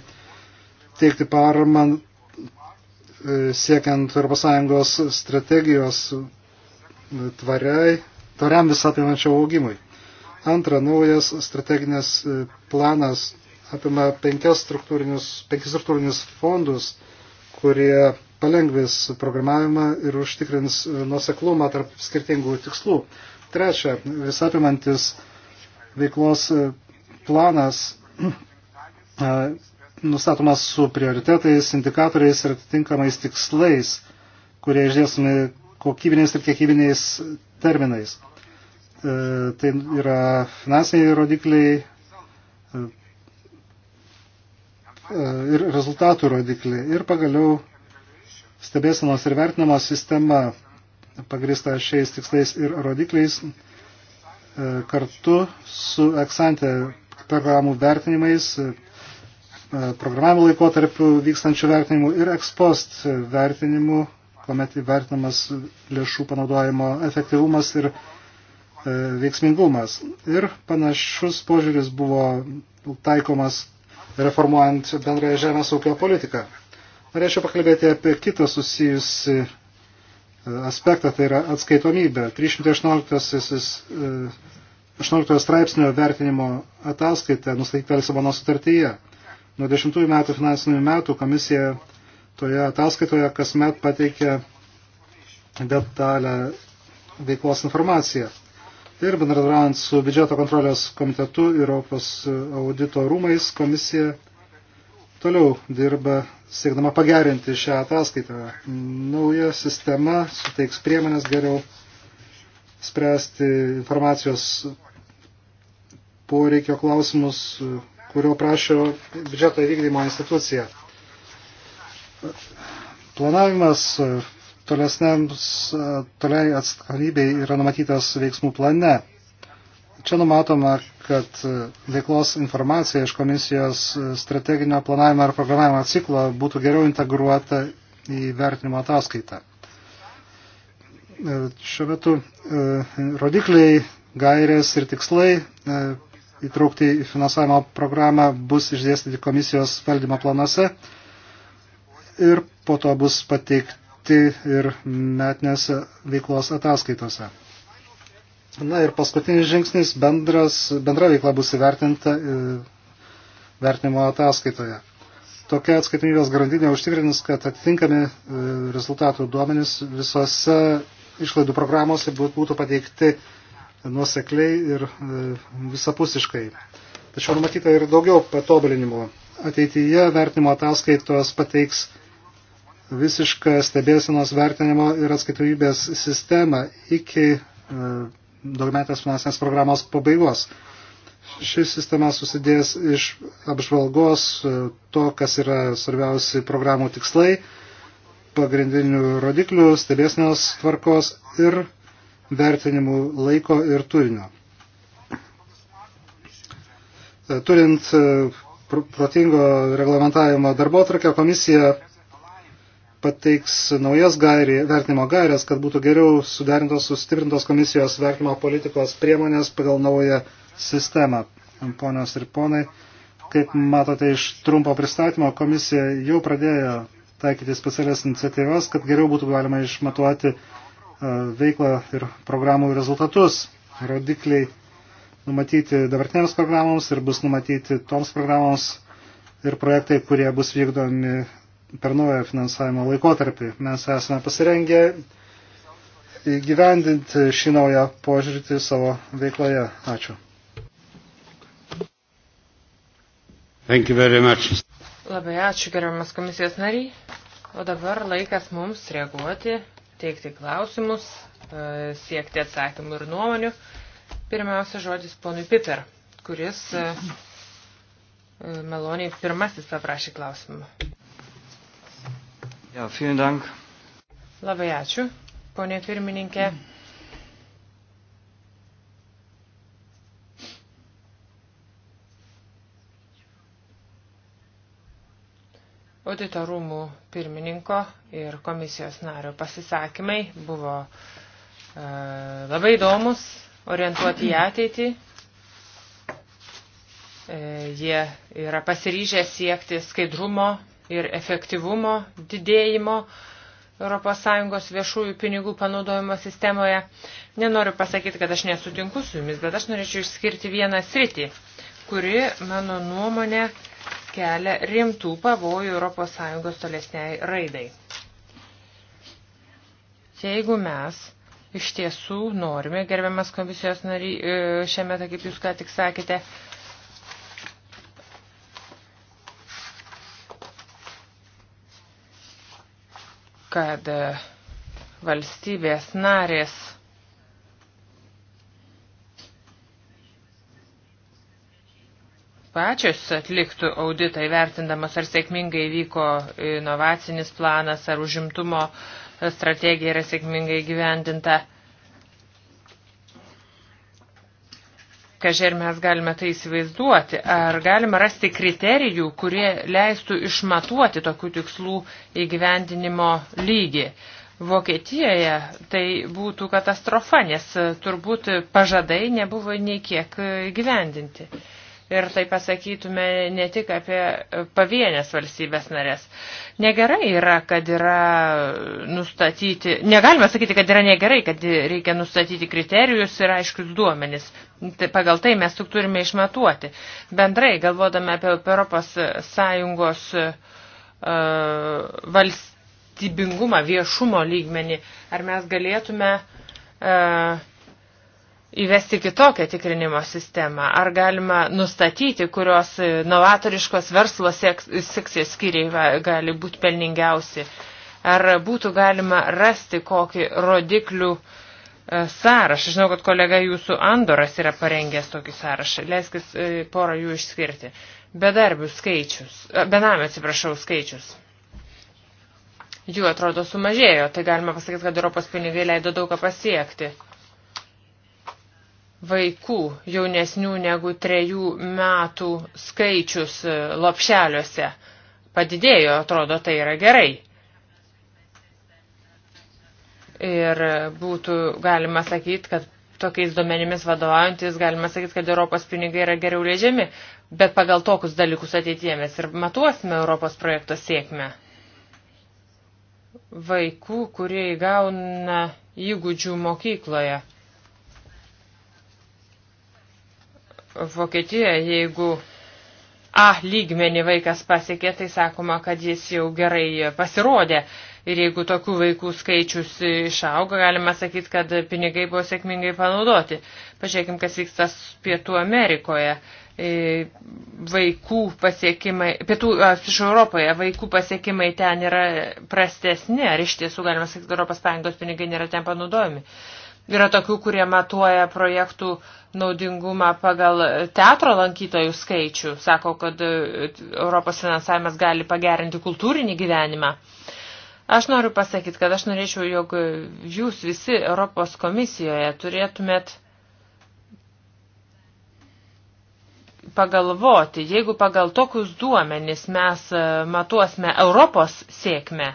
Speaker 3: teikti paramą e, siekiant ES strategijos tvariai tvariam visapimančiam augimui. Antra, naujas strateginės e, planas apima penkias struktūrinius, penkis struktūrinius fondus, kurie palengvis programavimą ir užtikrins e, nuoseklumą tarp skirtingų tikslų. Trečia, visapimantis veiklos e, planas nustatomas su prioritetais, indikatoriais ir atitinkamais tikslais, kurie išdėstami kokybiniais ir kiekybiniais terminais. E, tai yra finansiniai rodikliai e, e, ir rezultatų rodikliai. Ir pagaliau stebėsenos ir vertinimo sistema pagrįsta šiais tikslais ir rodikliais kartu su eksante programų vertinimais, programavimo laikotarpių vykstančių vertinimų ir ekspost vertinimų kuomet įvertinamas lėšų panaudojimo efektyvumas ir e, veiksmingumas. Ir panašus požiūris buvo taikomas reformuojant bendrąją žemės ūkio politiką. Norėčiau pakalbėti apie kitą susijusi e, aspektą, tai yra atskaitomybė. 318 e, straipsnio vertinimo ataskaita nustatyta Lisabono sutartyje. Nuo 10 metų finansinių metų komisija Toje ataskaitoje kasmet pateikia detalę veiklos informaciją. Ir bendradarbiaujant su biudžeto kontrolės komitetu ir Europos audito rūmais komisija toliau dirba siekdama pagerinti šią ataskaitą. Nauja sistema suteiks priemonės geriau spręsti informacijos poreikio klausimus, kurio prašo biudžeto įvykdymo institucija. Planavimas tolesniams toliai atskalybei yra numatytas veiksmų plane. Čia numatoma, kad veiklos informacija iš komisijos strateginio planavimo ir programavimo ciklo būtų geriau integruota į vertinimo ataskaitą. Šiuo metu e, rodikliai, gairės ir tikslai e, įtraukti į finansavimo programą bus išdėstyti komisijos valdymo planuose ir po to bus pateikti ir metinės veiklos ataskaitose. Na ir paskutinis žingsnis bendras, bendra veikla bus įvertinta e, vertinimo ataskaitoje. Tokia atskaitomybės grandinė užtikrins, kad atitinkami e, rezultatų duomenys visose išlaidų programose būtų pateikti nuosekliai ir e, visapusiškai. Tačiau numatyta ir daugiau patobulinimo. Ateityje vertinimo ataskaitos pateiks visišką stebėsenos vertinimo ir atskaitomybės sistemą iki e, dokumentės finansinės programos pabaigos. Ši sistema susidės iš apžvalgos e, to, kas yra svarbiausi programų tikslai, pagrindinių rodiklių, stebėsnios tvarkos ir vertinimų laiko ir turinio. E, turint protingo reglamentavimo darbo trakę, komisija pateiks naujas gairį, vertinimo gairės, kad būtų geriau suderintos, sustiprintos komisijos vertinimo politikos priemonės pagal naują sistemą. Ponios ir ponai, kaip matote iš trumpo pristatymo, komisija jau pradėjo taikyti specialias iniciatyvas, kad geriau būtų galima išmatuoti e, veiklą ir programų rezultatus. Rodikliai numatyti dabartinėms programoms ir bus numatyti toms programoms ir projektai, kurie bus vykdomi per naują finansavimo laikotarpį. Mes esame pasirengę įgyvendinti šį naują požiūrį savo veikloje. Ačiū.
Speaker 1: Labai
Speaker 4: ačiū gerbiamas komisijos nariai. O dabar laikas mums reaguoti, teikti klausimus, e, siekti atsakymų ir nuomonių. Pirmiausia žodis ponui Piper, kuris e, e, Meloniai pirmasis paprašė klausimą.
Speaker 3: Ja, vielen Dank.
Speaker 4: Labai ačiū, ponė pirmininkė. Auditorumų pirmininko ir komisijos nario pasisakymai buvo e, labai įdomus, orientuoti į ateitį. E, jie yra pasiryžę siekti skaidrumo ir efektyvumo didėjimo ES viešųjų pinigų panaudojimo sistemoje. Nenoriu pasakyti, kad aš nesutinku su jumis, bet aš norėčiau išskirti vieną sritį, kuri, mano nuomonė, kelia rimtų pavojų ES tolesniai raidai. Jeigu mes iš tiesų norime, gerbiamas komisijos nariai, e, šiame, tai kaip jūs ką tik sakėte, kad e, valstybės narės pačios atliktų auditą įvertindamas, ar sėkmingai vyko inovacinis planas, ar užimtumo strategija yra sėkmingai gyvendinta. Kažiai ir mes galime tai įsivaizduoti. Ar galima rasti kriterijų, kurie leistų išmatuoti tokių tikslų įgyvendinimo lygį? Vokietijoje tai būtų katastrofa, nes turbūt pažadai nebuvo nei kiek gyvendinti. Ir tai pasakytume ne tik apie pavienės valstybės narės. Negerai yra, kad yra nustatyti, negalime sakyti, kad yra negerai, kad reikia nustatyti kriterijus ir aiškius duomenis. Tai pagal tai mes tik turime išmatuoti. Bendrai, galvodami apie Europos Sąjungos e, valstybingumą, viešumo lygmenį, ar mes galėtume e, įvesti kitokią tikrinimo sistemą, ar galima nustatyti, kurios novatoriškos verslo sekcijos skyriai gali būti pelningiausi, ar būtų galima rasti kokį rodiklių uh, E, sąrašą. Žinau, kad kolega jūsų Andoras yra parengęs tokį sąrašą. Leiskis e, porą jų išskirti. Bedarbių skaičius, e, benamio atsiprašau skaičius. Jų atrodo sumažėjo, tai galima pasakyti, kad Europos pinigai leido daug ką pasiekti. Vaikų jaunesnių negu trejų metų skaičius lopšeliuose padidėjo, atrodo, tai yra gerai. Ir būtų galima sakyti, kad tokiais duomenimis vadovaujantis, galima sakyti, kad Europos pinigai yra geriau leidžiami, bet pagal tokius dalykus ateityje mes ir matuosime Europos projekto sėkmę. Vaikų, kurie įgauna įgūdžių mokykloje. Vokietijoje, jeigu A lygmenį vaikas pasiekė, tai sakoma, kad jis jau gerai pasirodė. Ir jeigu tokių vaikų skaičius išauga, galima sakyti, kad pinigai buvo sėkmingai panaudoti. Pažiūrėkime, kas vyksta Pietų Amerikoje. E, vaikų pasiekimai, pietų, atsiprašau, Europoje vaikų pasiekimai ten yra prastesni, ar iš tiesų galima sakyti, kad Europos Sąjungos pinigai nėra ten panaudojami. Yra tokių, kurie matuoja projektų naudingumą pagal teatro lankytojų skaičių. Sako, kad e, Europos finansavimas gali pagerinti kultūrinį gyvenimą. Aš noriu pasakyti, kad aš norėčiau, jog jūs visi Europos komisijoje turėtumėt pagalvoti, jeigu pagal tokius duomenis mes e, matuosime Europos sėkmę,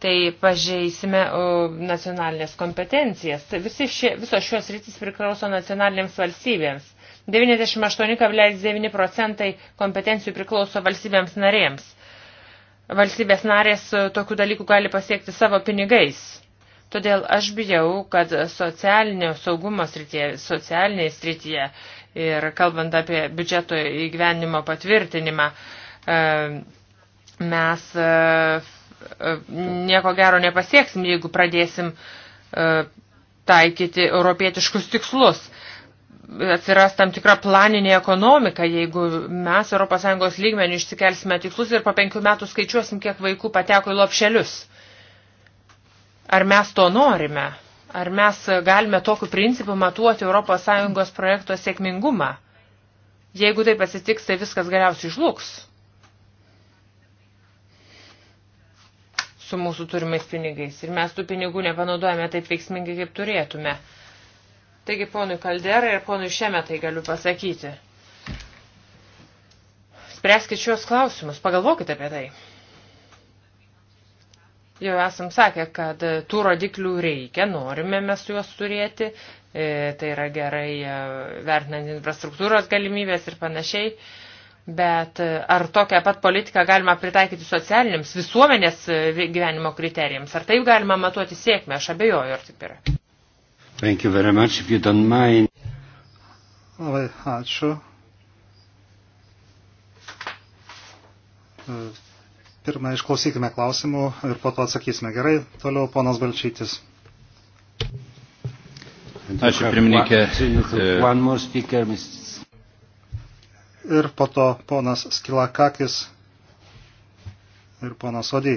Speaker 4: tai pažeisime e, nacionalinės kompetencijas. Tai visi šie, visos šios rytis priklauso nacionalinėms valstybėms. 98,9 procentai kompetencijų priklauso valstybėms narėms valstybės narės e, tokių dalykų gali pasiekti savo pinigais. Todėl aš bijau, kad socialinio saugumo srityje, socialinėje srityje ir kalbant apie biudžeto įgyvenimo patvirtinimą, e, mes e, nieko gero nepasieksim, jeigu pradėsim taikyti europietiškus tikslus atsiras tam tikra planinė ekonomika, jeigu mes ES lygmenių išsikelsime tikslus ir po penkių metų skaičiuosim, kiek vaikų pateko į lopšelius. Ar mes to norime? Ar mes galime tokiu principu matuoti ES projekto sėkmingumą? Jeigu taip atsitiks, tai viskas galiausiai žlugs. su mūsų turimais pinigais. Ir mes tų pinigų nepanaudojame taip veiksmingai, kaip turėtume. Uh, Taigi ponui Kalderai ir ponui Šemetai galiu pasakyti. Spręskite šios klausimus, pagalvokite apie tai. Jau esam sakę, kad e, tų rodiklių reikia, norime mes juos turėti, e, tai yra gerai e, vertinant infrastruktūros galimybės ir panašiai, bet e, ar tokią pat politiką galima pritaikyti socialiniams visuomenės gyvenimo kriterijams, ar taip galima matuoti sėkmę, aš abejoju, ar taip yra.
Speaker 1: Thank you very much, if you don't mind.
Speaker 3: Labai ačiū. E, pirmą išklausykime klausimų ir po to atsakysime. Gerai, toliau ponas Balčytis.
Speaker 1: Ačiū pirmininkė.
Speaker 3: E- ir po to ponas Skilakakis ir ponas Odį.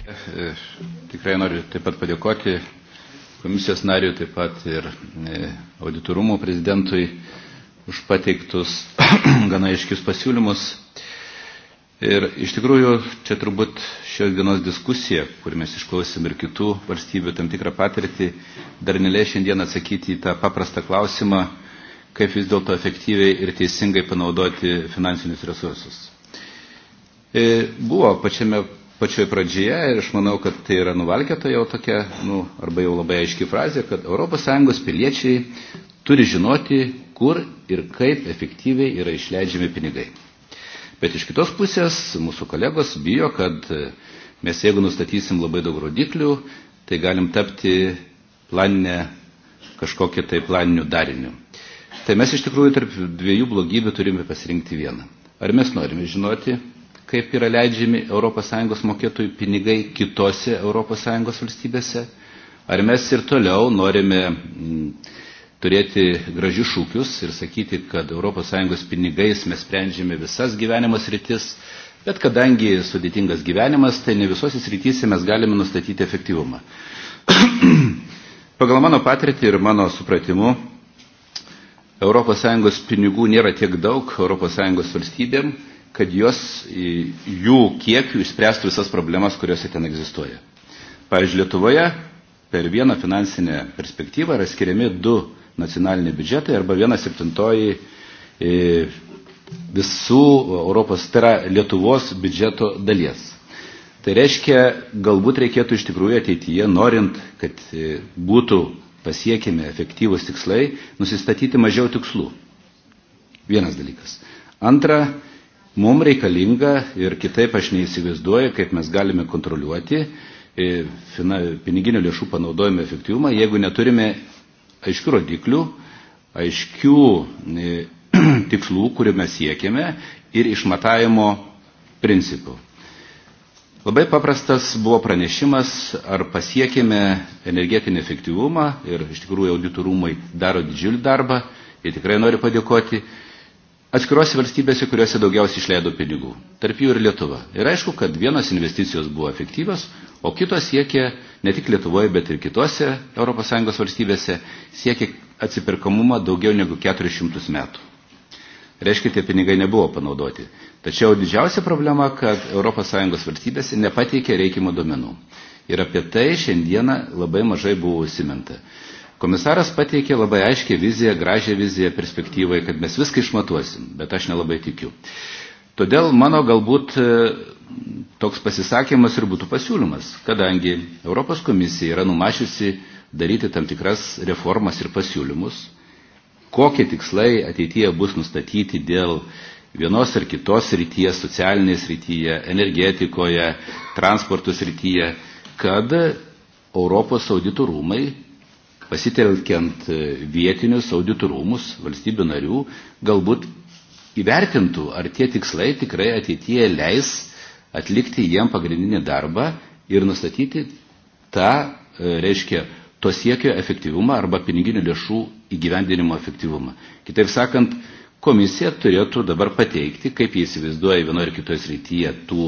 Speaker 1: E, tikrai noriu taip pat padėkoti komisijos nariui, taip pat ir e, auditorumo prezidentui už pateiktus <clears throat> gana aiškius pasiūlymus. Ir iš tikrųjų čia turbūt šios dienos diskusija, kur mes išklausėm ir kitų valstybių tam tikrą patirtį, dar neleis šiandien atsakyti į tą paprastą klausimą, kaip vis dėlto efektyviai ir teisingai panaudoti finansinius resursus. E, buvo pačiame pačioje pradžioje ir aš manau, kad tai yra nuvalkėta jau tokia, nu, arba jau labai aiški frazė, kad ES piliečiai turi žinoti, kur ir kaip efektyviai yra išleidžiami pinigai. Bet iš kitos pusės mūsų kolegos bijo, kad mes jeigu nustatysim labai daug rodiklių, tai galim tapti planinę kažkokį tai planinių darinių. Tai mes iš tikrųjų tarp dviejų blogybių turime pasirinkti vieną. Ar mes norime žinoti, kaip yra leidžiami ES mokėtojų pinigai kitose ES valstybėse. Ar mes ir toliau norime mm, turėti gražius šūkius ir sakyti, kad ES pinigais mes sprendžiame visas gyvenimas rytis, bet kadangi sudėtingas gyvenimas, tai ne visose srityse mes galime nustatyti efektyvumą. <clears throat> Pagal mano patirtį ir mano supratimu, ES pinigų nėra tiek daug ES valstybėm, kad jos, jų kiekių išspręstų visas problemas, kuriuose ten egzistuoja. Pavyzdžiui, Lietuvoje per vieną finansinę perspektyvą yra skiriami du nacionaliniai biudžetai arba viena septintoji e, visų Europos, tai yra Lietuvos biudžeto dalies. Tai reiškia, galbūt reikėtų iš tikrųjų ateityje, norint, kad e, būtų pasiekime efektyvus tikslai, nusistatyti mažiau tikslų. Vienas dalykas. Antra, Mums reikalinga ir kitaip aš neįsivaizduoju, kaip mes galime kontroliuoti e, piniginių lėšų panaudojimo efektyvumą, jeigu neturime aiškių rodiklių, aiškių e, <clears throat> tikslų, kurių mes siekiame ir išmatavimo principų. Labai paprastas buvo pranešimas, ar pasiekėme energetinį efektyvumą ir iš tikrųjų auditorumai daro didžiulį darbą ir tikrai noriu padėkoti atskiruose valstybėse, kuriuose daugiausiai išleido pinigų, tarp jų ir Lietuva. Ir aišku, kad vienos investicijos buvo efektyvios, o kitos siekė ne tik Lietuvoje, bet ir kitose ES valstybėse siekė atsipirkamumą daugiau negu 400 metų. Reiškia, tie pinigai nebuvo panaudoti. Tačiau didžiausia problema, kad ES valstybėse nepateikė reikimo duomenų. Ir apie tai šiandieną labai mažai buvo užsiminta. Komisaras pateikė labai aiškę viziją, gražią viziją, perspektyvai, kad mes viską išmatuosim, bet aš nelabai tikiu. Todėl mano galbūt e, toks pasisakymas ir būtų pasiūlymas, kadangi Europos komisija yra numačiusi daryti tam tikras reformas ir pasiūlymus, kokie tikslai ateityje bus nustatyti dėl vienos ar kitos ryties, socialinės rytyje, energetikoje, transporto rytyje, kad Europos auditorumai pasitelkiant e, vietinius auditorumus valstybių narių, galbūt įvertintų, ar tie tikslai tikrai ateityje leis atlikti jiem pagrindinį darbą ir nustatyti tą, e, reiškia, to siekio efektyvumą arba piniginių lėšų įgyvendinimo efektyvumą. Kitaip sakant, komisija turėtų dabar pateikti, kaip jie įsivaizduoja vienoje ar kitoje srityje tų,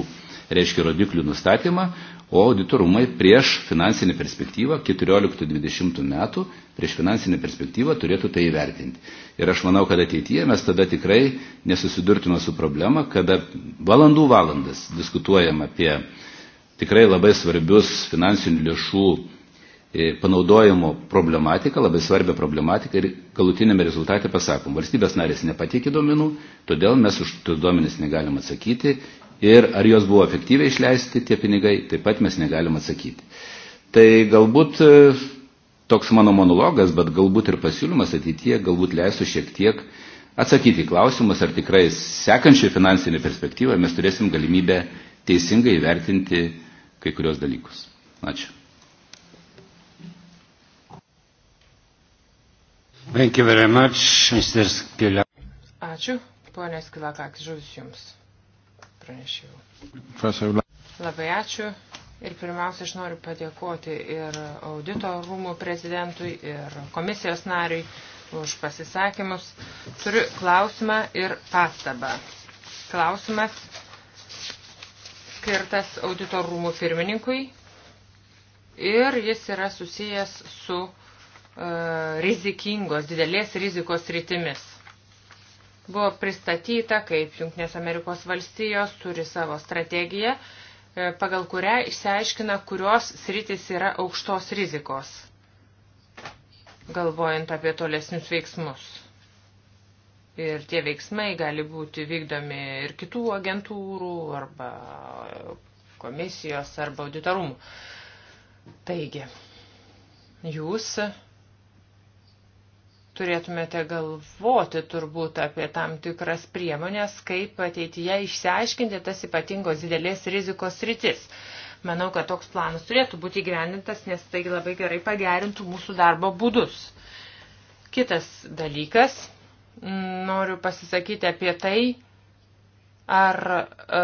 Speaker 1: reiškia, rodiklių nustatymą, o auditorumai prieš finansinį perspektyvą 14-20 metų, prieš finansinį perspektyvą turėtų tai įvertinti. Ir aš manau, kad ateityje mes tada tikrai nesusidurtume su problema, kada valandų valandas diskutuojam apie tikrai labai svarbius finansinių lėšų e, panaudojimo problematiką, labai svarbią problematiką ir galutinėme rezultate pasakom, valstybės narės nepatikė duomenų, todėl mes už tuos duomenys negalim atsakyti ir ar jos buvo efektyviai išleisti tie pinigai, taip pat mes negalim atsakyti. Tai galbūt e, toks mano monologas, bet galbūt ir pasiūlymas ateityje galbūt leistų šiek tiek atsakyti į klausimus, ar tikrai sekančią finansinę perspektyvą mes turėsim galimybę teisingai įvertinti kai kurios dalykus. Ačiū. Thank you very much, Mr. Skilakakis.
Speaker 4: Ačiū, ponė Skilakakis, žodis jums pranešėjau. Labai ačiū. Ir pirmiausia, aš noriu padėkoti ir audito rūmų prezidentui, ir komisijos nariui už pasisakymus. Turiu klausimą ir pastabą. Klausimas skirtas audito rūmų pirmininkui ir jis yra susijęs su uh, rizikingos, didelės rizikos rytimis. Buvo pristatyta, kaip Junktinės Amerikos valstijos turi savo strategiją, e, pagal kurią išsiaiškina, kurios sritis yra aukštos rizikos, galvojant apie tolesnius veiksmus. Ir tie veiksmai gali būti vykdomi ir kitų agentūrų, arba komisijos, arba auditorumų. Taigi, jūs turėtumėte galvoti turbūt apie tam tikras priemonės, kaip ateityje išsiaiškinti tas ypatingos didelės rizikos rytis. Manau, kad toks planas turėtų būti įgyvendintas, nes tai labai gerai pagerintų mūsų darbo būdus. Kitas dalykas, noriu pasisakyti apie tai, ar e,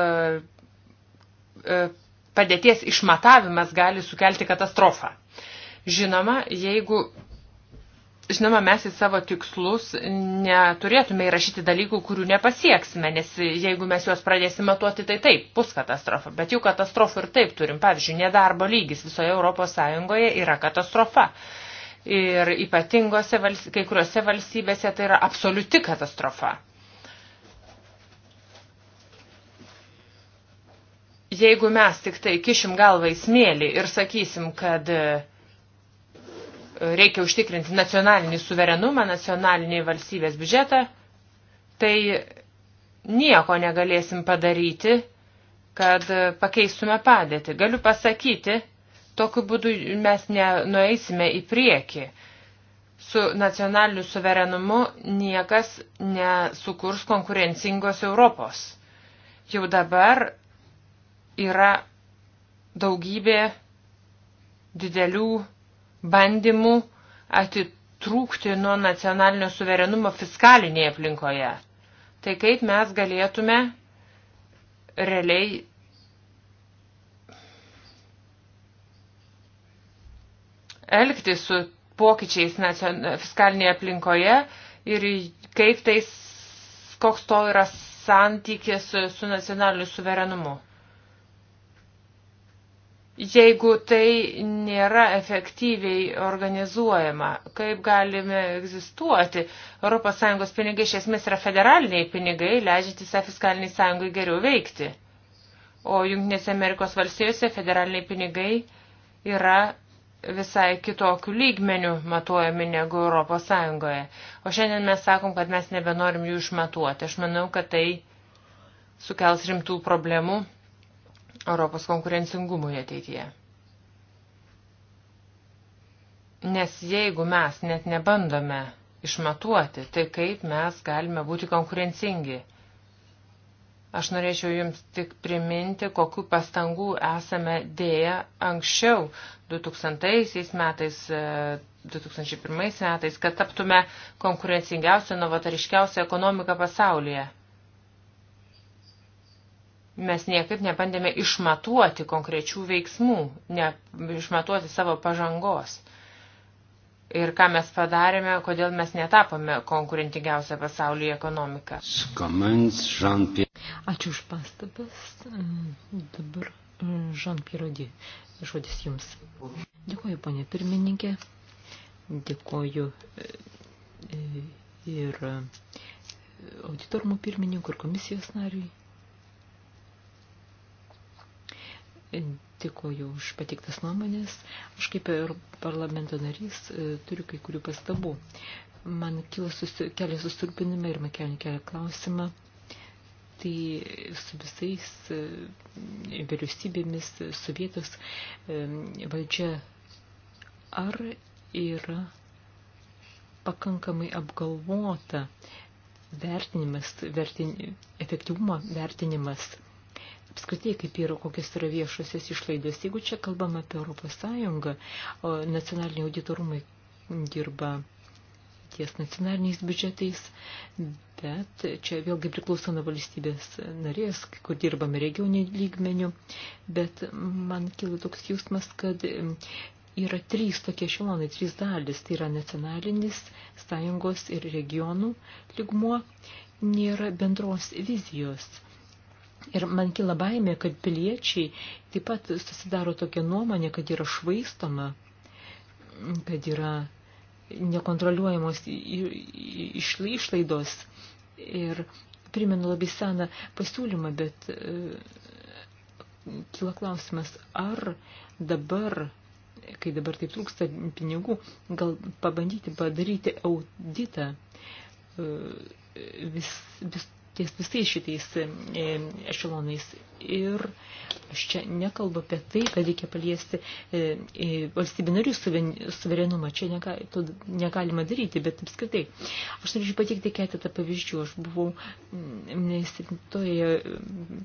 Speaker 4: e, padėties išmatavimas gali sukelti katastrofą. Žinoma, jeigu Žinoma, mes į savo tikslus neturėtume įrašyti dalykų, kurių nepasieksime, nes jeigu mes juos pradėsime matuoti, tai taip, bus katastrofa. Bet jų katastrofų ir taip turim. Pavyzdžiui, nedarbo lygis visoje Europos Sąjungoje yra katastrofa. Ir ypatingose, kai kuriuose valstybėse tai yra absoliuti katastrofa. Jeigu mes tik tai kišim galvą į smėlį ir sakysim, kad uh, reikia užtikrinti nacionalinį suverenumą, nacionalinį valstybės biudžetą, tai nieko negalėsim padaryti, kad pakeistume padėtį. Galiu pasakyti, tokiu būdu mes nenueisime į priekį. Su nacionaliniu suverenumu niekas nesukurs konkurencingos Europos. Jau dabar yra daugybė didelių bandymų atitrūkti nuo nacionalinio suverenumo fiskalinėje aplinkoje. Tai kaip mes galėtume realiai elgti su pokyčiais fiskalinėje aplinkoje ir kaip tai, koks to yra santykis su nacionaliniu suverenumu jeigu tai nėra efektyviai organizuojama, kaip galime egzistuoti. ES pinigai iš esmės yra federaliniai pinigai, leidžiantys tai fiskaliniai sąjungai geriau veikti. O Junktinėse Amerikos valstijose federaliniai pinigai yra visai kitokių lygmenių matuojami negu ES. O šiandien mes sakom, kad mes nebenorim jų išmatuoti. Aš manau, kad tai sukels rimtų problemų Europos konkurencingumui ateityje. Nes jeigu mes net nebandome išmatuoti, tai kaip mes galime būti konkurencingi. Aš norėčiau Jums tik priminti, kokiu pastangų esame dėję anksčiau 2000 metais, 2001 e, metais, kad taptume konkurencingiausia, novatariškiausia ekonomika pasaulyje. Mes niekaip nebandėme išmatuoti konkrečių veiksmų, ne, išmatuoti savo pažangos. Ir ką mes padarėme, kodėl mes netapome konkurentingiausią pasaulyje ekonomiką.
Speaker 2: Ačiū už pastabas. Mm, dabar mm, Jean-Pierre Žodis jums. Dėkuoju, ponė pirmininkė. Dėkuoju e, e, ir e, auditorumų pirmininkų ir komisijos nariui. Dėkuoju už patiktas nuomonės. Aš kaip ir parlamento narys e, turiu kai kurių pastabų. Man kilo susi, kelia susirūpinimą ir man kelia, kelia klausimą. Tai su visais e, vyriausybėmis, su vietos e, valdžia, ar yra pakankamai apgalvota vertinimas, vertin, efektyvumo vertinimas apskritai, kaip yra, kokios yra viešosios išlaidos. Jeigu čia kalbam apie Europos Sąjungą, o nacionaliniai auditorumai dirba ties nacionaliniais biudžetais, bet čia vėlgi priklauso nuo valstybės narės, kur dirbame regionių lygmenių, bet man kilo toks jausmas, kad yra trys tokie šilonai, trys dalis, tai yra nacionalinis, sąjungos ir regionų lygmuo, nėra bendros vizijos Ir man kila baimė, kad piliečiai taip pat susidaro tokią nuomonę, kad yra švaistama, kad yra nekontroliuojamos išlaidos. Ir primenu labai seną pasiūlymą, bet e, kila klausimas, ar dabar kai dabar taip trūksta pinigų, gal pabandyti padaryti auditą e, vis, vis tais visais šitais e, ešelonais. Ir aš čia nekalbu apie tai, kad reikia paliesti e, e, valstybinarių suverenumą. Čia nega, to negalima daryti, bet apskritai. Aš norėčiau pateikti keletą pavyzdžių. Aš buvau mm, septintoje mm,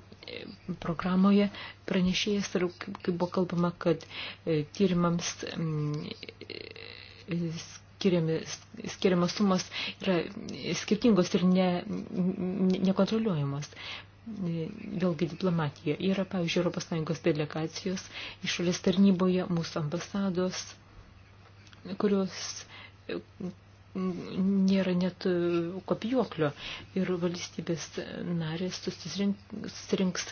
Speaker 2: programoje pranešėjęs ir kai buvo kalbama, kad tyrimams mm, skiriami, skiriamas sumas yra skirtingos ir ne, nekontroliuojamos. Vėlgi diplomatija. Yra, pavyzdžiui, ES delegacijos, išorės tarnyboje, mūsų ambasados, kurios nėra net e, kopijuoklio ir valstybės narės susirinks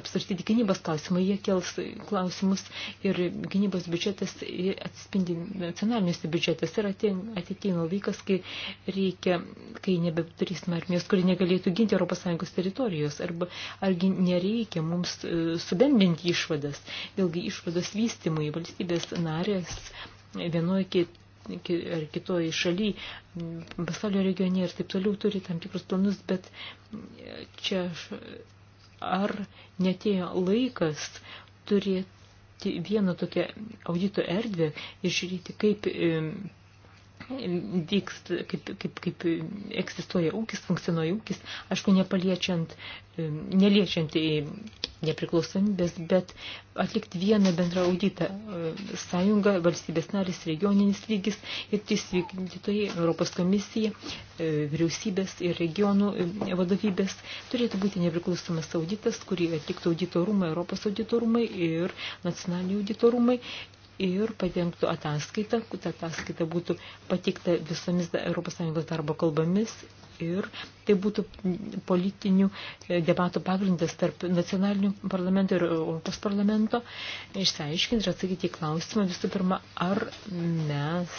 Speaker 2: apsvarstyti gynybos klausimą, jie kels klausimus ir gynybos biudžetas atspindi nacionaliniuose biudžetas ir ateina laikas, kai reikia, kai nebeturėsime armijos, kuri negalėtų ginti ES teritorijos arba argi nereikia mums e, subendinti išvadas, vėlgi išvados vystymui valstybės narės vienoje kitoje ar kitoj šaly, pasaulio regione ir taip toliau turi tam tikrus planus, bet čia ar netėjo laikas turėti vieną tokią audito erdvę ir žiūrėti, kaip vyksta, kaip, kaip, kaip egzistuoja ūkis, funkcionuoja ūkis, aišku, nepaliečiant, neliečiant į nepriklausomybės, bet atlikti vieną bendrą auditą sąjungą, valstybės narys, regioninis lygis ir teisvykdytojai, Europos komisija, vyriausybės ir regionų vadovybės turėtų būti nepriklausomas auditas, kurį atliktų auditorumai, Europos auditorumai ir nacionaliniai auditorumai ir padengtų ataskaitą, kad ataskaita būtų pateikta visomis ES darbo kalbomis ir tai būtų politinių e, debatų pagrindas tarp nacionalinių parlamento ir Europos parlamento išsiaiškinti ir atsakyti į klausimą visų pirma, ar mes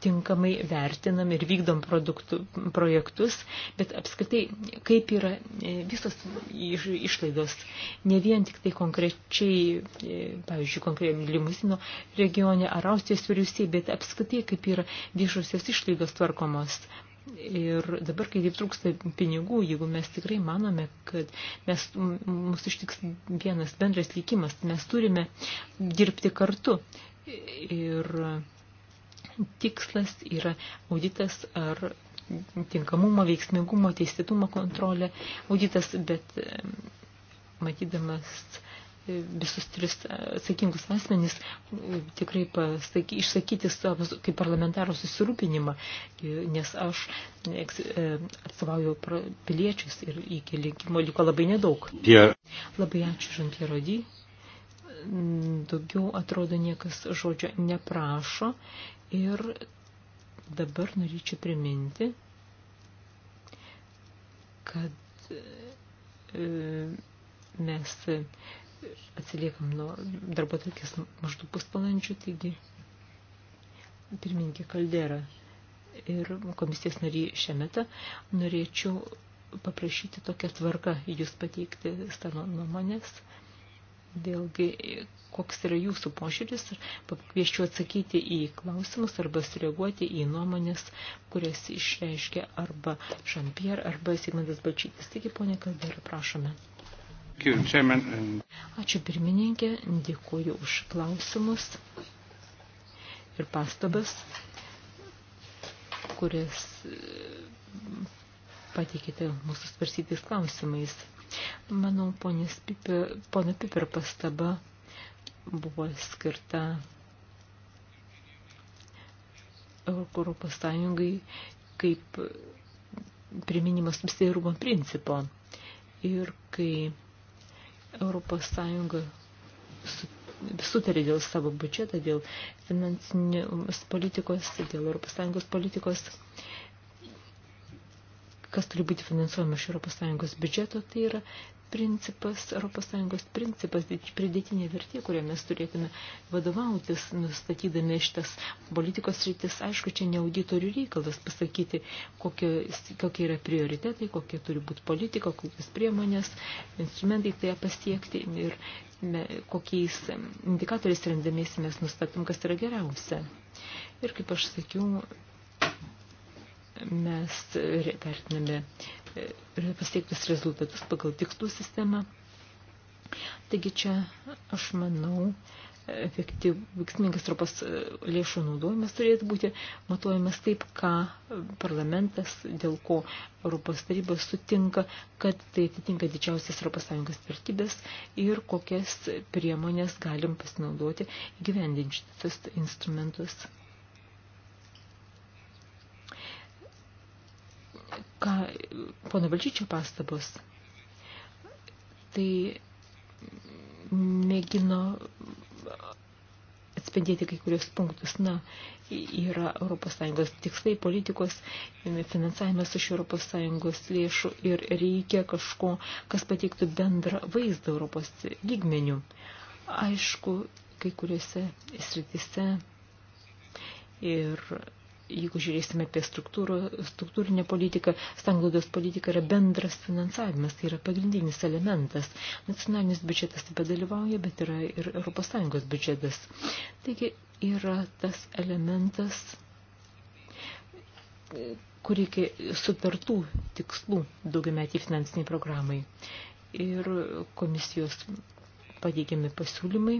Speaker 2: tinkamai vertinam ir vykdom produktų, projektus, bet apskritai, kaip yra e, visos išlaidos, ne vien tik tai konkrečiai, e, pavyzdžiui, konkrečiai Limusino regione ar Austrijos vyriausybė, bet apskritai, kaip yra viešosios išlaidos tvarkomos. Ir dabar, kai taip trūksta pinigų, jeigu mes tikrai manome, kad mes, mus ištiks vienas bendras likimas, mes turime dirbti kartu. Ir tikslas yra auditas ar tinkamumo, veiksmingumo, teisėtumo kontrolė, auditas, bet matydamas e, visus tris e, atsakingus asmenys e, tikrai pasaky, išsakyti savo kaip parlamentaro susirūpinimą, nes aš atstovauju piliečius ir iki linkimo liko labai nedaug. Yeah. Labai ačiū, Žantė Rodį daugiau atrodo niekas žodžio neprašo Ir dabar norėčiau priminti, kad e, mes atsiliekam nuo darbo tokias maždaug pusvalandžių, taigi pirmininkė Kaldera ir komisijos nariai šiemetą norėčiau paprašyti tokią tvarką jūs pateikti savo nuomonės. Nu vėlgi koks yra jūsų požiūris ir pakviešiu atsakyti į klausimus arba sureaguoti į nuomonės, kurias išreiškia arba Jean-Pierre arba Sigmantas Balčytis. Taigi, ponė Kaldera, prašome.
Speaker 1: Ačiū
Speaker 2: pirmininkė, dėkuoju už klausimus ir pastabas, kurias e, pateikite mūsų svarsytais klausimais. Manau, Piper, pono Piper pastaba buvo skirta Europos Sąjungai kaip priminimas subsidiarumo principo. Ir kai Europos Sąjunga sutarė dėl savo biudžetą, dėl finansinės politikos, dėl Europos Sąjungos politikos, kas turi būti finansuojama iš ES biudžeto, tai yra principas, ES principas, pridėtinė vertė, kurią mes turėtume vadovautis, nustatydami šitas politikos rytis. Aišku, čia ne auditorių reikalas pasakyti, kokie, kokie yra prioritetai, kokie turi būti politika, kokios priemonės, instrumentai tai pasiekti ir me, kokiais indikatoriais rendamiesi mes nustatom, kas yra geriausia. Ir kaip aš sakiau, mes e, vertiname e, pasiektus rezultatus pagal tikslų sistemą. Taigi čia, aš manau, e, veiksmingas tropas lėšų naudojimas turėtų būti matuojamas taip, ką parlamentas, dėl ko Europos taryba sutinka, kad tai atitinka didžiausias Europos Sąjungos vertybės ir kokias priemonės galim pasinaudoti gyvendinčius instrumentus. ką pono Valčyčio pastabos, tai mėgino atspindėti kai kurios punktus. Na, yra ES tikslai, politikos, finansavimas iš ES lėšų ir reikia kažko, kas pateiktų bendrą vaizdą Europos lygmenių. Aišku, kai kuriuose sritise ir jeigu žiūrėsime apie struktūrinę politiką, stanglaudos politika yra bendras finansavimas, tai yra pagrindinis elementas. Nacionalinis biudžetas taip pat dalyvauja, bet yra ir ES biudžetas. Taigi yra tas elementas, kur reikia sutartų tikslų daugiametį finansiniai programai. Ir komisijos pateikiami pasiūlymai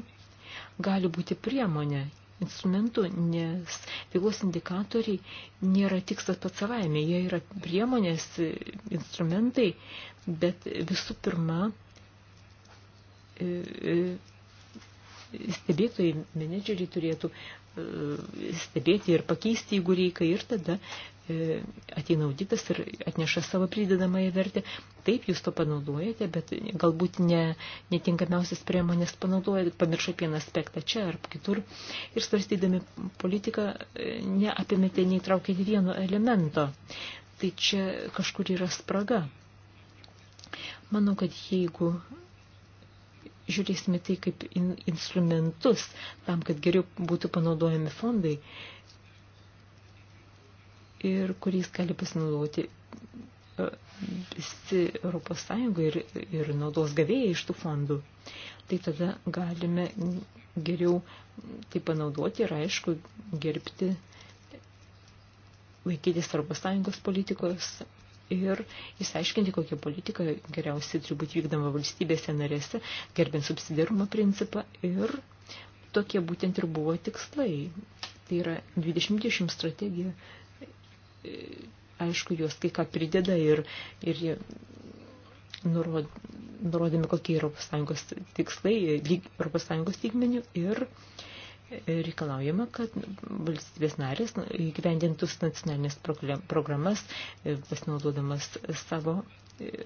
Speaker 2: gali būti priemonė instrumentų, nes veiklos indikatoriai nėra tikslas pats savaime, jie yra priemonės, instrumentai, bet visų pirma e, e, stebėtojai, menedžeriai turėtų e, stebėti ir pakeisti, jeigu reikia, ir tada E, ateina auditas ir atneša savo pridedamąją vertę. Taip, jūs to panaudojate, bet galbūt ne, netinkamiausias priemonės panaudojate, pamiršo apie vieną aspektą čia ar kitur. Ir svarstydami politiką e, neapimėte, neįtraukėte vieno elemento. Tai čia kažkur yra spraga. Manau, kad jeigu žiūrėsime tai kaip in, instrumentus tam, kad geriau būtų panaudojami fondai, e, ir kuriais gali pasinaudoti e, visi Europos Sąjunga ir, ir naudos gavėjai iš tų fondų. Tai tada galime geriau tai panaudoti ir aišku gerbti, laikytis Europos Sąjungos politikos ir įsiaiškinti, kokia politika geriausiai turi būti vykdama valstybėse narėse, gerbint subsidiarumo principą ir tokie būtent ir buvo tikslai. Tai yra 2020 strategija aišku, juos kai ką prideda ir, ir jie nurod, nurodėme, kokie Europos Sąjungos tikslai, lyg, Europos Sąjungos lygmenių ir e, reikalaujama, kad valstybės narės įgyvendintų nacionalinės programas, e, pasinaudodamas savo e,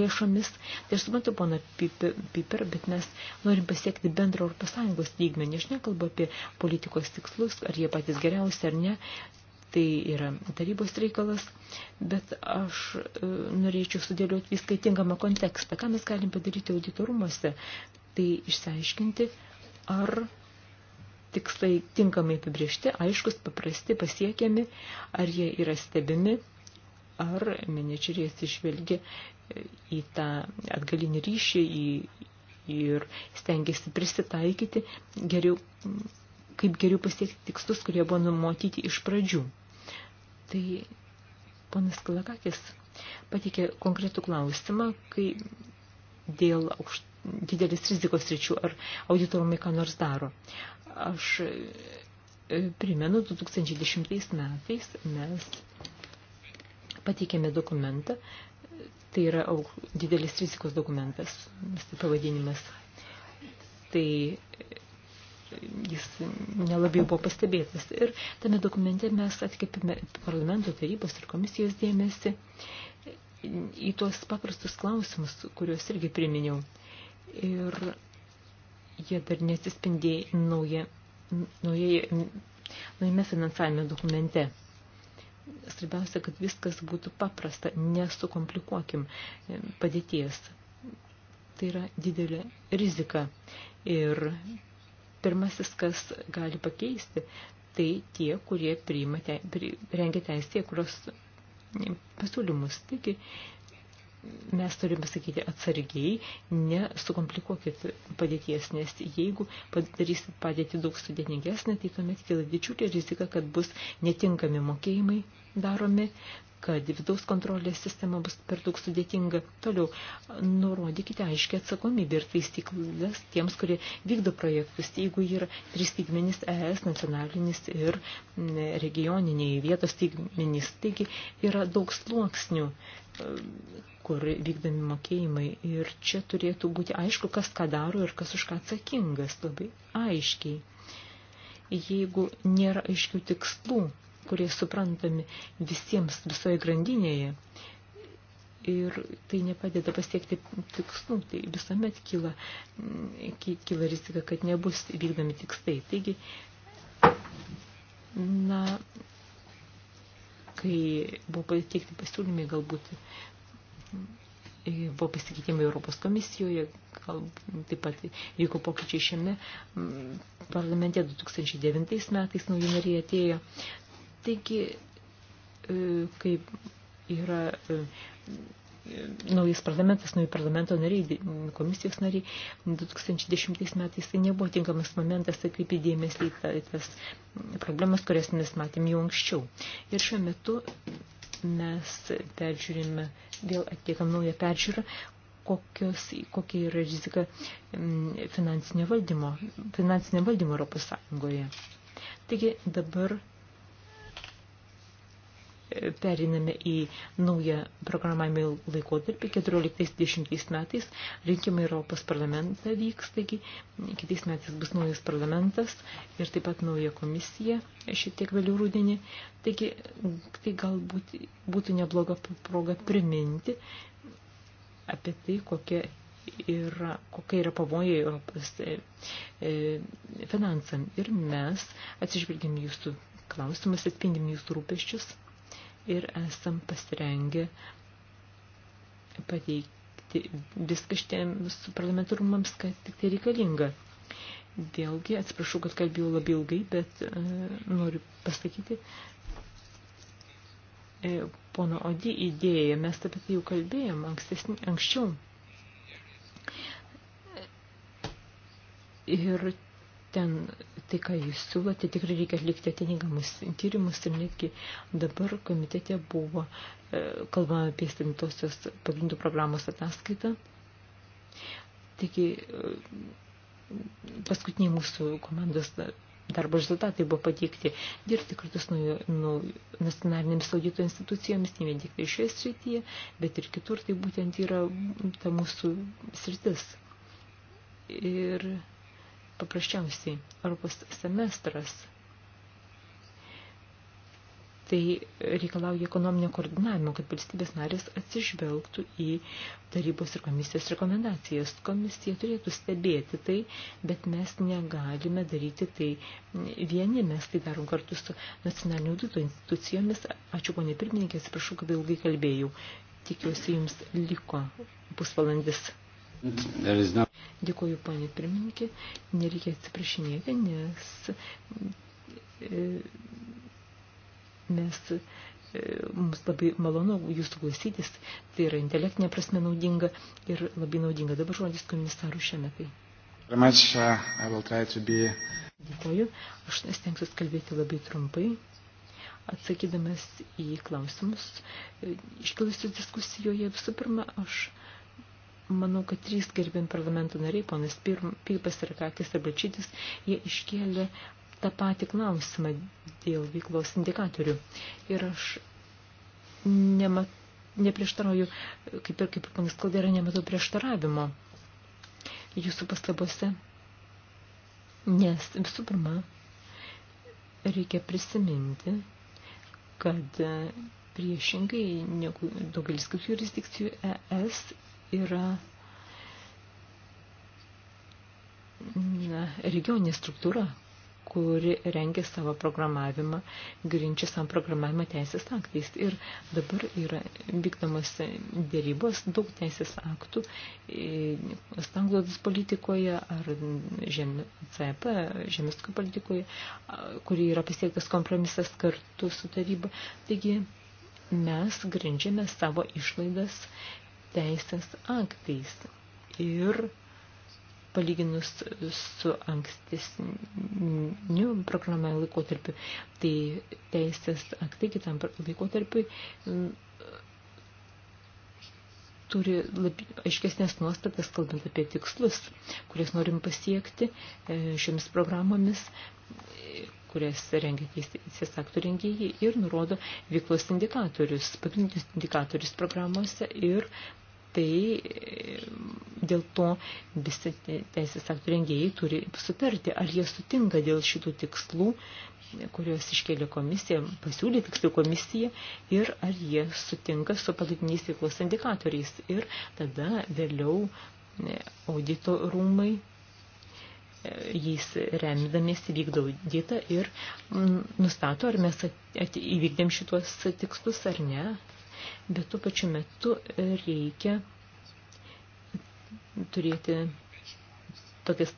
Speaker 2: lėšomis. Tai aš suprantu, pana Piper, bet mes norim pasiekti bendrą Europos Sąjungos lygmenį. Aš nekalbu apie politikos tikslus, ar jie patys geriausi ar ne tai yra tarybos reikalas, bet aš e, norėčiau sudėlioti viską į tinkamą kontekstą. Ką mes galim padaryti auditorumuose, tai išsiaiškinti, ar tikslai tinkamai apibriežti, aiškus, paprasti, pasiekiami, ar jie yra stebimi, ar menedžeriai atsižvelgia e, į tą atgalinį ryšį į, ir stengiasi prisitaikyti geriau kaip geriau pasiekti tikslus, kurie buvo numatyti iš pradžių. Tai ponas Kalakakis patikė konkretų klausimą, kai dėl aukšt, didelis rizikos ryčių ar auditorumai ką nors daro. Aš e, primenu, 2010 metais mes pateikėme dokumentą, tai yra auk, didelis rizikos dokumentas, tai pavadinimas. Tai jis nelabai buvo pastebėtas. Ir tame dokumente mes atkėpime parlamento tarybos ir komisijos dėmesį į tuos paprastus klausimus, kuriuos irgi priminiau. Ir jie dar nesispindėjo nauja, nauja, naujame finansavime dokumente. Svarbiausia, kad viskas būtų paprasta, nesukomplikuokim padėties. Tai yra didelė rizika ir pirmasis, kas gali pakeisti, tai tie, kurie priima, te, rengia teisėje, kurios pasiūlymus. Taigi, mes turime sakyti atsargiai, nesukomplikuokit padėties, nes jeigu padarysit padėtį daug sudėtingesnį, tai tuomet kila didžiulė rizika, kad bus netinkami mokėjimai daromi, kad vidaus kontrolės sistema bus per daug sudėtinga. Toliau, nurodykite aiškiai atsakomybę ir taisyklės tiems, kurie vykdo projektus, jeigu yra trys lygmenys ES, nacionalinis ir regioniniai vietos lygmenys. Taigi yra daug sluoksnių, kur vykdami mokėjimai ir čia turėtų būti aišku, kas ką daro ir kas už ką atsakingas, labai aiškiai. Jeigu nėra aiškių tikslų, kurie suprantami visiems visoje grandinėje. Ir tai nepadeda pasiekti tikslų, tai visuomet kyla, kyla rizika, kad nebus vykdomi tikslai. Taigi, na, kai buvo pateikti pasiūlymai, galbūt e, buvo pasikeitimai Europos komisijoje, gal, taip pat vyko pokyčiai šiame parlamente 2009 metais nauji nariai atėjo. Taigi, e, kaip yra e, e, naujas parlamentas, nauji parlamento nariai, komisijos nariai, 2010 metais tai nebuvo tinkamas momentas, tai kaip įdėmėsi į ta, tas problemas, kurias mes matėm jau anksčiau. Ir šiuo metu mes peržiūrime, vėl atliekam naują peržiūrą, kokios, kokia yra rizika finansinio valdymo, finansinio valdymo Europos Sąjungoje. Taigi dabar periname į naują programavimo laikotarpį 14-20 metais. Rinkimai Europos parlamentą vyks, taigi kitais metais bus naujas parlamentas ir taip pat nauja komisija šiek tiek vėliau rūdienį. Taigi tai galbūt būtų nebloga proga priminti apie tai, kokia yra, kokia yra pavojai Europos e, e, finansam. Ir mes atsižvelgėm jūsų klausimus, atspindim jūsų rūpeščius ir esam pasirengę pateikti viską šitiems parlamentarumams, kad tik tai reikalinga. Vėlgi, atsiprašau, kad kalbėjau labai ilgai, bet e, noriu pasakyti, e, pono Odi idėja, mes apie tai jau kalbėjom ankstesni, anksčiau. E, ir ten tai, ką jūs siūlote, tikrai reikia atlikti atininkamus tyrimus ir netgi dabar komitete buvo e, kalbama apie stamtosios pagrindų programos ataskaitą. Taigi, e, paskutiniai mūsų komandos darbo rezultatai buvo pateikti dirbti kartu su nu, nu, nacionalinėms audito institucijomis, ne vien tik tai šioje srityje, bet ir kitur, tai būtent yra ta mūsų sritis. Ir paprasčiausiai Europos semestras. Tai reikalauja ekonominio koordinavimo, kad valstybės narės atsižvelgtų į tarybos ir komisijos rekomendacijas. Komisija turėtų stebėti tai, bet mes negalime daryti tai vieni, mes tai darom kartu su nacionalinio audito institucijomis. Ačiū, ponė pirmininkė, atsiprašau, kad ilgai kalbėjau. Tikiuosi, jums liko pusvalandis. No... Dėkuoju, panė pirmininkė, nereikia atsiprašinėti, nes e, mes e, mums labai malonu jūsų klausytis, tai yra intelektinė prasme naudinga ir labai naudinga. Dabar žodis komisarų šiame tai. Dėkoju, aš stengsiu kalbėti labai trumpai, atsakydamas į klausimus. E, iškilusius diskusijoje visų pirma, aš manau, kad trys gerbim parlamento nariai, ponas Pipas ir Kakis Arbačytis, jie iškėlė tą patį klausimą dėl veiklos indikatorių. Ir aš nemat, neprieštarauju, kaip ir kaip ir panas Kaldera, nematau prieštaravimo jūsų pastabose. Nes visų pirma, reikia prisiminti, kad priešingai negu daugelis kitų jurisdikcijų ES yra regioninė struktūra, kuri rengia savo programavimą, grinčia savo programavimą teisės aktais. Ir dabar yra vykdomas dėrybos daug teisės aktų stanglodas politikoje ar žemė, CEP, žemės politikoje, kuri yra pasiektas kompromisas kartu su taryba. Taigi mes grindžiame savo išlaidas teisės aktais ir palyginus su ankstesniu programavimo laikotarpiu, tai teisės aktai kitam laikotarpiui mm, turi labi, aiškesnės nuostatas, kalbant apie tikslus, kurias norim pasiekti e, šiomis programomis, kurias rengia teisės aktų rengėjai ir nurodo veiklos indikatorius, pagrindinius indikatorius programuose ir tai e, dėl to visi teisės aktų rengėjai turi sutarti, ar jie sutinka dėl šitų tikslų, kuriuos iškėlė komisija, pasiūlė tiksliau komisija ir ar jie sutinka su pagrindiniais veiklos indikatoriais. Ir tada vėliau e, audito rūmai e, jais remdamiesi vykdo auditą ir mm, nustato, ar mes įvykdėm šituos tikslus ar ne bet tuo pačiu metu reikia turėti tokias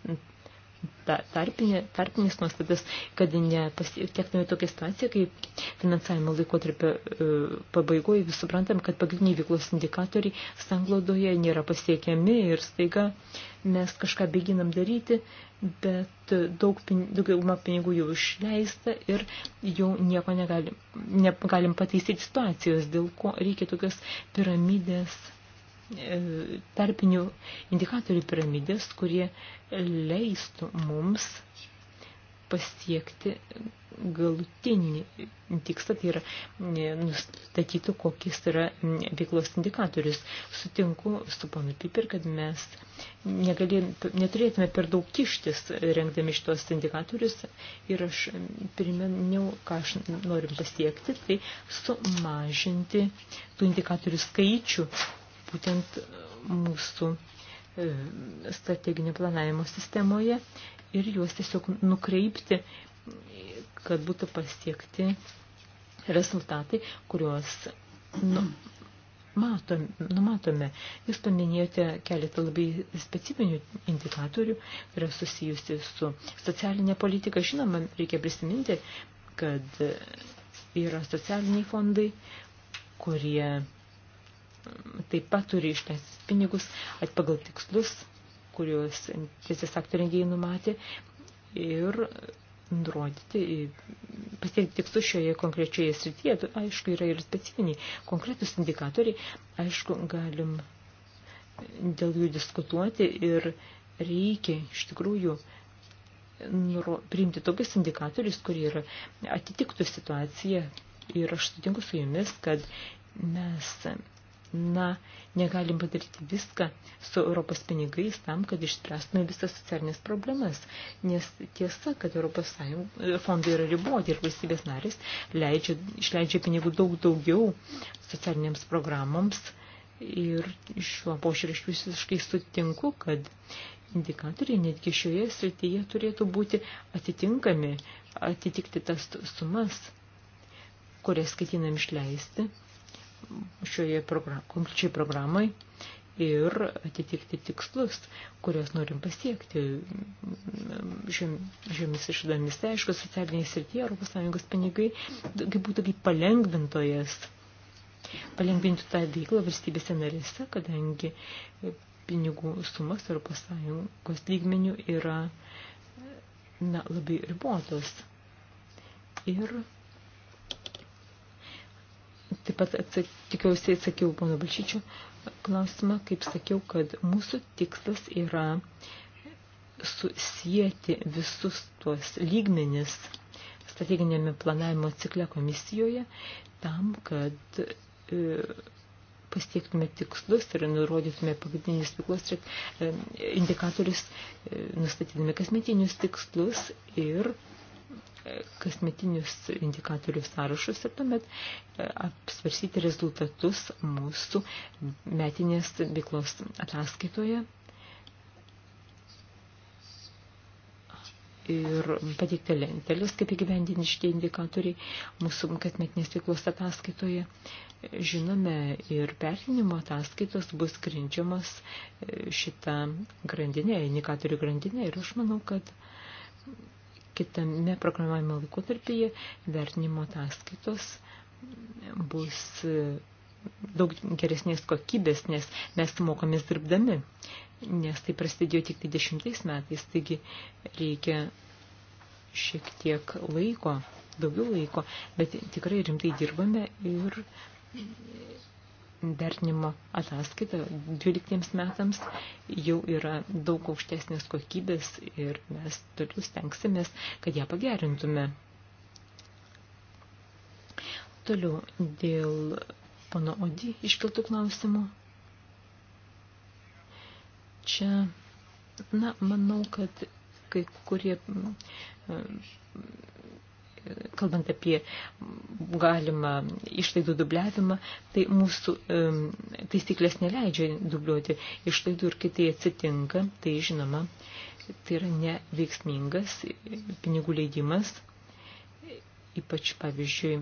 Speaker 2: tarpinė, tarpinis nuostatas, kad nepasiektume tokią situaciją, kaip finansavimo laikotarpio e, pabaigoje vis suprantam, kad pagrindiniai veiklos indikatoriai sanglaudoje nėra pasiekiami ir staiga mes kažką beginam daryti, bet daug, dauguma pinigų jau išleista ir jau nieko negalim, negalim pataisyti situacijos, dėl ko reikia tokios piramidės E, tarpinių indikatorių piramidės, kurie leistų mums pasiekti galutinį tikslą, tai yra e, nustatytų, kokis yra veiklos indikatorius. Sutinku su panu Piper, kad mes negalė, neturėtume per daug kištis rengdami šitos indikatorius ir aš primeniau, ką aš norim pasiekti, tai sumažinti tų indikatorių skaičių būtent mūsų e, strateginio planavimo sistemoje ir juos tiesiog nukreipti, kad būtų pasiekti rezultatai, kuriuos nu, matom, numatome. Jūs paminėjote keletą labai specifinių indikatorių, yra susijusi su socialinė politika. Žinoma, reikia prisiminti, kad yra socialiniai fondai, kurie taip pat turi išleisti pinigus pagal tikslus, kuriuos teisės aktų rengėjai numatė ir nurodyti, pasiekti tikslus šioje konkrečioje srityje. Aišku, yra ir specifiniai konkretus indikatoriai. Aišku, galim dėl jų diskutuoti ir reikia iš tikrųjų priimti tokius indikatorius, kurie yra atitiktų situaciją. Ir aš sutinku su jumis, kad mes na, negalim padaryti viską su Europos pinigais tam, kad išspręstume visas socialinės problemas. Nes tiesa, kad Europos fondai yra riboti ir valstybės narės leidžia, išleidžia pinigų daug daugiau socialinėms programoms. Ir šiuo požiūrį aš visiškai sutinku, kad indikatoriai netgi šioje srityje turėtų būti atitinkami, atitikti tas sumas, kurias skaitinam išleisti šioje program, konkrečiai programai ir atitikti tikslus, kuriuos norim pasiekti šiomis išdamis. Tai aišku, socialiniai srityje Europos Sąjungos pinigai kaip būtų kaip palengvintojas, palengvintų tą veiklą valstybėse narėse, kadangi pinigų sumas Europos Sąjungos lygmenių yra na, labai ribotos. Ir Taip pat atsak, tikiuosi atsakiau pono Balšyčio klausimą, kaip sakiau, kad mūsų tikslas yra susijęti visus tuos lygmenis strateginėme planavimo cikle komisijoje tam, kad e, pasiektume tikslus ir nurodytume pagrindinius tikslus ir e, indikatorius, e, nustatydami kasmetinius tikslus ir kasmetinius indikatorių sąrašus ir tuomet e, apsvarsyti rezultatus mūsų metinės veiklos ataskaitoje ir pateikti lentelės, kaip įgyvendinti šitie indikatoriai mūsų kasmetinės veiklos ataskaitoje. Žinome ir vertinimo ataskaitos bus grindžiamas e, šitą grandinę, indikatorių grandinę ir aš manau, kad kitame programavimo laikotarpyje vertinimo ataskaitos bus e, daug geresnės kokybės, nes mes mokomės dirbdami, nes tai prasidėjo tik 20 metais, taigi reikia šiek tiek laiko, daugiau laiko, bet tikrai rimtai dirbame ir vertinimo ataskaita 12 metams jau yra daug aukštesnės kokybės ir mes toliau stengsimės, kad ją pagerintume. Toliau dėl pono Odi iškiltų klausimų. Čia, na, manau, kad kai kurie kalbant apie galimą išlaidų dubliavimą, tai mūsų taisyklės neleidžia dubliuoti išlaidų ir kitai atsitinka, tai žinoma, tai yra neveiksmingas pinigų leidimas, ypač pavyzdžiui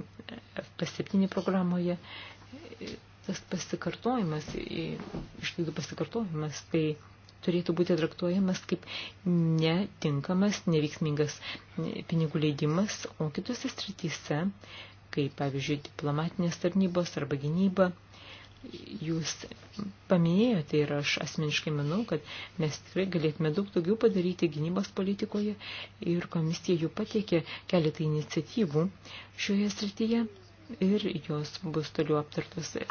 Speaker 2: FP7 programoje. Tas pasikartojimas, išlaidų pasikartojimas, tai turėtų būti traktuojamas kaip netinkamas, neveiksmingas pinigų leidimas, o kitose strityse, kaip pavyzdžiui diplomatinės tarnybos arba gynyba, jūs paminėjote ir aš asmeniškai manau, kad mes tikrai galėtume daug daugiau padaryti gynybos politikoje ir komisija jau patiekė keletą iniciatyvų šioje srityje ir jos bus toliau aptartos e,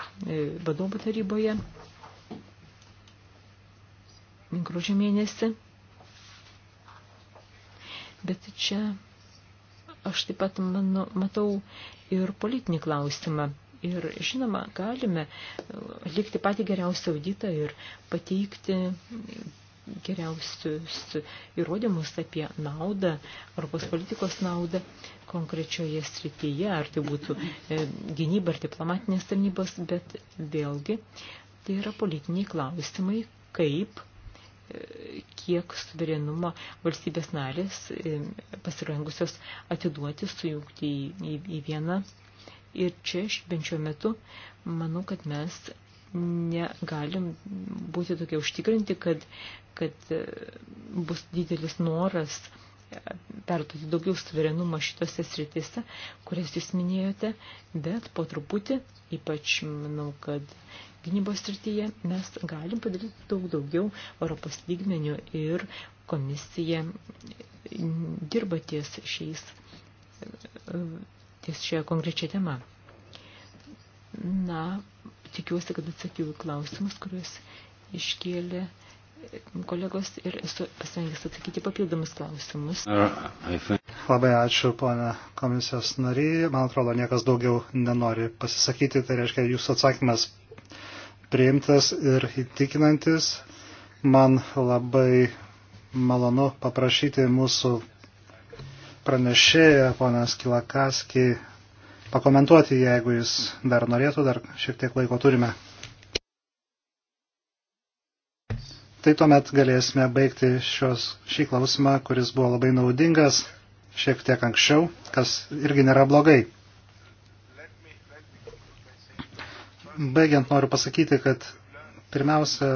Speaker 2: vadovų taryboje gružio mėnesį. Bet čia aš taip pat manu, matau ir politinį klausimą. Ir žinoma, galime atlikti patį geriausią auditą ir pateikti geriausius įrodymus apie naudą, Europos politikos naudą konkrečioje srityje, ar tai būtų e, gynyba ar diplomatinės tarnybos, bet vėlgi tai yra politiniai klausimai, kaip kiek suverenumo valstybės narės e, pasirengusios atiduoti, sujungti į, į, į vieną. Ir čia bent šiuo metu manau, kad mes negalim būti tokie užtikrinti, kad, kad e, bus didelis noras perduoti daugiau suverenumo šitose sritise, kurias jūs minėjote, bet po truputį, ypač manau, kad gynybos srityje, mes galim padaryti daug daugiau Europos lygmenių ir komisija dirba ties šiais ties šią konkrečią temą. Na, tikiuosi, kad atsakiau klausimus, kuriuos iškėlė kolegos ir esu pasirengęs atsakyti papildomus klausimus. Uh,
Speaker 3: Labai ačiū, ponia komisijos nariai. Man atrodo, niekas daugiau nenori pasisakyti, tai reiškia, jūsų atsakymas priimtas ir įtikinantis. Man labai malonu paprašyti mūsų pranešėją, ponas Kilakaskį, pakomentuoti, jeigu jis dar norėtų, dar šiek tiek laiko turime. Tai tuomet galėsime baigti šios, šį klausimą, kuris buvo labai naudingas šiek tiek anksčiau, kas irgi nėra blogai. Baigiant noriu pasakyti, kad pirmiausia,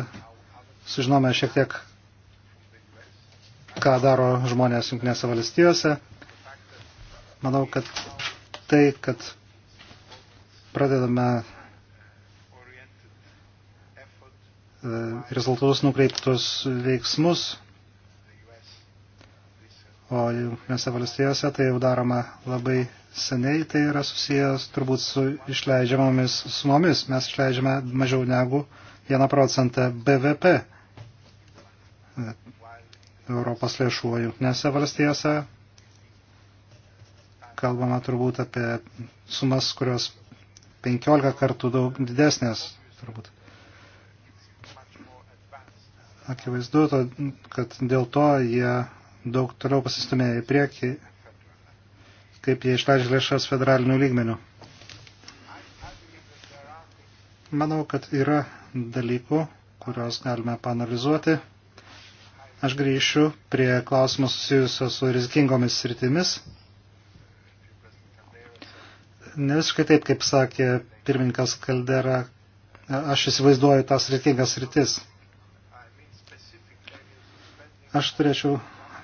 Speaker 3: sužinome šiek tiek, ką daro žmonės Junktinėse valstijose. Manau, kad tai, kad pradedame e, rezultatus nukreiptus veiksmus, o Junktinėse valstijose tai jau daroma labai seniai, tai yra susijęs turbūt su išleidžiamomis sumomis. Mes išleidžiame mažiau negu 1 procentą BVP Europos lėšų, o jungtinėse valstijose kalbama turbūt apie sumas, kurios 15 kartų daug didesnės turbūt. Akivaizdu, kad dėl to jie daug toliau pasistumėjo į priekį kaip jie išleidžia lėšas federalinių lygmenių. Manau, kad yra dalykų, kuriuos galime panalizuoti. Aš grįšiu prie klausimų susijusio su rizikingomis sritimis. Ne visiškai taip, kaip sakė pirmininkas Kaldera, aš įsivaizduoju tas rizikingas sritis. Aš turėčiau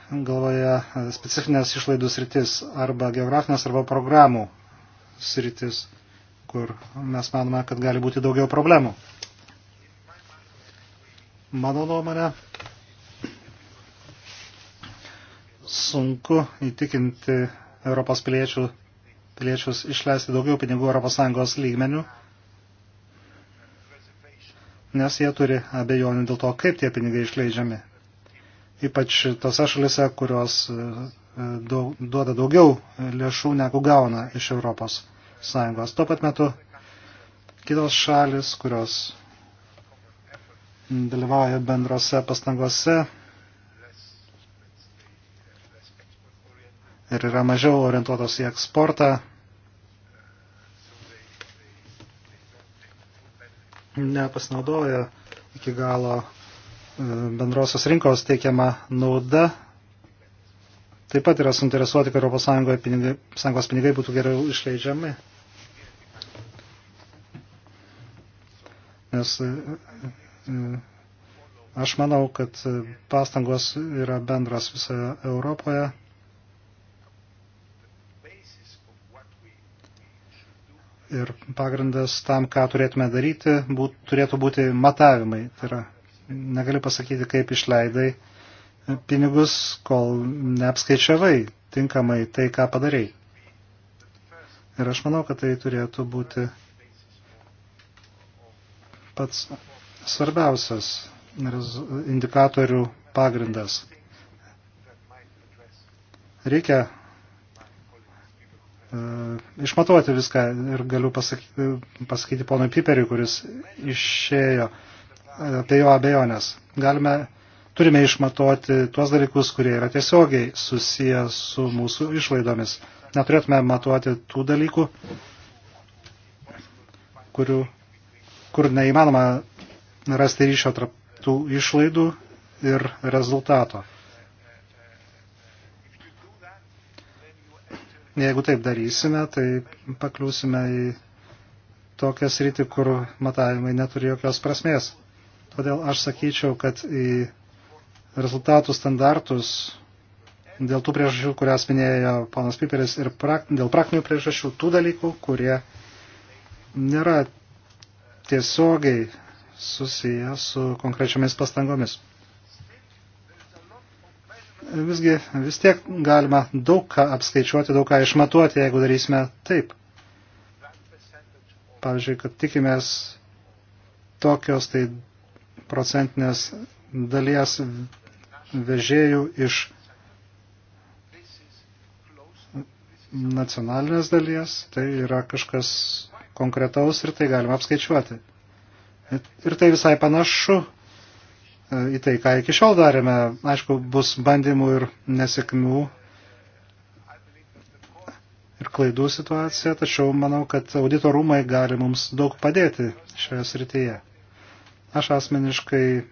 Speaker 3: galvoje specifinės išlaidų sritis arba geografinės arba programų sritis, kur mes manome, kad gali būti daugiau problemų. Mano nuomonė, sunku įtikinti Europos piliečių, piliečius išleisti daugiau pinigų ES lygmenių, nes jie turi abejonių dėl to, kaip tie pinigai išleidžiami ypač tose šalise, kurios e, e, daug, duoda daugiau lėšų negu gauna iš Europos Sąjungos. Tuo pat metu kitos šalis, kurios dalyvauja bendrose pastangose ir yra mažiau orientuotos į eksportą, nepasinaudoja iki galo bendrosios rinkos teikiama nauda taip pat yra suinteresuoti, kad Europos Sąjungoje pinigai, Sąjungos pinigai būtų geriau išleidžiami. Nes e, e, aš manau, kad pastangos yra bendras visoje Europoje. Ir pagrindas tam, ką turėtume daryti, būt, turėtų būti matavimai. Tai yra negaliu pasakyti, kaip išleidai pinigus, kol neapskaičiavai tinkamai tai, ką padarėjai. Ir aš manau, kad tai turėtų būti pats svarbiausias indikatorių pagrindas. Reikia e, išmatuoti viską ir galiu pasakyti, e, pasakyti ponui Piperiui, kuris išėjo apie jo abejonės. Galime, turime išmatuoti tuos dalykus, kurie yra tiesiogiai susiję su mūsų išlaidomis. Neturėtume matuoti tų dalykų, kurių, kur neįmanoma rasti ryšio tarp tų išlaidų ir rezultato. Jeigu taip darysime, tai pakliūsime į tokią sritį, kur matavimai neturi jokios prasmės. Todėl aš sakyčiau, kad į rezultatų standartus dėl tų priežasčių, kurias minėjo panas Piperis, ir prak, dėl praktinių priežasčių tų dalykų, kurie nėra tiesiogiai susiję su konkrečiomis pastangomis. Visgi vis tiek galima daug ką apskaičiuoti, daug ką išmatuoti, jeigu darysime taip. Pavyzdžiui, kad tikimės tokios tai procentinės dalies vežėjų iš nacionalinės dalies, tai yra kažkas konkretaus ir tai galima apskaičiuoti. Ir tai visai panašu e, į tai, ką iki šiol darėme. Aišku, bus bandymų ir nesėkmių ir klaidų situacija, tačiau manau, kad audito rūmai gali mums daug padėti šioje srityje. Aš asmeniškai e,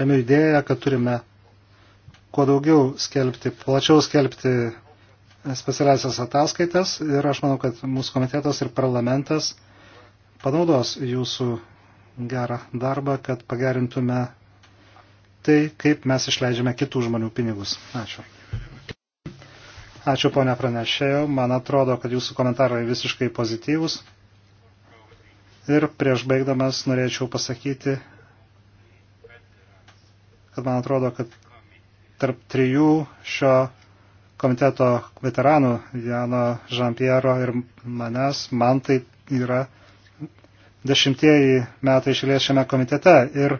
Speaker 3: remiu idėją, kad turime kuo daugiau skelbti, plačiau skelbti specialiasias ataskaitas ir aš manau, kad mūsų komitetas ir parlamentas panaudos jūsų gerą darbą, kad pagerintume tai, kaip mes išleidžiame kitų žmonių pinigus. Ačiū. Ačiū, ponia pranešėjau. Man atrodo, kad jūsų komentarai visiškai pozityvus. Ir prieš baigdamas norėčiau pasakyti, kad man atrodo, kad tarp trijų šio komiteto veteranų, Jano Žampiero ir manęs, man tai yra dešimtieji metai išėlės šiame komitete. Ir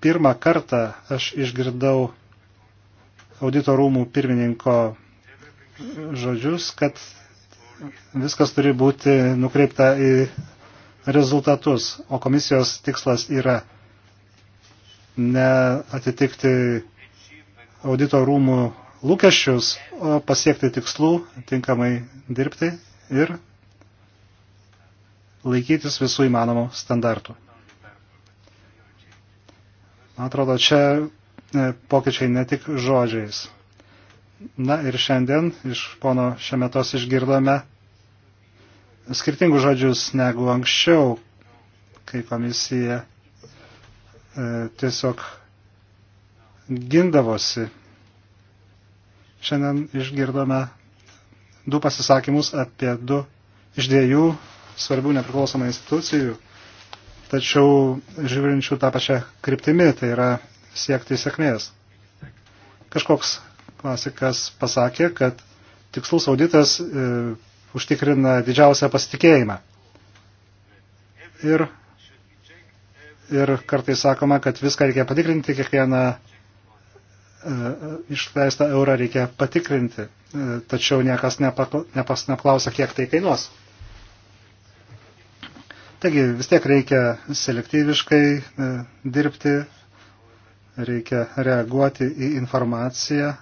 Speaker 3: pirmą kartą aš išgirdau audito rūmų pirmininko žodžius, kad viskas turi būti nukreipta į rezultatus, o komisijos tikslas yra ne atitikti audito rūmų lūkesčius, o pasiekti tikslų, tinkamai dirbti ir laikytis visų įmanomų standartų. Man atrodo, čia e, pokyčiai ne tik žodžiais. Na ir šiandien iš pono Šemetos išgirdome skirtingus žodžius negu anksčiau, kai komisija e, tiesiog gindavosi. Šiandien išgirdome du pasisakymus apie du iš dviejų svarbių nepriklausomų institucijų, tačiau žiūrinčių tą pačią kryptimį, tai yra siekti sėkmės. Kažkoks klasikas pasakė, kad tikslus auditas e, užtikrina didžiausią pasitikėjimą. Ir, ir kartais sakoma, kad viską reikia patikrinti, kiekvieną e, išleistą eurą reikia patikrinti, e, tačiau niekas nepakla, nepas, neklausia, kiek tai kainuos. Taigi vis tiek reikia selektyviškai e, dirbti, reikia reaguoti į informaciją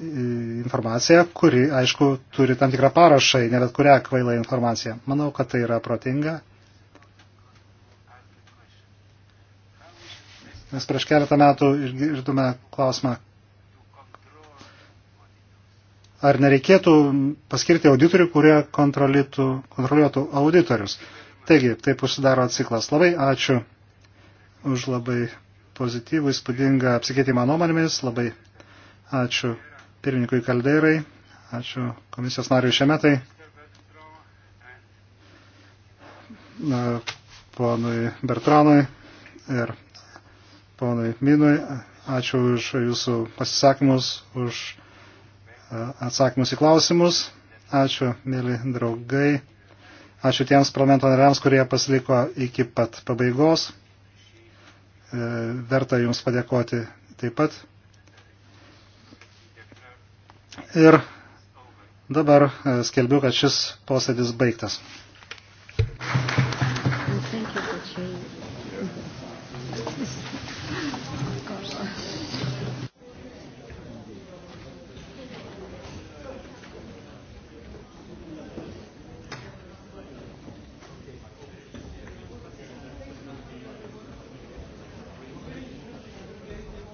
Speaker 3: informaciją, kuri, aišku, turi tam tikrą parašą, ne bet kurią kvailą informaciją. Manau, kad tai yra protinga. Mes prieš keletą metų išgirdome klausimą, ar nereikėtų paskirti auditorių, kurie kontroliuotų auditorius. Taigi, taip užsidaro ciklas. Labai ačiū už labai pozityvų, įspūdingą apsikeitimą nuomonėmis. Labai ačiū pirmininkui Kaldeirai, ačiū komisijos nariui Šemetai, ponui Bertranui ir ponui Minui. Ačiū už jūsų pasisakymus, už e, atsakymus į klausimus. Ačiū, mėly draugai. Ačiū tiems parlamento nariams, kurie pasiliko iki pat pabaigos. E, verta jums padėkoti taip pat. Ir dabar e, skelbiu, kad šis posėdis baigtas.